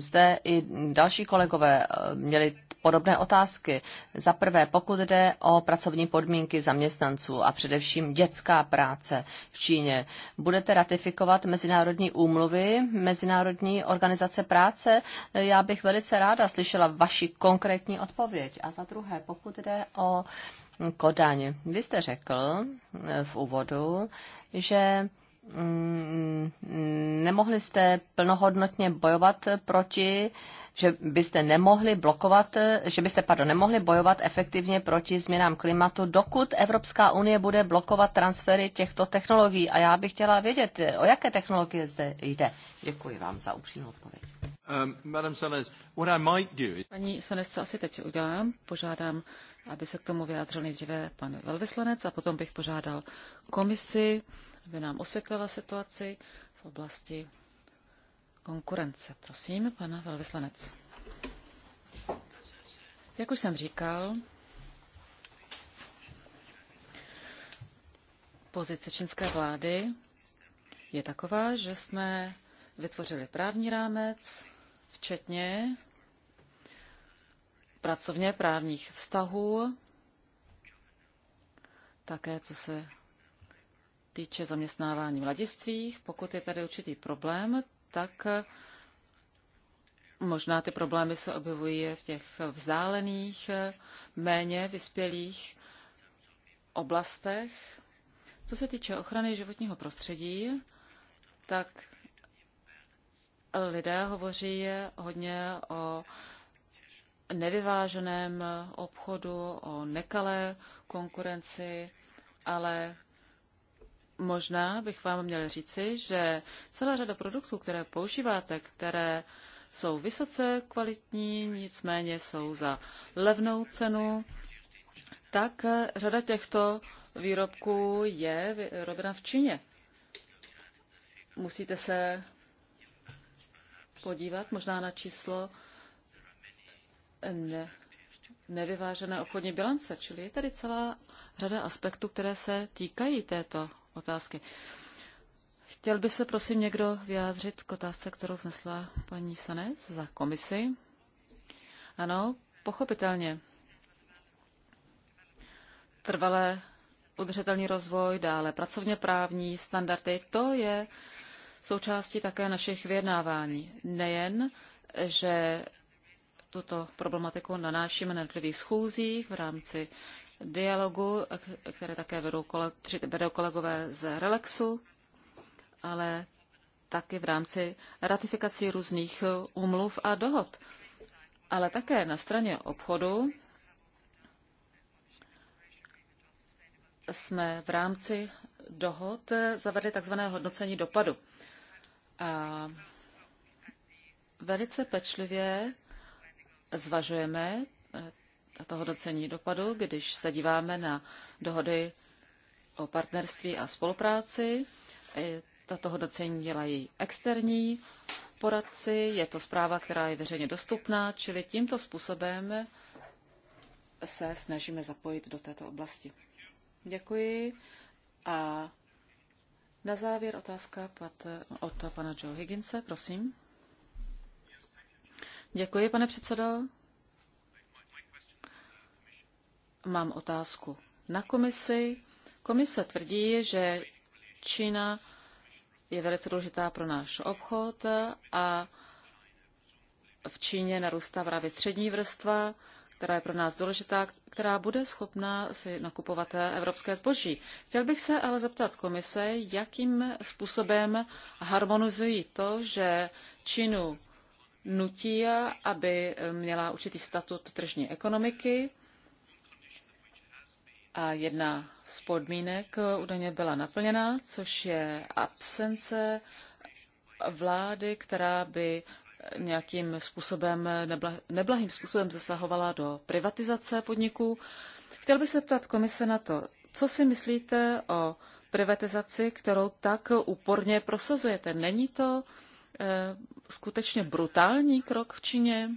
zde i další kolegové eh, měli podobné otázky. Za prvé, pokud jde o pracovní podmínky zaměstnanců a především dětská práce v Číně, budete ratifikovat mezinárodní úmluvy, mezinárodní organizace práce? Já bych velice ráda slyšela vaši konkrétní odpověď. A za druhé, pokud jde o Kodaň, vy jste řekl eh, v úvodu, že mm, mm, nemohli jste plnohodnotně bojovat proti že byste nemohli blokovat, eh, že byste, pardon, nemohli bojovat efektivně proti změnám klimatu, dokud Evropská unie bude blokovat transfery těchto technologií. A já bych chtěla vědět, eh, o jaké technologie zde jde. Děkuji vám za upřímnou odpověď. Um, what I might do Paní Sanes, co asi teď udělám, požádám, aby se k tomu vyjádřil nejdříve pan velvyslanec a potom bych požádal komisi, aby nám osvětlila situaci v oblasti konkurence. Prosím, pana velvyslanec. Jak už jsem říkal, pozice čínské vlády je taková, že jsme vytvořili právní rámec, včetně pracovně právních vztahů, také co se týče zaměstnávání mladistvích. Pokud je tady určitý problém, tak možná ty problémy se objevují v těch vzdálených, méně vyspělých oblastech. Co se týče ochrany životního prostředí, tak lidé hovoří hodně o nevyváženém obchodu, o nekalé konkurenci, ale Možná bych vám měl říci, že celá řada produktů, které používáte, které jsou vysoce kvalitní, nicméně jsou za levnou cenu, tak řada těchto výrobků je vyrobena v Číně. Musíte se podívat možná na číslo ne, nevyvážené obchodní bilance, čili je tady celá řada aspektů, které se týkají této otázky. Chtěl by se prosím někdo vyjádřit k otázce, kterou znesla paní Sanec za komisi? Ano, pochopitelně. Trvalé udržitelný rozvoj, dále pracovně právní standardy, to je součástí také našich vyjednávání. Nejen, že tuto problematiku nanášíme na jednotlivých schůzích v rámci dialogu, které také vedou, kole, tři, vedou kolegové z Relaxu, ale taky v rámci ratifikací různých úmluv a dohod. Ale také na straně obchodu jsme v rámci dohod zavedli tzv. hodnocení dopadu. A velice pečlivě zvažujeme tato hodnocení dopadu, když se díváme na dohody o partnerství a spolupráci. Tato hodnocení dělají externí poradci, je to zpráva, která je veřejně dostupná, čili tímto způsobem se snažíme zapojit do této oblasti. Děkuji. A na závěr otázka od pana Joe Higginse, prosím. Děkuji, pane předsedo mám otázku na komisi. Komise tvrdí, že Čína je velice důležitá pro náš obchod a v Číně narůstá právě střední vrstva, která je pro nás důležitá, která bude schopná si nakupovat evropské zboží. Chtěl bych se ale zeptat komise, jakým způsobem harmonizují to, že Čínu nutí, aby měla určitý statut tržní ekonomiky, a jedna z podmínek eh, údajně byla naplněna, což je absence vlády, která by eh, nějakým způsobem, neblahým způsobem zasahovala do privatizace podniků. Chtěl bych se ptat komise na to, co si myslíte o privatizaci, kterou tak úporně prosazujete? Není to e, skutečně brutální krok v Číně?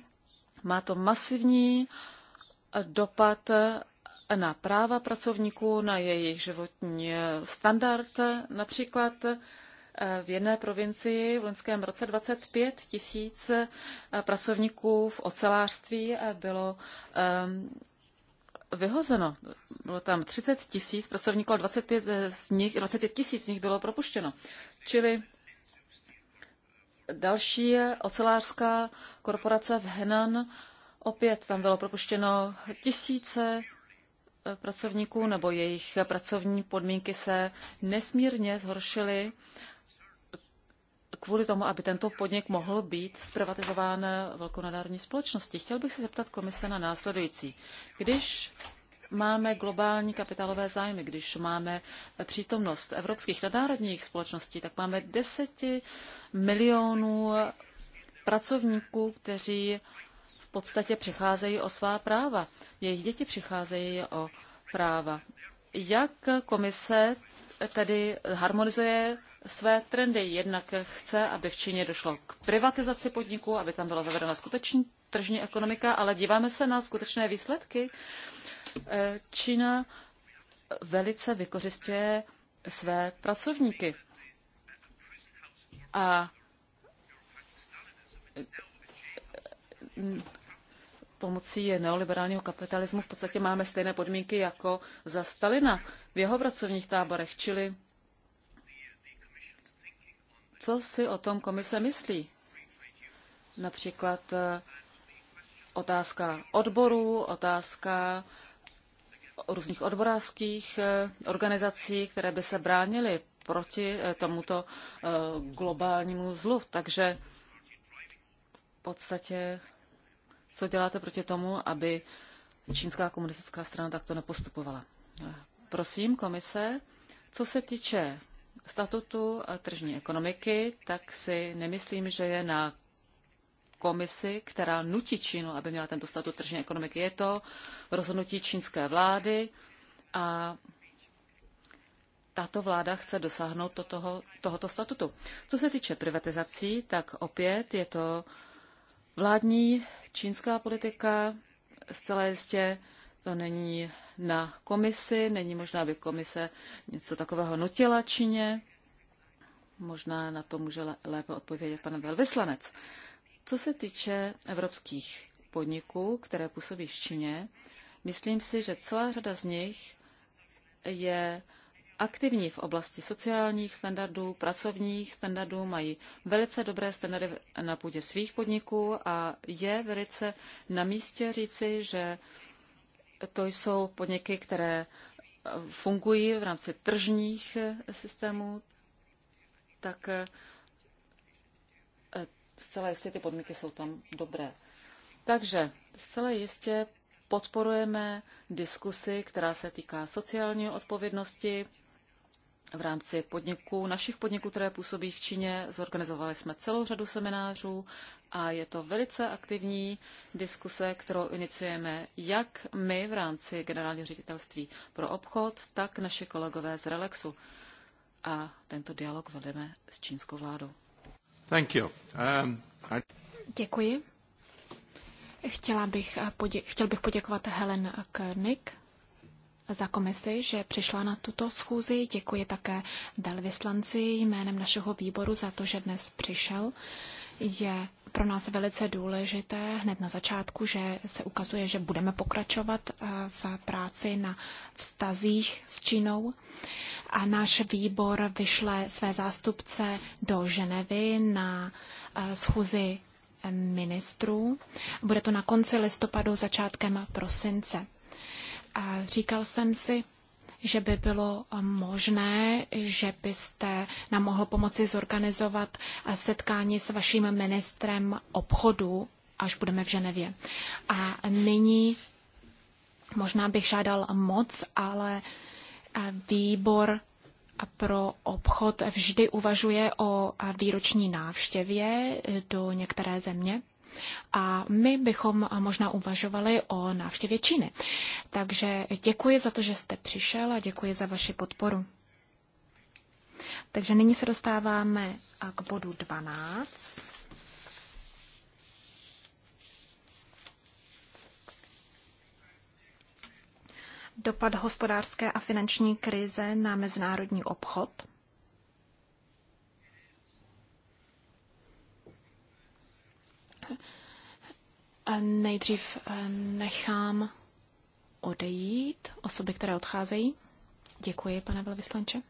Má to masivní dopad na práva pracovníků, na jejich životní standard. Například eh, v jedné provincii v loňském roce 25 tisíc eh, pracovníků v ocelářství eh, bylo ehm, vyhozeno. Bylo tam 30 tisíc pracovníků a 25 z nich, 25 tisíc z nich bylo propuštěno. Čili další ocelářská korporace v Henan, opět tam bylo propuštěno tisíce pracovníků nebo jejich pracovní podmínky se nesmírně zhoršily kvůli tomu, aby tento podnik mohl být zprivatizován velkonadárodní společnosti. Chtěl bych se zeptat komise na následující. Když máme globální kapitálové zájmy, když máme přítomnost evropských nadnárodních společností, tak máme deseti milionů pracovníků, kteří v podstatě přicházejí o svá práva jejich děti přicházejí o práva. Jak komise tedy harmonizuje své trendy? Jednak chce, aby v Číně došlo k privatizaci podniků, aby tam byla zavedena skutečná tržní ekonomika, ale díváme se na skutečné výsledky. Eh, Čína velice vykořistuje své pracovníky. A pomocí neoliberálního kapitalismu v podstatě máme stejné podmínky jako za Stalina v jeho pracovních táborech, čili co si o tom komise myslí? Například eh, otázka odborů, otázka různých odborářských eh, organizací, které by se bránily proti eh, tomuto globálnímu zlu. Takže v podstatě co děláte proti tomu, aby čínská komunistická strana takto nepostupovala? Prosím, komise, co se týče statutu tržní ekonomiky, tak si nemyslím, že je na komisi, která nutí Čínu, aby měla tento statut tržní ekonomiky. Je to rozhodnutí čínské vlády a tato vláda chce dosáhnout to toho, tohoto statutu. Co se týče privatizací, tak opět je to vládní čínská politika. Zcela jistě to není na komisi, není možná, aby komise něco takového nutila Číně. Možná na to může lépe odpovědět pan velvyslanec. Co se týče evropských podniků, které působí v Číně, myslím si, že celá řada z nich je aktivní v oblasti sociálních standardů, pracovních standardů, mají velice dobré standardy na půdě svých podniků a je velice na místě říci, že to jsou podniky, které eh, fungují v rámci tržních eh, systémů, tak eh, zcela jistě ty podmínky jsou tam dobré. Takže zcela jistě podporujeme diskusy, která se týká sociální odpovědnosti, v rámci podniků, našich podniků, které působí v Číně. Zorganizovali jsme celou řadu seminářů a je to velice aktivní diskuse, kterou iniciujeme jak my v rámci generálního ředitelství pro obchod, tak naši kolegové z Relaxu. A tento dialog vedeme s čínskou vládou. Thank you. Um, I... Děkuji. Chtěla bych podě- chtěl bych poděkovat Helen Kernik za komisi, že přišla na tuto schůzi. Děkuji také velvyslanci jménem našeho výboru za to, že dnes přišel. Je pro nás velice důležité hned na začátku, že se ukazuje, že budeme pokračovat eh, v práci na vztazích s Čínou. A náš výbor vyšle své zástupce do Ženevy na eh, schůzi ministrů. Bude to na konci listopadu, začátkem prosince. A říkal jsem si, že by bylo možné, že byste nám mohl pomoci zorganizovat setkání s vaším ministrem obchodu, až budeme v Ženevě. A nyní možná bych žádal moc, ale eh, výbor pro obchod vždy uvažuje o eh, výroční návštěvě do některé země. A my bychom možná uvažovali o návštěvě Číny. Takže děkuji za to, že jste přišel a děkuji za vaši podporu. Takže nyní se dostáváme k bodu 12. Dopad hospodářské a finanční krize na mezinárodní obchod. Nejdřív eh, nechám odejít osoby, které odcházejí. Děkuji, pane velvyslanče.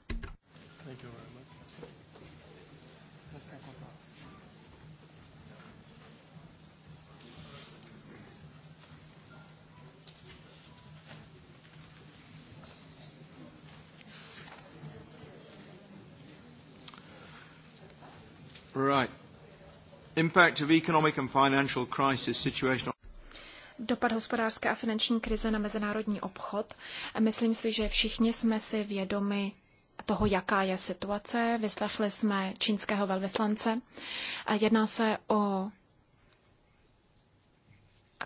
Right. Impact of economic and financial crisis situation dopad hospodářské a finanční krize na mezinárodní obchod. Myslím si, že všichni jsme si vědomi toho, jaká je situace. Vyslechli jsme čínského velvyslance. Jedná se o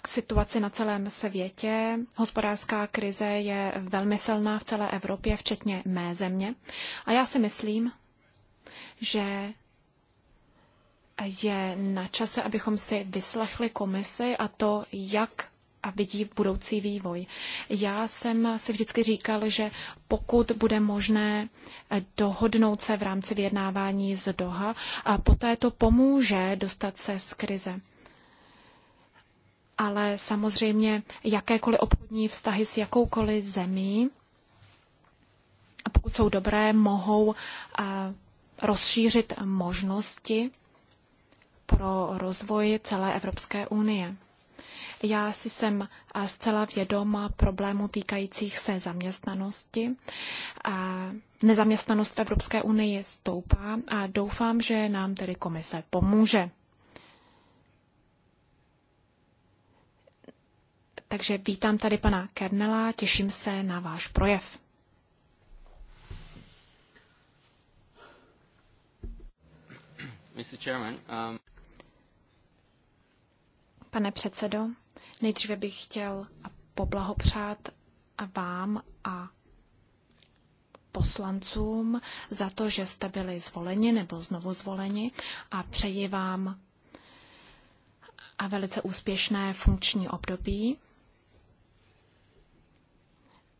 situaci na celém světě. Hospodářská krize je velmi silná v celé Evropě, včetně mé země. A já si myslím, že je na čase, abychom si vyslechli komisi a to, jak a vidí budoucí vývoj. Já jsem si vždycky říkal, že pokud bude možné eh, dohodnout se v rámci vyjednávání z Doha, a poté to pomůže dostat se z krize. Ale samozřejmě jakékoliv obchodní vztahy s jakoukoliv zemí, pokud jsou dobré, mohou eh, rozšířit možnosti pro rozvoj celé Evropské unie. Já si jsem zcela vědoma problémů týkajících se zaměstnanosti. Nezaměstnanost v Evropské unii stoupá a doufám, že nám tedy komise pomůže. Takže vítám tady pana Kernela, těším se na váš projev. Mr. Chairman, um... Pane předsedo, nejdříve bych chtěl poblahopřát vám a poslancům za to, že jste byli zvoleni nebo znovu zvoleni a přeji vám a velice úspěšné funkční období.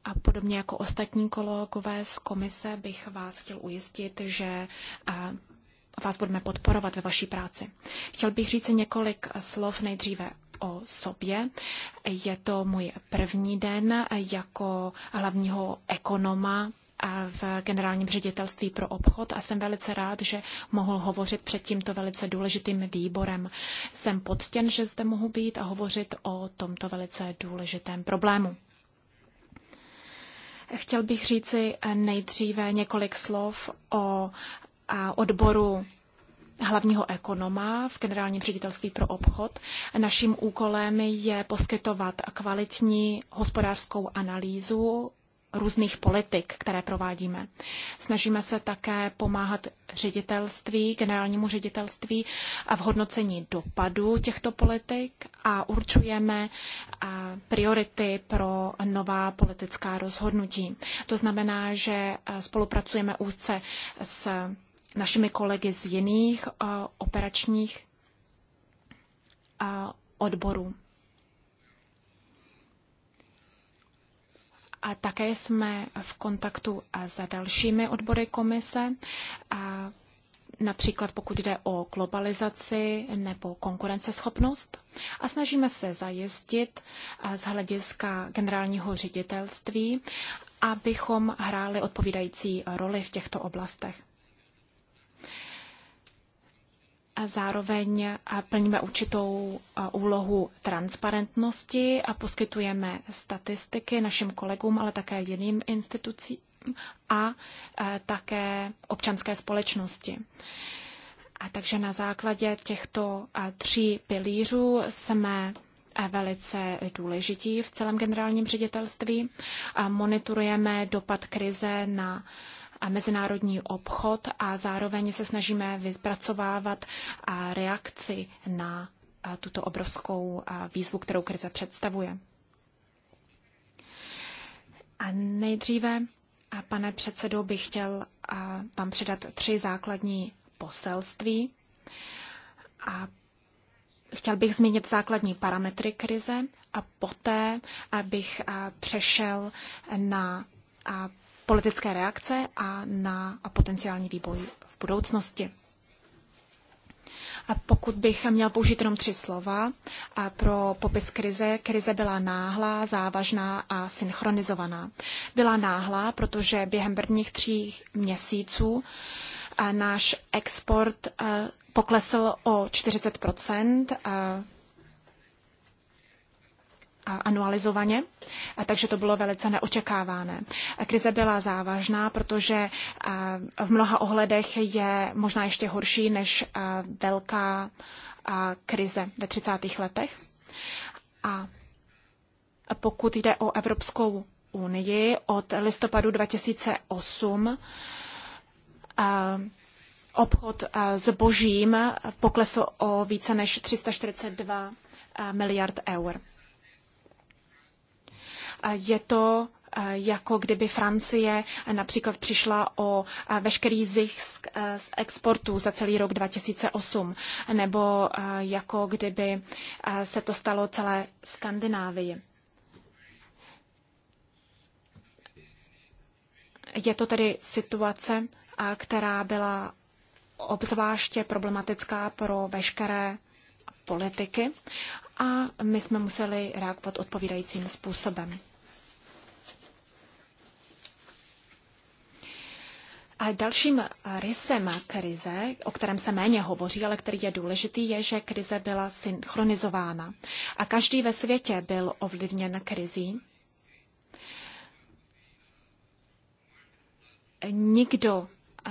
A podobně jako ostatní kolegové z komise bych vás chtěl ujistit, že vás budeme podporovat ve vaší práci. Chtěl bych říct několik slov nejdříve o sobě. Je to můj první den jako hlavního ekonoma v generálním ředitelství pro obchod a jsem velice rád, že mohl hovořit před tímto velice důležitým výborem. Jsem poctěn, že zde mohu být a hovořit o tomto velice důležitém problému. Chtěl bych říci nejdříve několik slov o a odboru hlavního ekonoma v generálním ředitelství pro obchod. Naším úkolem je poskytovat kvalitní hospodářskou analýzu různých politik, které provádíme. Snažíme se také pomáhat ředitelství, generálnímu ředitelství a v hodnocení dopadu těchto politik a určujeme priority pro nová politická rozhodnutí. To znamená, že spolupracujeme úzce s našimi kolegy z jiných eh, operačních eh, odborů. A také jsme v kontaktu s eh, dalšími odbory komise, a například pokud jde o globalizaci nebo konkurenceschopnost. A snažíme se zajistit z hlediska generálního ředitelství, abychom hráli odpovídající roli v těchto oblastech. a zároveň plníme určitou úlohu transparentnosti a poskytujeme statistiky našim kolegům, ale také jiným institucím a také občanské společnosti. A takže na základě těchto tří pilířů jsme velice důležití v celém generálním ředitelství. Monitorujeme dopad krize na a mezinárodní obchod a zároveň se snažíme vypracovávat reakci na tuto obrovskou výzvu, kterou krize představuje. A nejdříve, a pane předsedo, bych chtěl vám předat tři základní poselství. A chtěl bych zmínit základní parametry krize a poté bych přešel na politické reakce a na potenciální vývoj v budoucnosti. A pokud bych měl použít jenom tři slova a pro popis krize, krize byla náhlá, závažná a synchronizovaná. Byla náhlá, protože během prvních tří měsíců náš export poklesl o 40 anualizovaně, takže to bylo velice neočekávané. Krize byla závažná, protože v mnoha ohledech je možná ještě horší než velká krize ve 30. letech. A pokud jde o Evropskou unii od listopadu 2008, obchod s božím poklesl o více než 342 miliard eur. Je to eh, jako kdyby Francie například přišla o eh, veškerý zisk eh, z exportu za celý rok 2008, nebo jako kdyby se to stalo celé Skandinávii. Je to tedy situace, která byla obzvláště problematická pro veškeré politiky a my jsme museli reagovat odpovídajícím způsobem. A dalším rysem krize, o kterém se méně hovoří, ale který je důležitý, je, že krize byla synchronizována. A každý ve světě byl ovlivněn krizí. Nikdo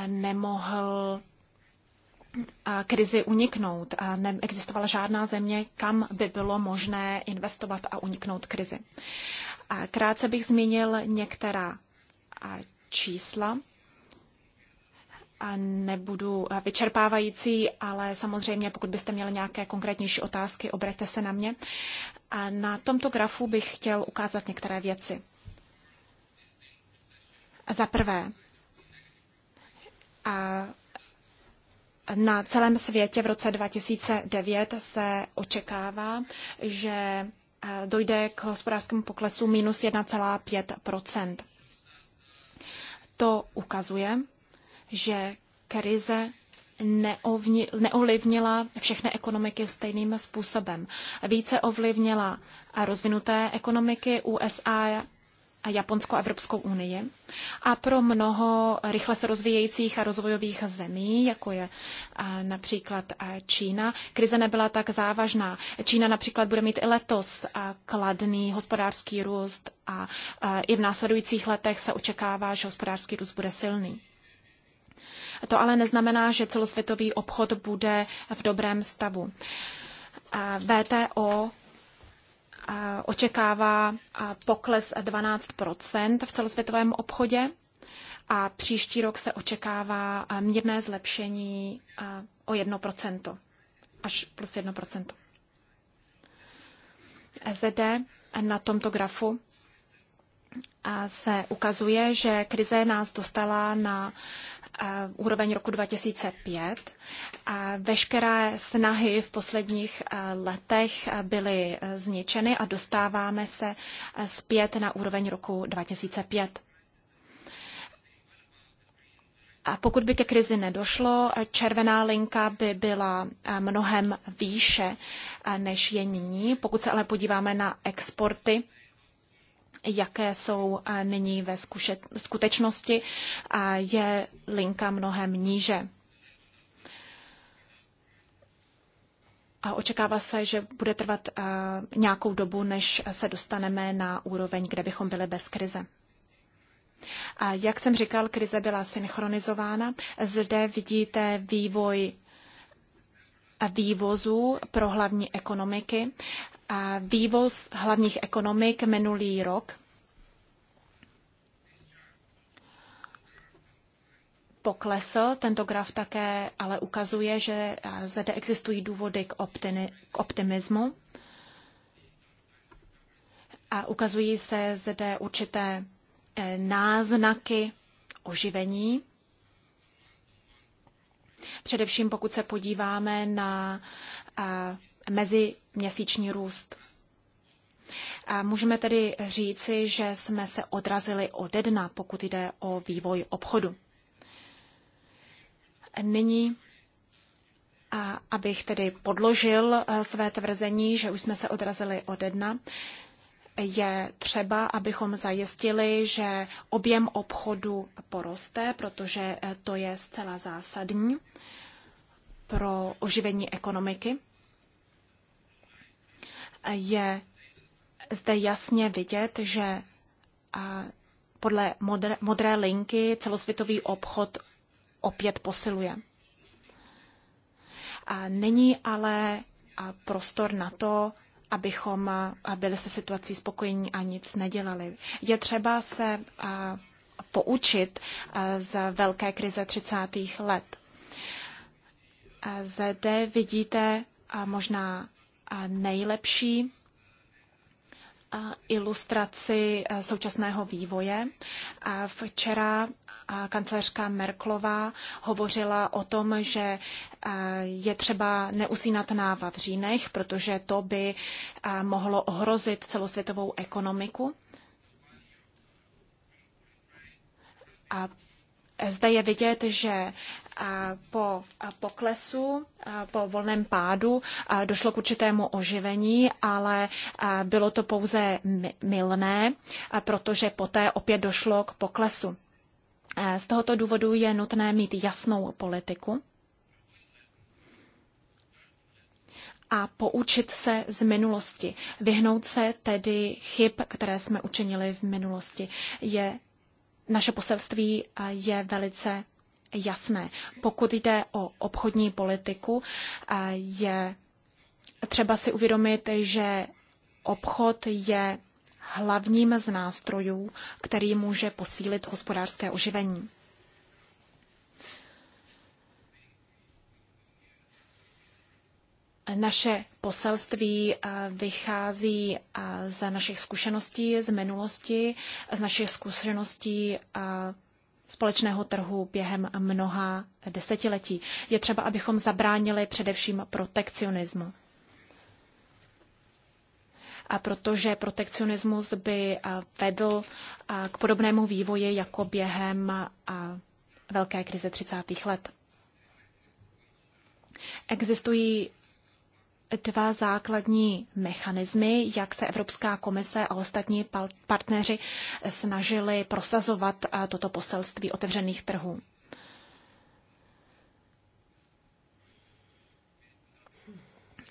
nemohl krizi uniknout. Neexistovala žádná země, kam by bylo možné investovat a uniknout krizi. Krátce bych zmínil některá čísla nebudu vyčerpávající, ale samozřejmě, pokud byste měli nějaké konkrétnější otázky, obraťte se na mě. A na tomto grafu bych chtěl ukázat některé věci. Za prvé, a na celém světě v roce 2009 se očekává, že dojde k hospodářskému poklesu minus 1,5 To ukazuje, že krize neovlivnila všechny ekonomiky stejným způsobem. Více ovlivnila rozvinuté ekonomiky USA a Japonsko a Evropskou unii. A pro mnoho rychle se rozvíjejících a rozvojových zemí, jako je například Čína, krize nebyla tak závažná. Čína například bude mít i letos kladný hospodářský růst a i v následujících letech se očekává, že hospodářský růst bude silný. To ale neznamená, že celosvětový obchod bude v dobrém stavu. VTO očekává pokles 12 v celosvětovém obchodě a příští rok se očekává mírné zlepšení o 1 až plus 1 Zde na tomto grafu se ukazuje, že krize nás dostala na úroveň roku 2005. a Veškeré snahy v posledních eh, letech eh, byly eh, zničeny a dostáváme se zpět na úroveň roku 2005. A pokud by ke krizi nedošlo, červená linka by byla mnohem výše, než je nyní. Pokud se ale podíváme na exporty, jaké jsou eh, nyní ve skutečnosti skutečnosti, je linka mnohem níže. A očekává se, že bude trvat eh, nějakou dobu, než se dostaneme na úroveň, kde bychom byli bez krize. A jak jsem říkal, krize byla synchronizována. Zde vidíte vývoj vývozu pro hlavní ekonomiky. A vývoz hlavních ekonomik minulý rok poklesl. Tento graf také ale ukazuje, že zde existují důvody k, optimi- k optimismu a ukazují se zde určité eh, náznaky oživení. Především pokud se podíváme na eh, meziměsíční růst. A eh, můžeme tedy říci, že jsme se odrazili od dna, pokud jde o vývoj obchodu. Nyní, eh, abych tedy podložil své tvrzení, že už jsme se odrazili od dna, je třeba, abychom zajistili, že objem obchodu poroste, protože eh, to je zcela zásadní pro oživení ekonomiky. Je zde jasně vidět, že podle modré, modré linky celosvětový obchod opět posiluje. A není ale prostor na to, abychom byli se situací spokojení a nic nedělali. Je třeba se poučit z velké krize 30. let. Zde vidíte možná nejlepší ilustraci eh, současného vývoje. Včera eh, kancelářka Merklová hovořila o tom, že eh, je třeba neusínat na vavřínech, protože to by mohlo ohrozit celosvětovou ekonomiku. A zde je vidět, že po poklesu, po volném pádu došlo k určitému oživení, ale bylo to pouze milné, protože poté opět došlo k poklesu. Z tohoto důvodu je nutné mít jasnou politiku a poučit se z minulosti. Vyhnout se tedy chyb, které jsme učinili v minulosti. Je, naše poselství je velice jasné. Pokud jde o obchodní politiku, eh, je třeba si uvědomit, že obchod je hlavním z nástrojů, který může posílit hospodářské oživení. Naše poselství eh, vychází eh, z našich zkušeností z minulosti, z našich zkušeností společného trhu během mnoha desetiletí. Je třeba, abychom zabránili především protekcionismu. A protože protekcionismus by vedl k podobnému vývoji jako během velké krize 30. let. Existují dva základní mechanismy, jak se Evropská komise a ostatní partneři snažili prosazovat toto poselství otevřených trhů.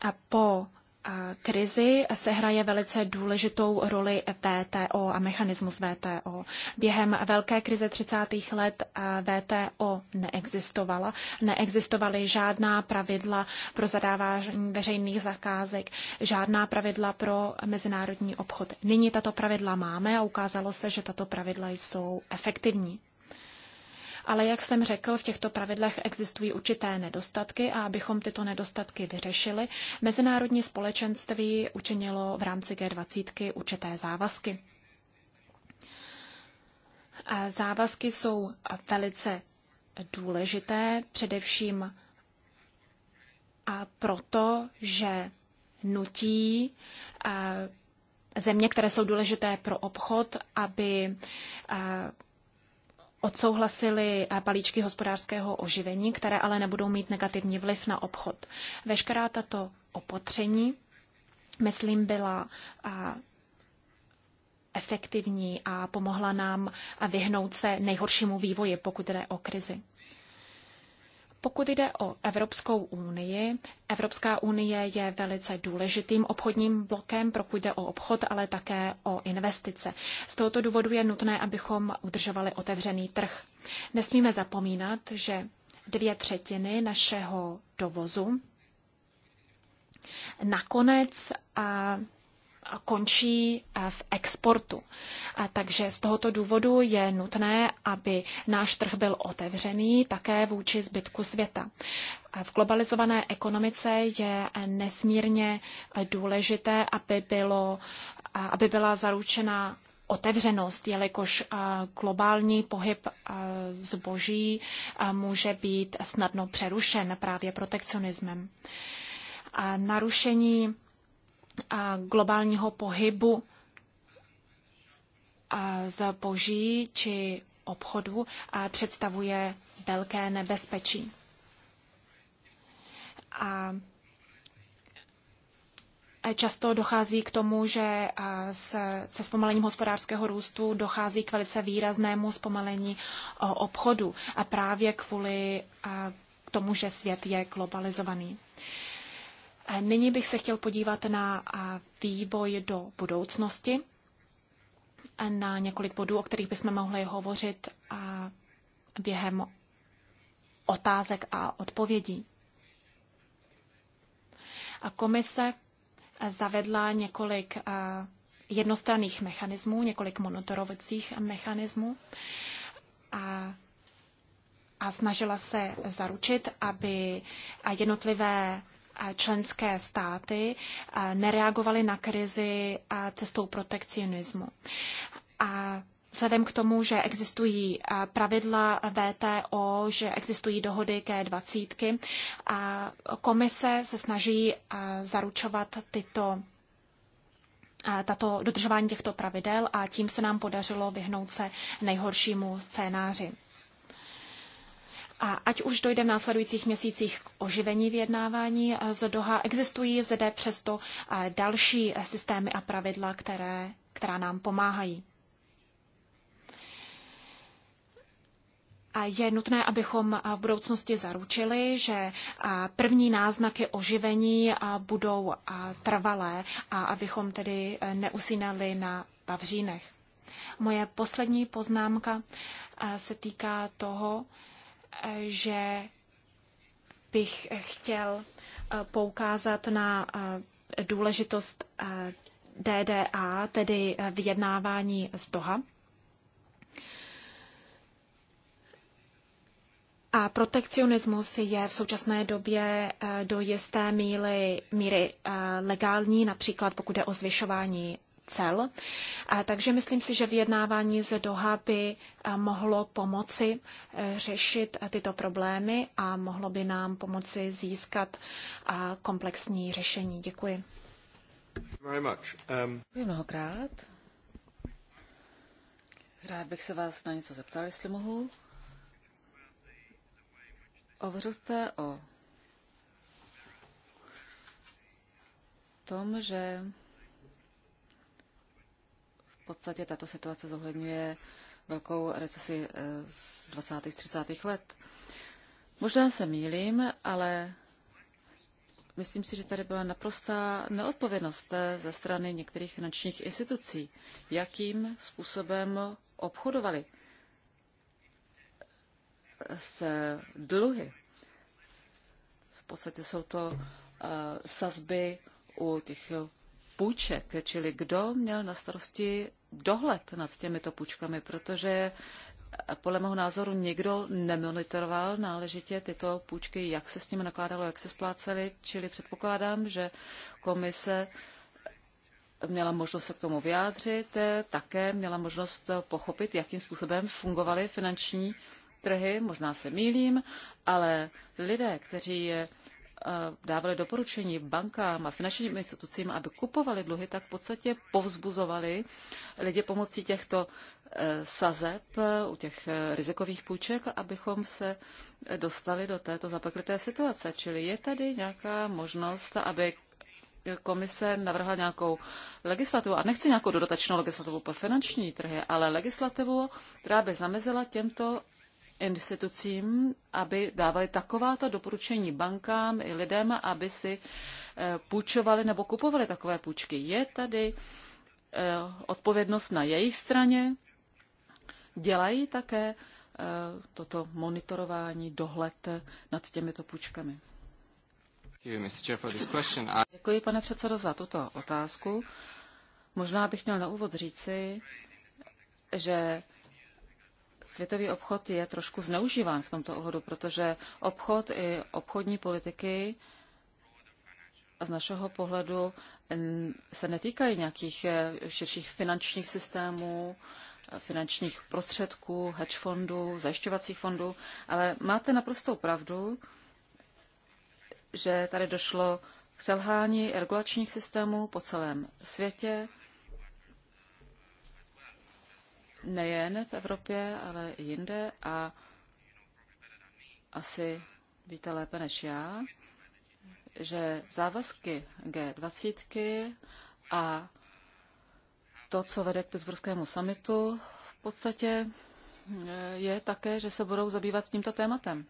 A po Eh, krizi se hraje velice důležitou roli VTO a mechanismus VTO. Během velké krize 30. let eh, VTO neexistovala. Neexistovaly žádná pravidla pro zadávání veřejných zakázek, žádná pravidla pro mezinárodní obchod. Nyní tato pravidla máme a ukázalo se, že tato pravidla jsou efektivní ale jak jsem řekl, v těchto pravidlech existují určité nedostatky a abychom tyto nedostatky vyřešili, mezinárodní společenství učinilo v rámci G20 určité závazky. A závazky jsou velice důležité, především a proto, že nutí země, které jsou důležité pro obchod, aby odsouhlasili eh, balíčky hospodářského oživení, které ale nebudou mít negativní vliv na obchod. Veškerá tato opatření, myslím, byla eh, efektivní a pomohla nám eh, vyhnout se nejhoršímu vývoji, pokud jde o krizi. Pokud jde o Evropskou unii, Evropská unie je velice důležitým obchodním blokem, pokud jde o obchod, ale také o investice. Z tohoto důvodu je nutné, abychom udržovali otevřený trh. Nesmíme zapomínat, že dvě třetiny našeho dovozu nakonec a končí eh, v exportu. Eh, takže z tohoto důvodu je nutné, aby náš trh byl otevřený také vůči zbytku světa. Eh, v globalizované ekonomice je nesmírně důležité, aby, bylo, aby byla zaručena otevřenost, jelikož globální pohyb zboží může být snadno přerušen právě protekcionismem. Narušení a globálního pohybu zboží či obchodu a představuje velké nebezpečí. A Často dochází k tomu, že se, se zpomalením hospodářského růstu dochází k velice výraznému zpomalení obchodu a právě kvůli tomu, že svět je globalizovaný. Nyní bych se chtěl podívat na vývoj do budoucnosti, na několik bodů, o kterých bychom mohli hovořit během otázek a odpovědí. Komise zavedla několik jednostranných mechanismů, několik monitorovacích mechanismů a, a snažila se zaručit, aby jednotlivé členské státy nereagovaly na krizi cestou protekcionismu. A Vzhledem k tomu, že existují pravidla VTO, že existují dohody k 20 a komise se snaží zaručovat tyto tato dodržování těchto pravidel a tím se nám podařilo vyhnout se nejhoršímu scénáři. A ať už dojde v následujících měsících k oživení vyjednávání eh, z Doha, existují zde přesto eh, další systémy a pravidla, které, která nám pomáhají. A je nutné, abychom eh, v budoucnosti zaručili, že první náznaky oživení budou trvalé a abychom tedy neusínali na pavřínech. Moje poslední poznámka se týká toho, že bych chtěl eh, poukázat na eh, důležitost eh, DDA, tedy vyjednávání z Doha. A protekcionismus je v současné době do jisté míry, míry legální, například pokud jde o zvyšování cel. Takže myslím si, že vyjednávání z Doha by eh, mohlo pomoci eh, řešit eh, tyto problémy a mohlo by nám pomoci získat komplexní řešení. Děkuji. Um, Děkuji mnohokrát. Rád bych se vás na něco zeptal, jestli mohu. Hovořil jste o tom, že podstatě tato situace zohledňuje velkou recesi eh, z 20. a 30. let. Možná se mýlím, ale myslím si, že tady byla naprostá neodpovědnost eh, ze strany některých finančních institucí, jakým způsobem obchodovali eh, s dluhy. V podstatě jsou to uh, sazby u těch půjček, čili kdo měl na starosti dohled nad těmito půjčkami, protože podle mého názoru nikdo nemonitoroval náležitě tyto půjčky, jak se s nimi nakládalo, jak se splácely, čili předpokládám, že komise měla možnost se k tomu vyjádřit, také měla možnost pochopit, jakým způsobem fungovaly finanční trhy, možná se mýlím, ale lidé, kteří dávali doporučení bankám a finančním institucím, aby kupovali dluhy, tak v podstatě povzbuzovali lidi pomocí těchto e, sazeb e, u těch e, rizikových půjček, abychom se dostali do této zapeklité situace. Čili je tady nějaká možnost, aby komise navrhla nějakou legislativu, a nechci nějakou dodatečnou legislativu pro finanční trhy, ale legislativu, která by zamezila těmto institucím, aby dávali takováto doporučení bankám i lidem, aby si eh, půjčovali nebo kupovali takové půjčky. Je tady eh, odpovědnost na jejich straně? Dělají také eh, toto monitorování, dohled nad těmito půjčkami? Děkuji, pane předsedo, za tuto otázku. Možná bych měl na úvod říci, že světový obchod je trošku zneužíván v tomto ohledu, protože obchod i obchodní politiky z našeho pohledu se netýkají nějakých eh, širších finančních systémů, eh, finančních prostředků, hedge fondů, zajišťovacích fondů, ale máte naprostou pravdu, že tady došlo k selhání regulačních systémů po celém světě nejen v Evropě, ale i jinde a asi víte lépe než já, že závazky G20 a to, co vede k Pittsburghskému summitu, v podstatě eh, je také, že se budou zabývat tímto tématem.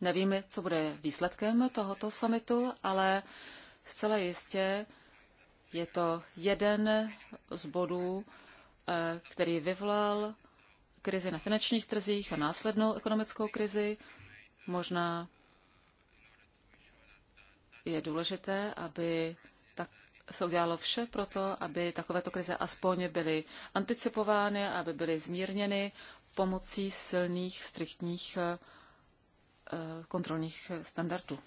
Nevíme, co bude výsledkem tohoto summitu, ale zcela jistě je to jeden z bodů, Eh, který vyvolal krizi na finančních trzích a následnou ekonomickou krizi. Možná je důležité, aby tak se udělalo vše pro to, aby takovéto krize aspoň byly anticipovány, aby byly zmírněny pomocí silných, striktních eh, kontrolních standardů.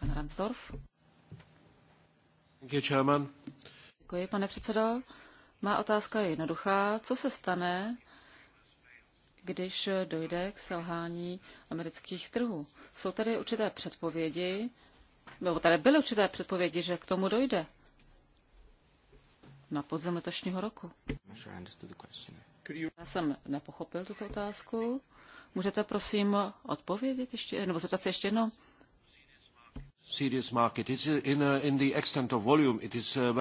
Pan Ransdorf. Děkuji, pane předsedo. Má otázka je jednoduchá. Co se stane, když dojde k selhání amerických trhů? Jsou tady určité předpovědi, nebo tady byly určité předpovědi, že k tomu dojde na podzim letošního roku. Já jsem nepochopil tuto otázku. Můžete prosím odpovědět ještě, nebo zeptat se ještě jednou? Serious market. It's in, uh, in the extent of volume. It is. Uh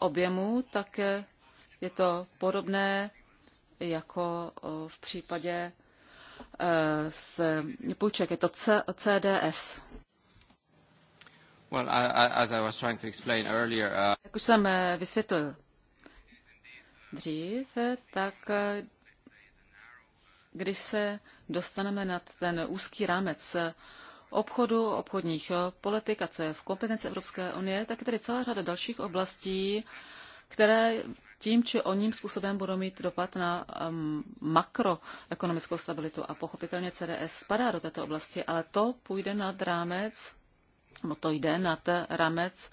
objemu, tak je to podobné jako v případě z e, půjček. Je to C, CDS. Well, I, as I was trying to explain earlier, uh... Jak už jsem e, vysvětlil dřív, tak e, když se dostaneme nad ten úzký rámec obchodu, obchodních eh, politik a co je v kompetenci Evropské unie, tak je tady celá řada dalších oblastí, které tím či ním způsobem budou mít dopad na um, makroekonomickou stabilitu. A pochopitelně CDS spadá do této oblasti, ale to půjde nad rámec, no to jde nad rámec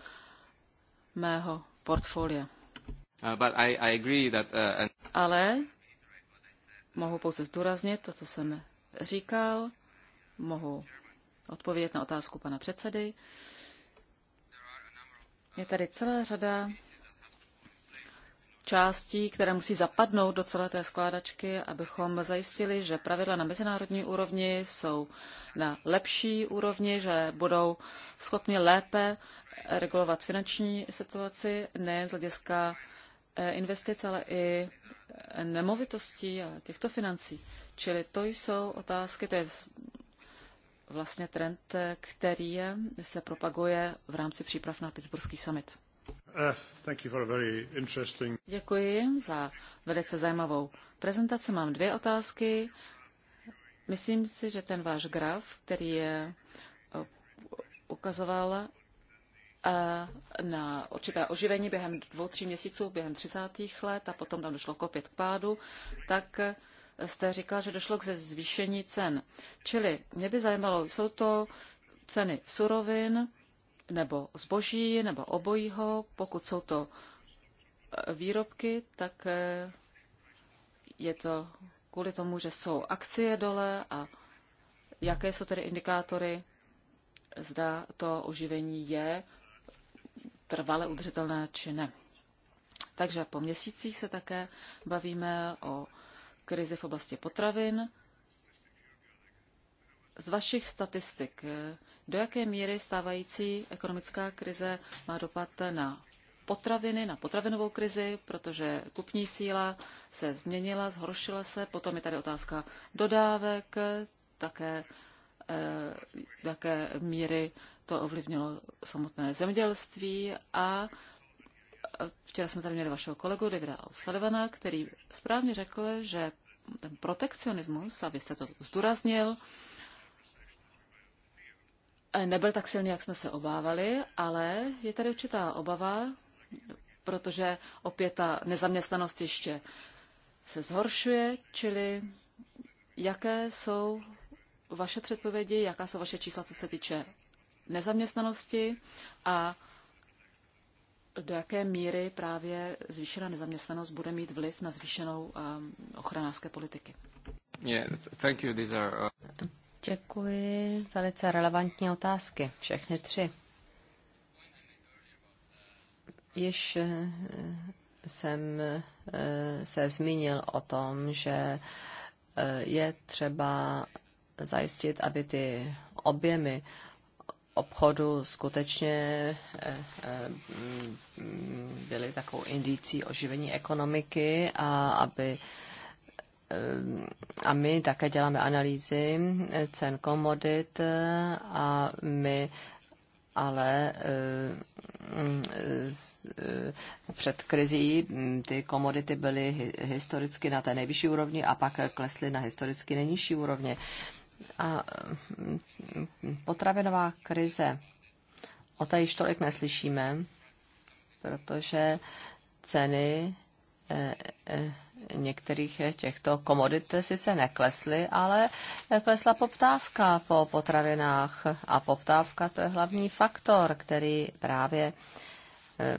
mého portfolia. Uh, but I, I agree that, uh, and... Ale mohu pouze zdůraznit to, co jsem říkal, mohu odpovědět na otázku pana předsedy. Je tady celá řada částí, které musí zapadnout do celé té skládačky, abychom zajistili, že pravidla na mezinárodní úrovni jsou na lepší úrovni, že budou schopni lépe regulovat finanční situaci, ne z hlediska eh, investic, ale i eh, nemovitostí a těchto financí. Čili to jsou otázky, to je vlastně trend, který se propaguje v rámci příprav na Pittsburghský summit. Eh, interesting... Děkuji za velice zajímavou prezentaci. Mám dvě otázky. Myslím si, že ten váš graf, který je eh, ukazoval eh, na určité oživení během dvou, tří měsíců, během třicátých let a potom tam došlo k opět k pádu, tak jste říkal, že došlo k zvýšení cen. Čili mě by zajímalo, jsou to ceny surovin nebo zboží nebo obojího, pokud jsou to e, výrobky, tak e, je to kvůli tomu, že jsou akcie dole a jaké jsou tedy indikátory, zda to oživení je trvale udržitelné či ne. Takže po měsících se také bavíme o krizi v oblasti potravin. Z vašich statistik, do jaké míry stávající ekonomická krize má dopad na potraviny, na potravinovou krizi, protože kupní síla se změnila, zhoršila se. Potom je tady otázka dodávek, také eh, jaké míry to ovlivnilo samotné zemědělství a Včera jsme tady měli vašeho kolegu Davida Osadovana, který správně řekl, že ten protekcionismus, a vy jste to zdůraznil, nebyl tak silný, jak jsme se obávali, ale je tady určitá obava, protože opět ta nezaměstnanost ještě se zhoršuje, čili jaké jsou vaše předpovědi, jaká jsou vaše čísla, co se týče nezaměstnanosti a do jaké míry právě zvýšená nezaměstnanost bude mít vliv na zvýšenou um, ochranářské politiky. Yeah, thank you. These are, uh, Děkuji. Velice relevantní otázky, všechny tři. Již eh, jsem eh, se zmínil o tom, že eh, je třeba zajistit, aby ty objemy obchodu skutečně eh, eh, byly takovou indicí oživení ekonomiky a aby eh, a my také děláme analýzy cen komodit a my ale před krizí hm, ty komodity byly historicky na té nejvyšší úrovni a pak klesly na historicky nejnižší úrovně. A mm, potravinová krize, o té již tolik neslyšíme, protože ceny eh, eh, některých těchto komodit sice neklesly, ale klesla poptávka po potravinách a poptávka to je hlavní faktor, který právě eh,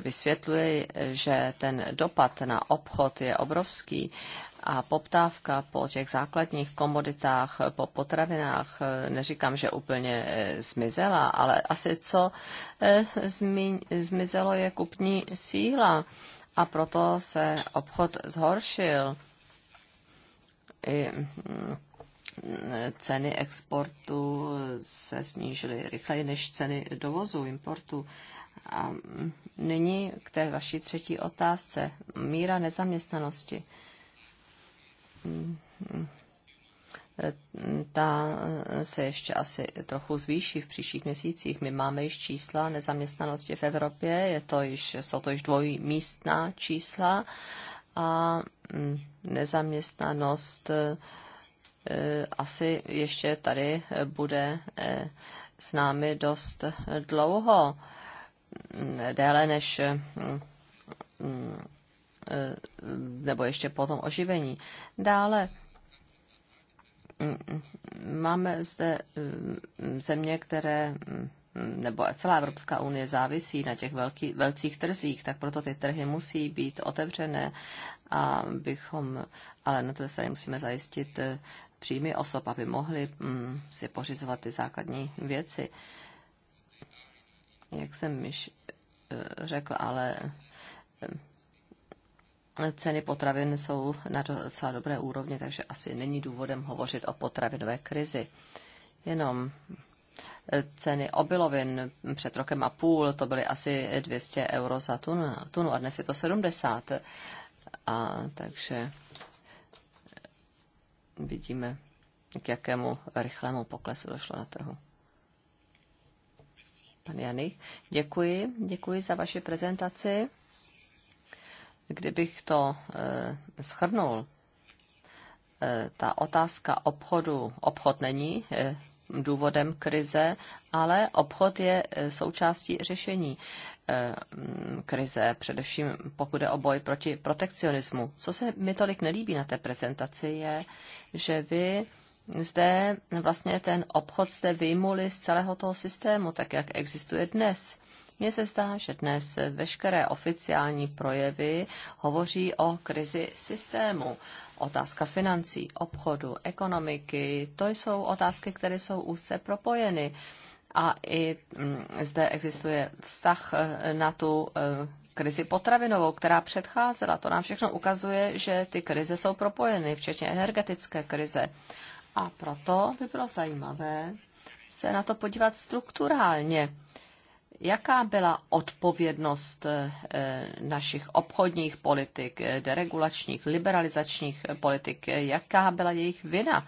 vysvětluje, že ten dopad na obchod je obrovský a poptávka po těch základních komoditách, po potravinách, e, neříkám, že úplně e, zmizela, ale asi co e, zmizelo je kupní síla a proto se obchod zhoršil. I mm, ceny exportu se snížily rychleji než ceny dovozu, importu. A mm, nyní k té vaší třetí otázce. Míra nezaměstnanosti ta se ještě asi trochu zvýší v příštích měsících. My máme již čísla nezaměstnanosti v Evropě, je to již, jsou to již dvojmístná čísla a mm, nezaměstnanost e, asi ještě tady bude e, s námi dost dlouho, déle než mm, mm, Eh, nebo ještě potom oživení. Dále mm, mm, máme zde mm, země, které nebo celá Evropská unie závisí na těch velký, velcích trzích, tak proto ty trhy musí být otevřené a bychom, ale na druhé straně musíme zajistit eh, příjmy osob, aby mohli si pořizovat ty základní věci. Jak jsem již eh, řekl, ale ceny potravin jsou na docela dobré úrovni, takže asi není důvodem hovořit o potravinové krizi. Jenom eh, ceny obilovin před rokem a půl, to byly asi 200 euro za tun, tunu a dnes je to 70. A takže eh, vidíme, k jakému rychlému poklesu došlo na trhu. Pan Jany, děkuji, děkuji za vaši prezentaci. Kdybych to eh, schrnul, eh, ta otázka obchodu, obchod není eh, důvodem krize, ale obchod je součástí řešení krize, především pokud je o boj proti protekcionismu. Co se mi tolik nelíbí na té prezentaci je, že vy zde vlastně ten obchod jste vyjmuli z celého toho systému, tak jak existuje dnes. Mně se zdá, že dnes veškeré oficiální projevy hovoří o krizi systému. Otázka financí, obchodu, ekonomiky, to jsou otázky, které jsou úzce propojeny. A i mm, zde existuje vztah eh, na tu eh, krizi potravinovou, která předcházela. To nám všechno ukazuje, že ty krize jsou propojeny, včetně energetické krize. A proto by bylo zajímavé se na to podívat strukturálně Jaká byla odpovědnost eh, našich obchodních politik, eh, deregulačních, liberalizačních eh, politik? Jaká byla jejich vina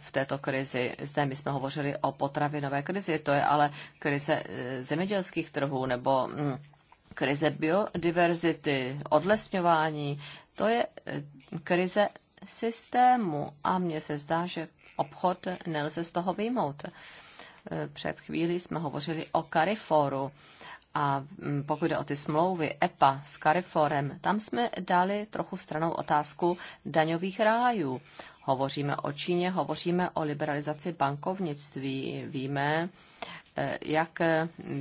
v této krizi? Zde my jsme hovořili o potravinové krizi, to je ale krize zemědělských trhů nebo mm, krize biodiverzity, odlesňování. To je krize systému a mně se zdá, že obchod nelze z toho vyjmout. Před chvílí jsme hovořili o Cariforu a mm, pokud jde o ty smlouvy EPA s Cariforem, tam jsme dali trochu stranou otázku daňových rájů. Hovoříme o Číně, hovoříme o liberalizaci bankovnictví, víme, jak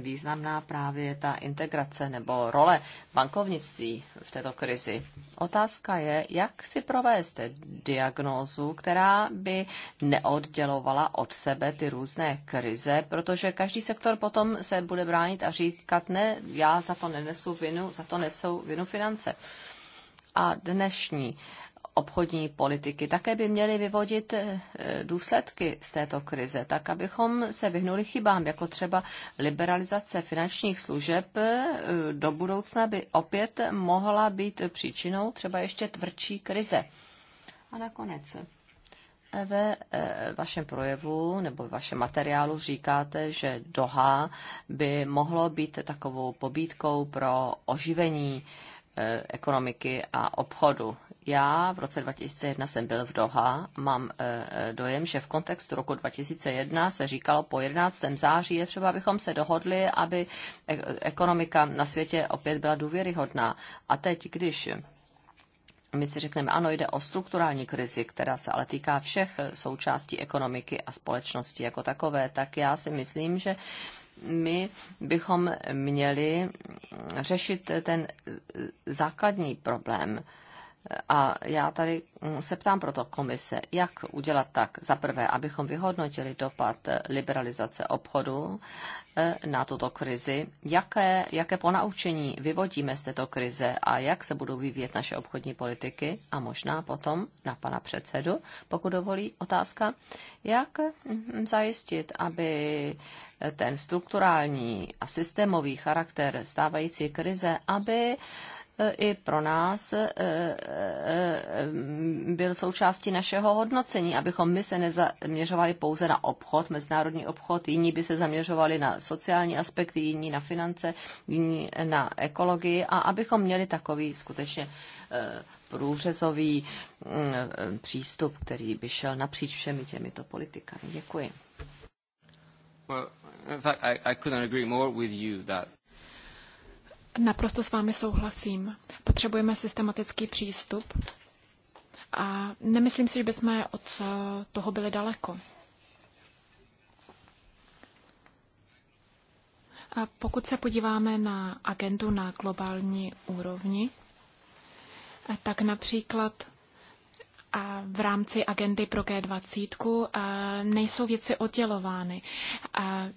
významná právě je ta integrace nebo role bankovnictví v této krizi. Otázka je, jak si provést diagnózu, která by neoddělovala od sebe ty různé krize, protože každý sektor potom se bude bránit a říkat, ne, já za to nenesu vinu, za to nesou vinu finance. A dnešní uh, obchodní politiky také by měly vyvodit eh, důsledky z této krize, tak abychom se vyhnuli chybám, jako třeba liberalizace finančních služeb eh, do budoucna by opět mohla být příčinou třeba ještě tvrdší krize. A nakonec eh, ve vašem projevu nebo ve vašem materiálu říkáte, že Doha by mohlo být takovou pobídkou pro oživení ekonomiky a obchodu. Já v roce 2001 jsem byl v Doha, mám e, dojem, že v kontextu roku 2001 se říkalo po 11. září je třeba, abychom se dohodli, aby ekonomika na světě opět byla důvěryhodná. A teď, když my si řekneme, ano, jde o strukturální krizi, která se ale týká všech eh, součástí ekonomiky a společnosti jako takové, tak já si myslím, že my bychom měli mm, řešit ten základní problém, a já tady mm, se ptám proto komise, jak udělat tak, za prvé, abychom vyhodnotili dopad eh, liberalizace obchodu eh, na tuto krizi, jaké, jaké ponaučení vyvodíme z této krize a jak se budou vyvíjet naše obchodní politiky a možná potom na pana předsedu, pokud dovolí otázka, jak mm, zajistit, aby eh, ten strukturální a systémový charakter stávající krize, aby i pro nás e, e, e, byl součástí našeho hodnocení, abychom my se nezaměřovali pouze na obchod, mezinárodní obchod, jiní by se zaměřovali na sociální aspekty, jiní na finance, jiní na ekologii a abychom měli takový skutečně průřezový přístup, který by šel napříč všemi těmito politikami. Děkuji. Well, in fact, I, I couldn't agree more with you that Naprosto s vámi souhlasím. Potřebujeme systematický přístup a nemyslím si, že bychom od eh, toho byli daleko. A pokud se podíváme na agendu na globální úrovni, eh, tak například v rámci agendy pro G20 eh, nejsou věci oddělovány.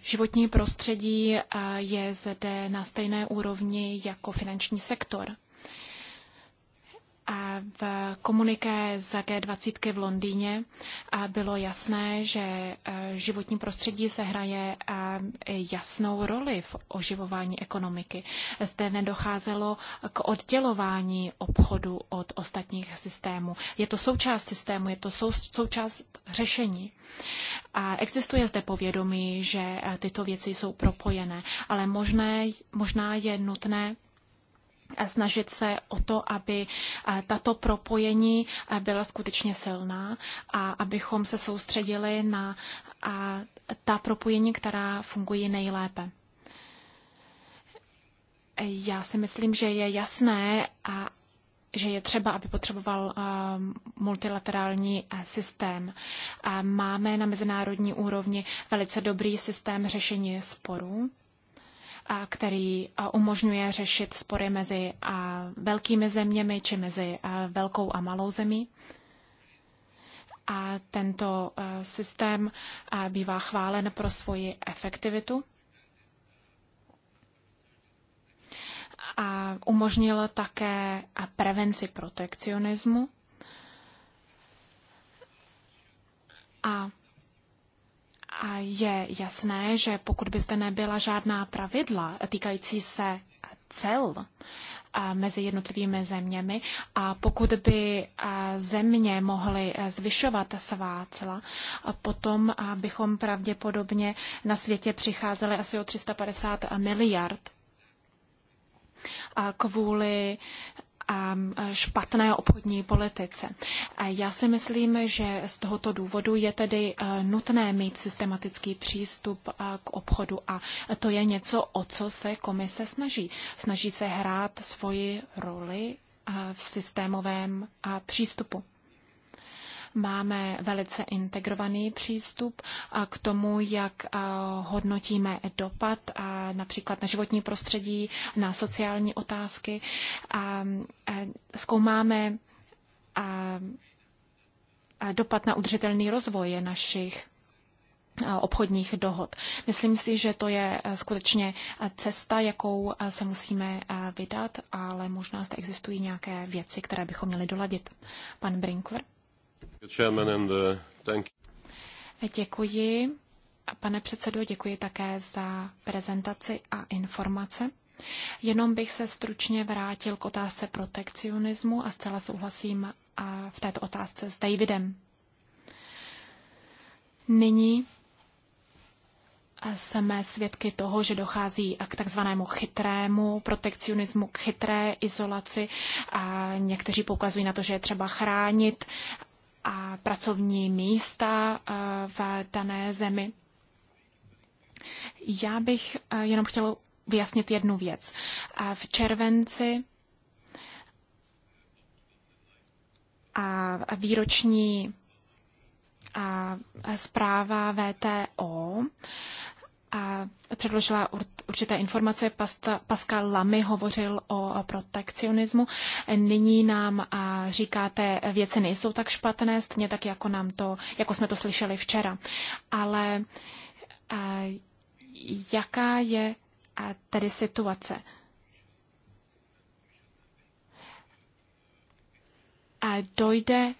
Životní prostředí eh, je zde na stejné úrovni jako finanční sektor v komuniké za G20 v Londýně bylo jasné, že e, životní prostředí se hraje e, jasnou roli v oživování ekonomiky. Zde nedocházelo k oddělování obchodu od ostatních systémů. Je to součást systému, je to sou, součást řešení. A existuje zde povědomí, že e, tyto věci jsou propojené, ale možné, možná je nutné snažit se o to, aby tato propojení byla skutečně silná a abychom se soustředili na ta propojení, která fungují nejlépe. Já si myslím, že je jasné a že je třeba, aby potřeboval multilaterální systém. Máme na mezinárodní úrovni velice dobrý systém řešení sporů který umožňuje řešit spory mezi velkými zeměmi či mezi velkou a malou zemí. A tento e, systém e, bývá chválen pro svoji efektivitu. A umožnil také e, prevenci protekcionismu. A a je jasné, že pokud by zde nebyla žádná pravidla týkající se cel mezi jednotlivými zeměmi a pokud by země mohly zvyšovat svá cela, potom bychom pravděpodobně na světě přicházeli asi o 350 miliard kvůli špatné obchodní politice. Já si myslím, že z tohoto důvodu je tedy e, nutné mít systematický přístup e, k obchodu a to je něco, o co se komise snaží. Snaží se hrát svoji roli e, v systémovém přístupu. Máme velice integrovaný přístup k tomu, jak eh, hodnotíme dopad eh, například na životní prostředí, na sociální otázky. Eh, zkoumáme dopad na udržitelný rozvoj našich obchodních dohod. Myslím si, že to je skutečně cesta, jakou se musíme vydat, ale možná zde existují nějaké věci, které bychom měli doladit. Pan Brinkler. Uh, děkuji, pane předsedo, děkuji také za prezentaci a informace. Jenom bych se stručně vrátil k otázce protekcionismu a zcela souhlasím a v této otázce s Davidem. Nyní jsme svědky toho, že dochází k takzvanému chytrému protekcionismu, k chytré izolaci a někteří poukazují na to, že je třeba chránit a pracovní místa eh, v dané zemi. Já bych eh, jenom chtěla vyjasnit jednu věc. V červenci a výroční zpráva VTO a předložila určité informace. Pascal Lamy hovořil o protekcionismu. Nyní nám říkáte, věci nejsou tak špatné, stejně tak, jako, nám to, jako jsme to slyšeli včera. Ale jaká je tedy situace? A dojde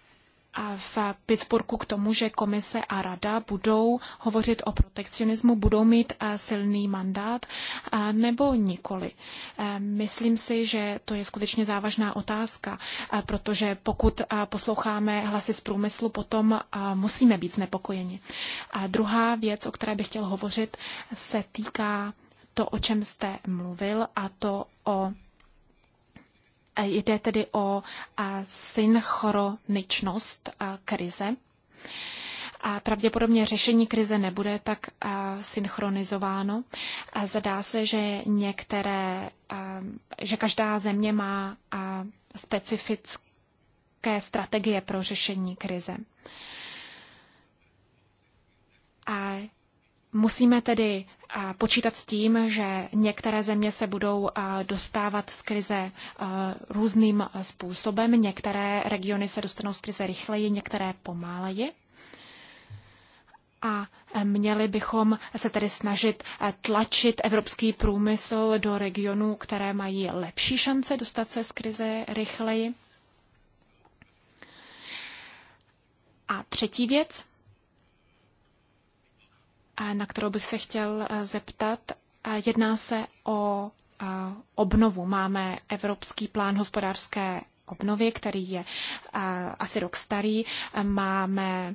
v Pittsburghu k tomu, že komise a rada budou hovořit o protekcionismu, budou mít eh, silný mandát eh, nebo nikoli. Eh, myslím si, že to je skutečně závažná otázka, protože pokud posloucháme hlasy z průmyslu, potom musíme být znepokojeni. A druhá věc, o které bych chtěl hovořit, se týká to, o čem jste mluvil, a to o Jde tedy o synchroničnost krize. A pravděpodobně řešení krize nebude tak synchronizováno. A zadá se, že některé, že každá země má specifické strategie pro řešení krize. A musíme tedy počítat s tím, že některé země se budou dostávat z krize různým způsobem, některé regiony se dostanou z krize rychleji, některé pomáleji. A měli bychom se tedy snažit tlačit evropský průmysl do regionů, které mají lepší šance dostat se z krize rychleji. A třetí věc, na kterou bych se chtěl eh, zeptat. Jedná se o eh, obnovu. Máme Evropský plán hospodářské obnovy, který je eh, asi rok starý. Máme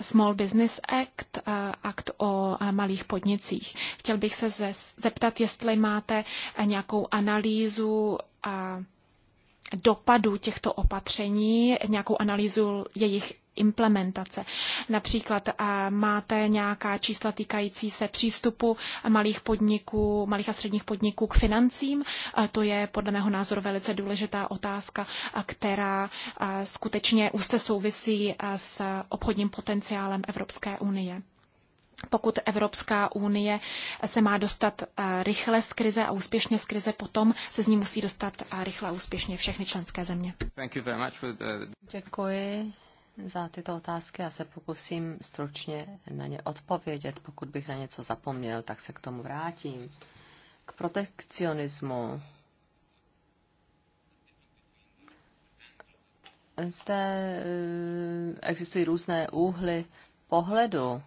Small Business Act, akt o malých podnicích. Chtěl bych se zeptat, jestli máte nějakou analýzu dopadu těchto opatření, nějakou analýzu jejich implementace. Například máte nějaká čísla týkající se přístupu malých podniků, malých a středních podniků k financím. To je podle mého názoru velice důležitá otázka, která skutečně úzce souvisí s obchodním potenciálem Evropské unie pokud Evropská unie se má dostat rychle z krize a úspěšně z krize, potom se z ní musí dostat rychle a úspěšně všechny členské země. Děkuji za tyto otázky. a se pokusím stručně na ně odpovědět. Pokud bych na něco zapomněl, tak se k tomu vrátím. K protekcionismu. Zde eh, existují různé úhly pohledu.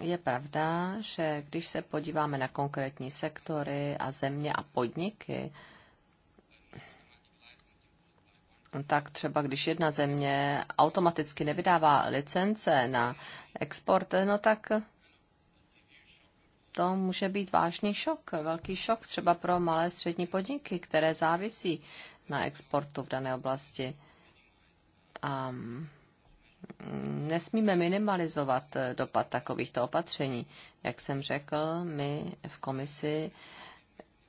Je pravda, že když se podíváme na konkrétní sektory a země a podniky, tak třeba když jedna země automaticky nevydává licence na export, no tak to může být vážný šok, velký šok třeba pro malé střední podniky, které závisí na exportu v dané oblasti. A mm, nesmíme minimalizovat dopad takovýchto opatření. Jak jsem řekl, my v komisi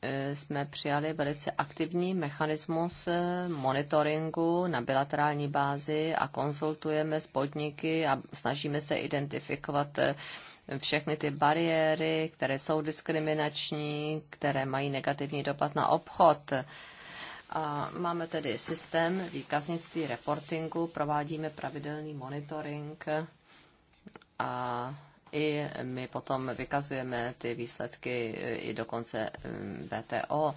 Eh, jsme přijali velice aktivní mechanismus eh, monitoringu na bilaterální bázi a konzultujeme s podniky a snažíme se identifikovat eh, všechny ty bariéry, které jsou diskriminační, které mají negativní dopad na obchod. A máme tedy systém výkaznictví reportingu, provádíme pravidelný monitoring a i my potom vykazujeme ty výsledky eh, i dokonce eh, VTO,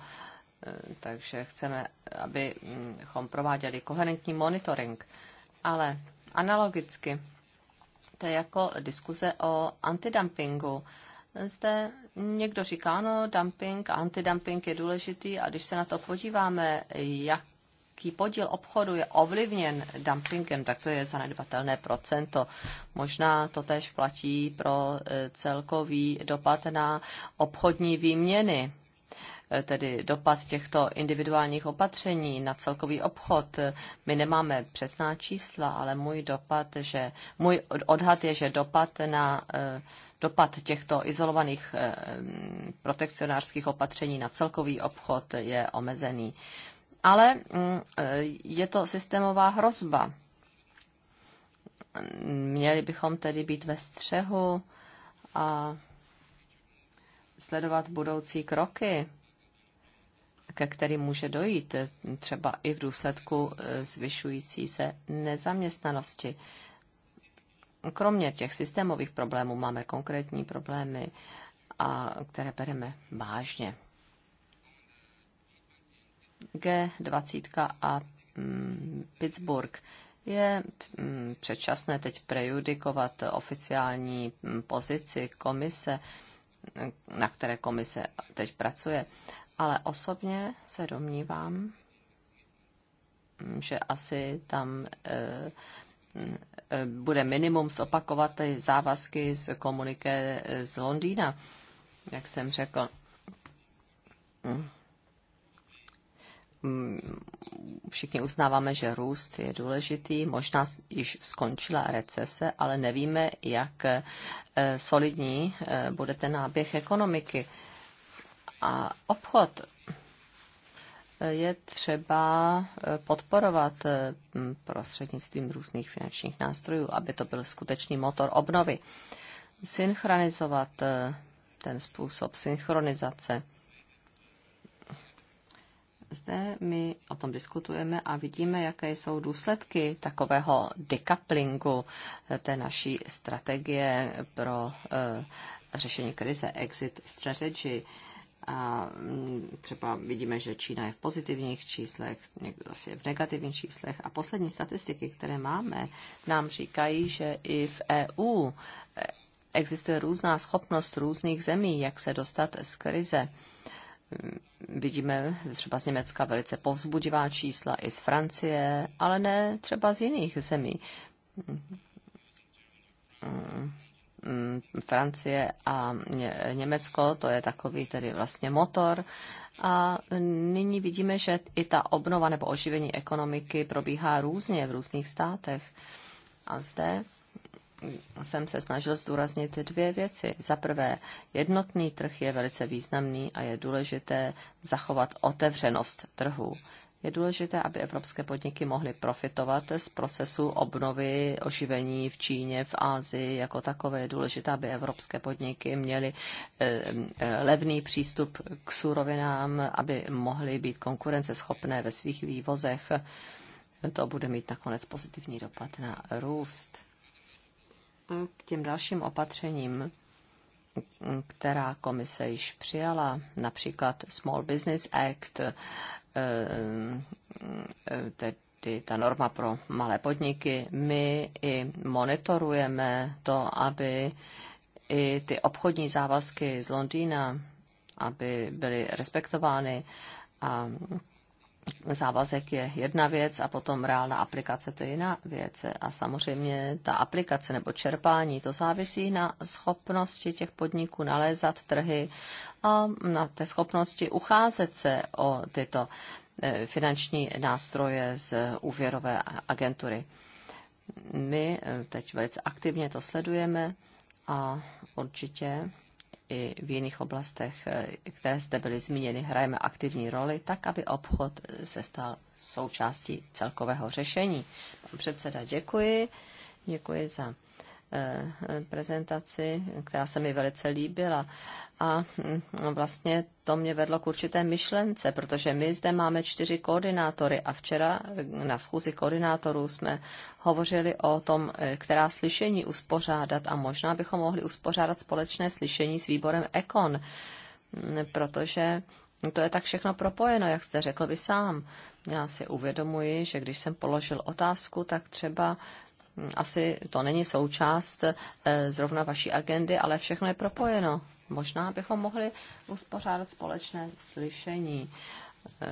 eh, takže chceme, abychom prováděli koherentní monitoring. Ale analogicky, to je jako diskuze o antidumpingu. Zde někdo říká, no, dumping, antidumping je důležitý a když se na to podíváme, jak jaký podíl obchodu je ovlivněn dumpingem, tak to je zanedbatelné procento. Možná to tež platí pro e, celkový dopad na obchodní výměny e, tedy dopad těchto individuálních opatření na celkový obchod. My nemáme přesná čísla, ale můj dopad, že můj odhad je, že dopad na e, dopad těchto izolovaných protekcionářských opatření na celkový obchod je omezený ale mm, e, je to systémová hrozba. Měli bychom tedy být ve střehu a sledovat budoucí kroky, ke kterým může dojít, třeba i v důsledku e, zvyšující se nezaměstnanosti. Kromě těch systémových problémů máme konkrétní problémy, a které bereme vážně. G20 a mm, Pittsburgh. Je mm, předčasné teď prejudikovat oficiální mm, pozici komise, na které komise teď pracuje, ale osobně se domnívám, že asi tam e, e, bude minimum zopakovat ty závazky z komuniké e, z Londýna, jak jsem řekl. Mm, všichni uznáváme, že růst je důležitý, možná již skončila recese, ale nevíme, jak eh, solidní eh, bude ten náběh ekonomiky. A obchod eh, je třeba podporovat prostřednictvím různých finančních nástrojů, aby to byl skutečný motor obnovy. Synchronizovat ten způsob synchronizace zde my o tom diskutujeme a vidíme, jaké jsou důsledky takového decouplingu eh, té naší strategie pro eh, řešení krize Exit Strategy. A mm, třeba vidíme, že Čína je v pozitivních číslech, někdo zase je v negativních číslech. A poslední statistiky, které máme, nám říkají, že i v EU eh, existuje různá schopnost různých zemí, jak se dostat z krize vidíme třeba z Německa velice povzbudivá čísla, i z Francie, ale ne třeba z jiných zemí. Francie a Německo, to je takový tedy vlastně motor. A nyní vidíme, že i ta obnova nebo oživení ekonomiky probíhá různě v různých státech. A zde jsem se snažil zdůraznit dvě věci. Za prvé, jednotný trh je velice významný a je důležité zachovat otevřenost trhu. Je důležité, aby evropské podniky mohly profitovat z procesu obnovy, oživení v Číně, v Ázii jako takové. Je důležité, aby evropské podniky měly eh, eh, levný přístup k surovinám, aby mohly být konkurenceschopné ve svých vývozech. To bude mít nakonec pozitivní dopad na růst k těm dalším opatřením, která komise již přijala, například Small Business Act, eh, eh, tedy ta norma pro malé podniky, my i monitorujeme to, aby i ty obchodní závazky z Londýna, aby byly respektovány a závazek je jedna věc a potom reálná aplikace to je jiná věc. A samozřejmě ta aplikace nebo čerpání to závisí na schopnosti těch podniků nalézat trhy a na té schopnosti ucházet se o tyto eh, finanční nástroje z úvěrové agentury. My eh, teď velice aktivně to sledujeme a určitě i v jiných oblastech, eh, které zde byly zmíněny, hrajeme aktivní roli, tak aby obchod eh, se stal součástí celkového řešení. Pan předseda, děkuji. Děkuji za eh, prezentaci, která se mi velice líbila. A hm, no vlastně to mě vedlo k určité myšlence, protože my zde máme čtyři koordinátory a včera hm, na schůzi koordinátorů jsme hovořili o tom, eh, která slyšení uspořádat a možná bychom mohli uspořádat společné slyšení s výborem Ekon, hm, protože to je tak všechno propojeno, jak jste řekl vy sám. Já si uvědomuji, že když jsem položil otázku, tak třeba asi to není součást eh, zrovna vaší agendy, ale všechno je propojeno možná bychom mohli uspořádat společné slyšení. E,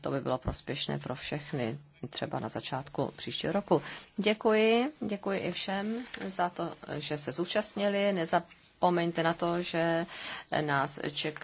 to by bylo prospěšné pro všechny, třeba na začátku příštího roku. Děkuji, děkuji i všem za to, že se zúčastnili. Nezapomeňte na to, že nás čeká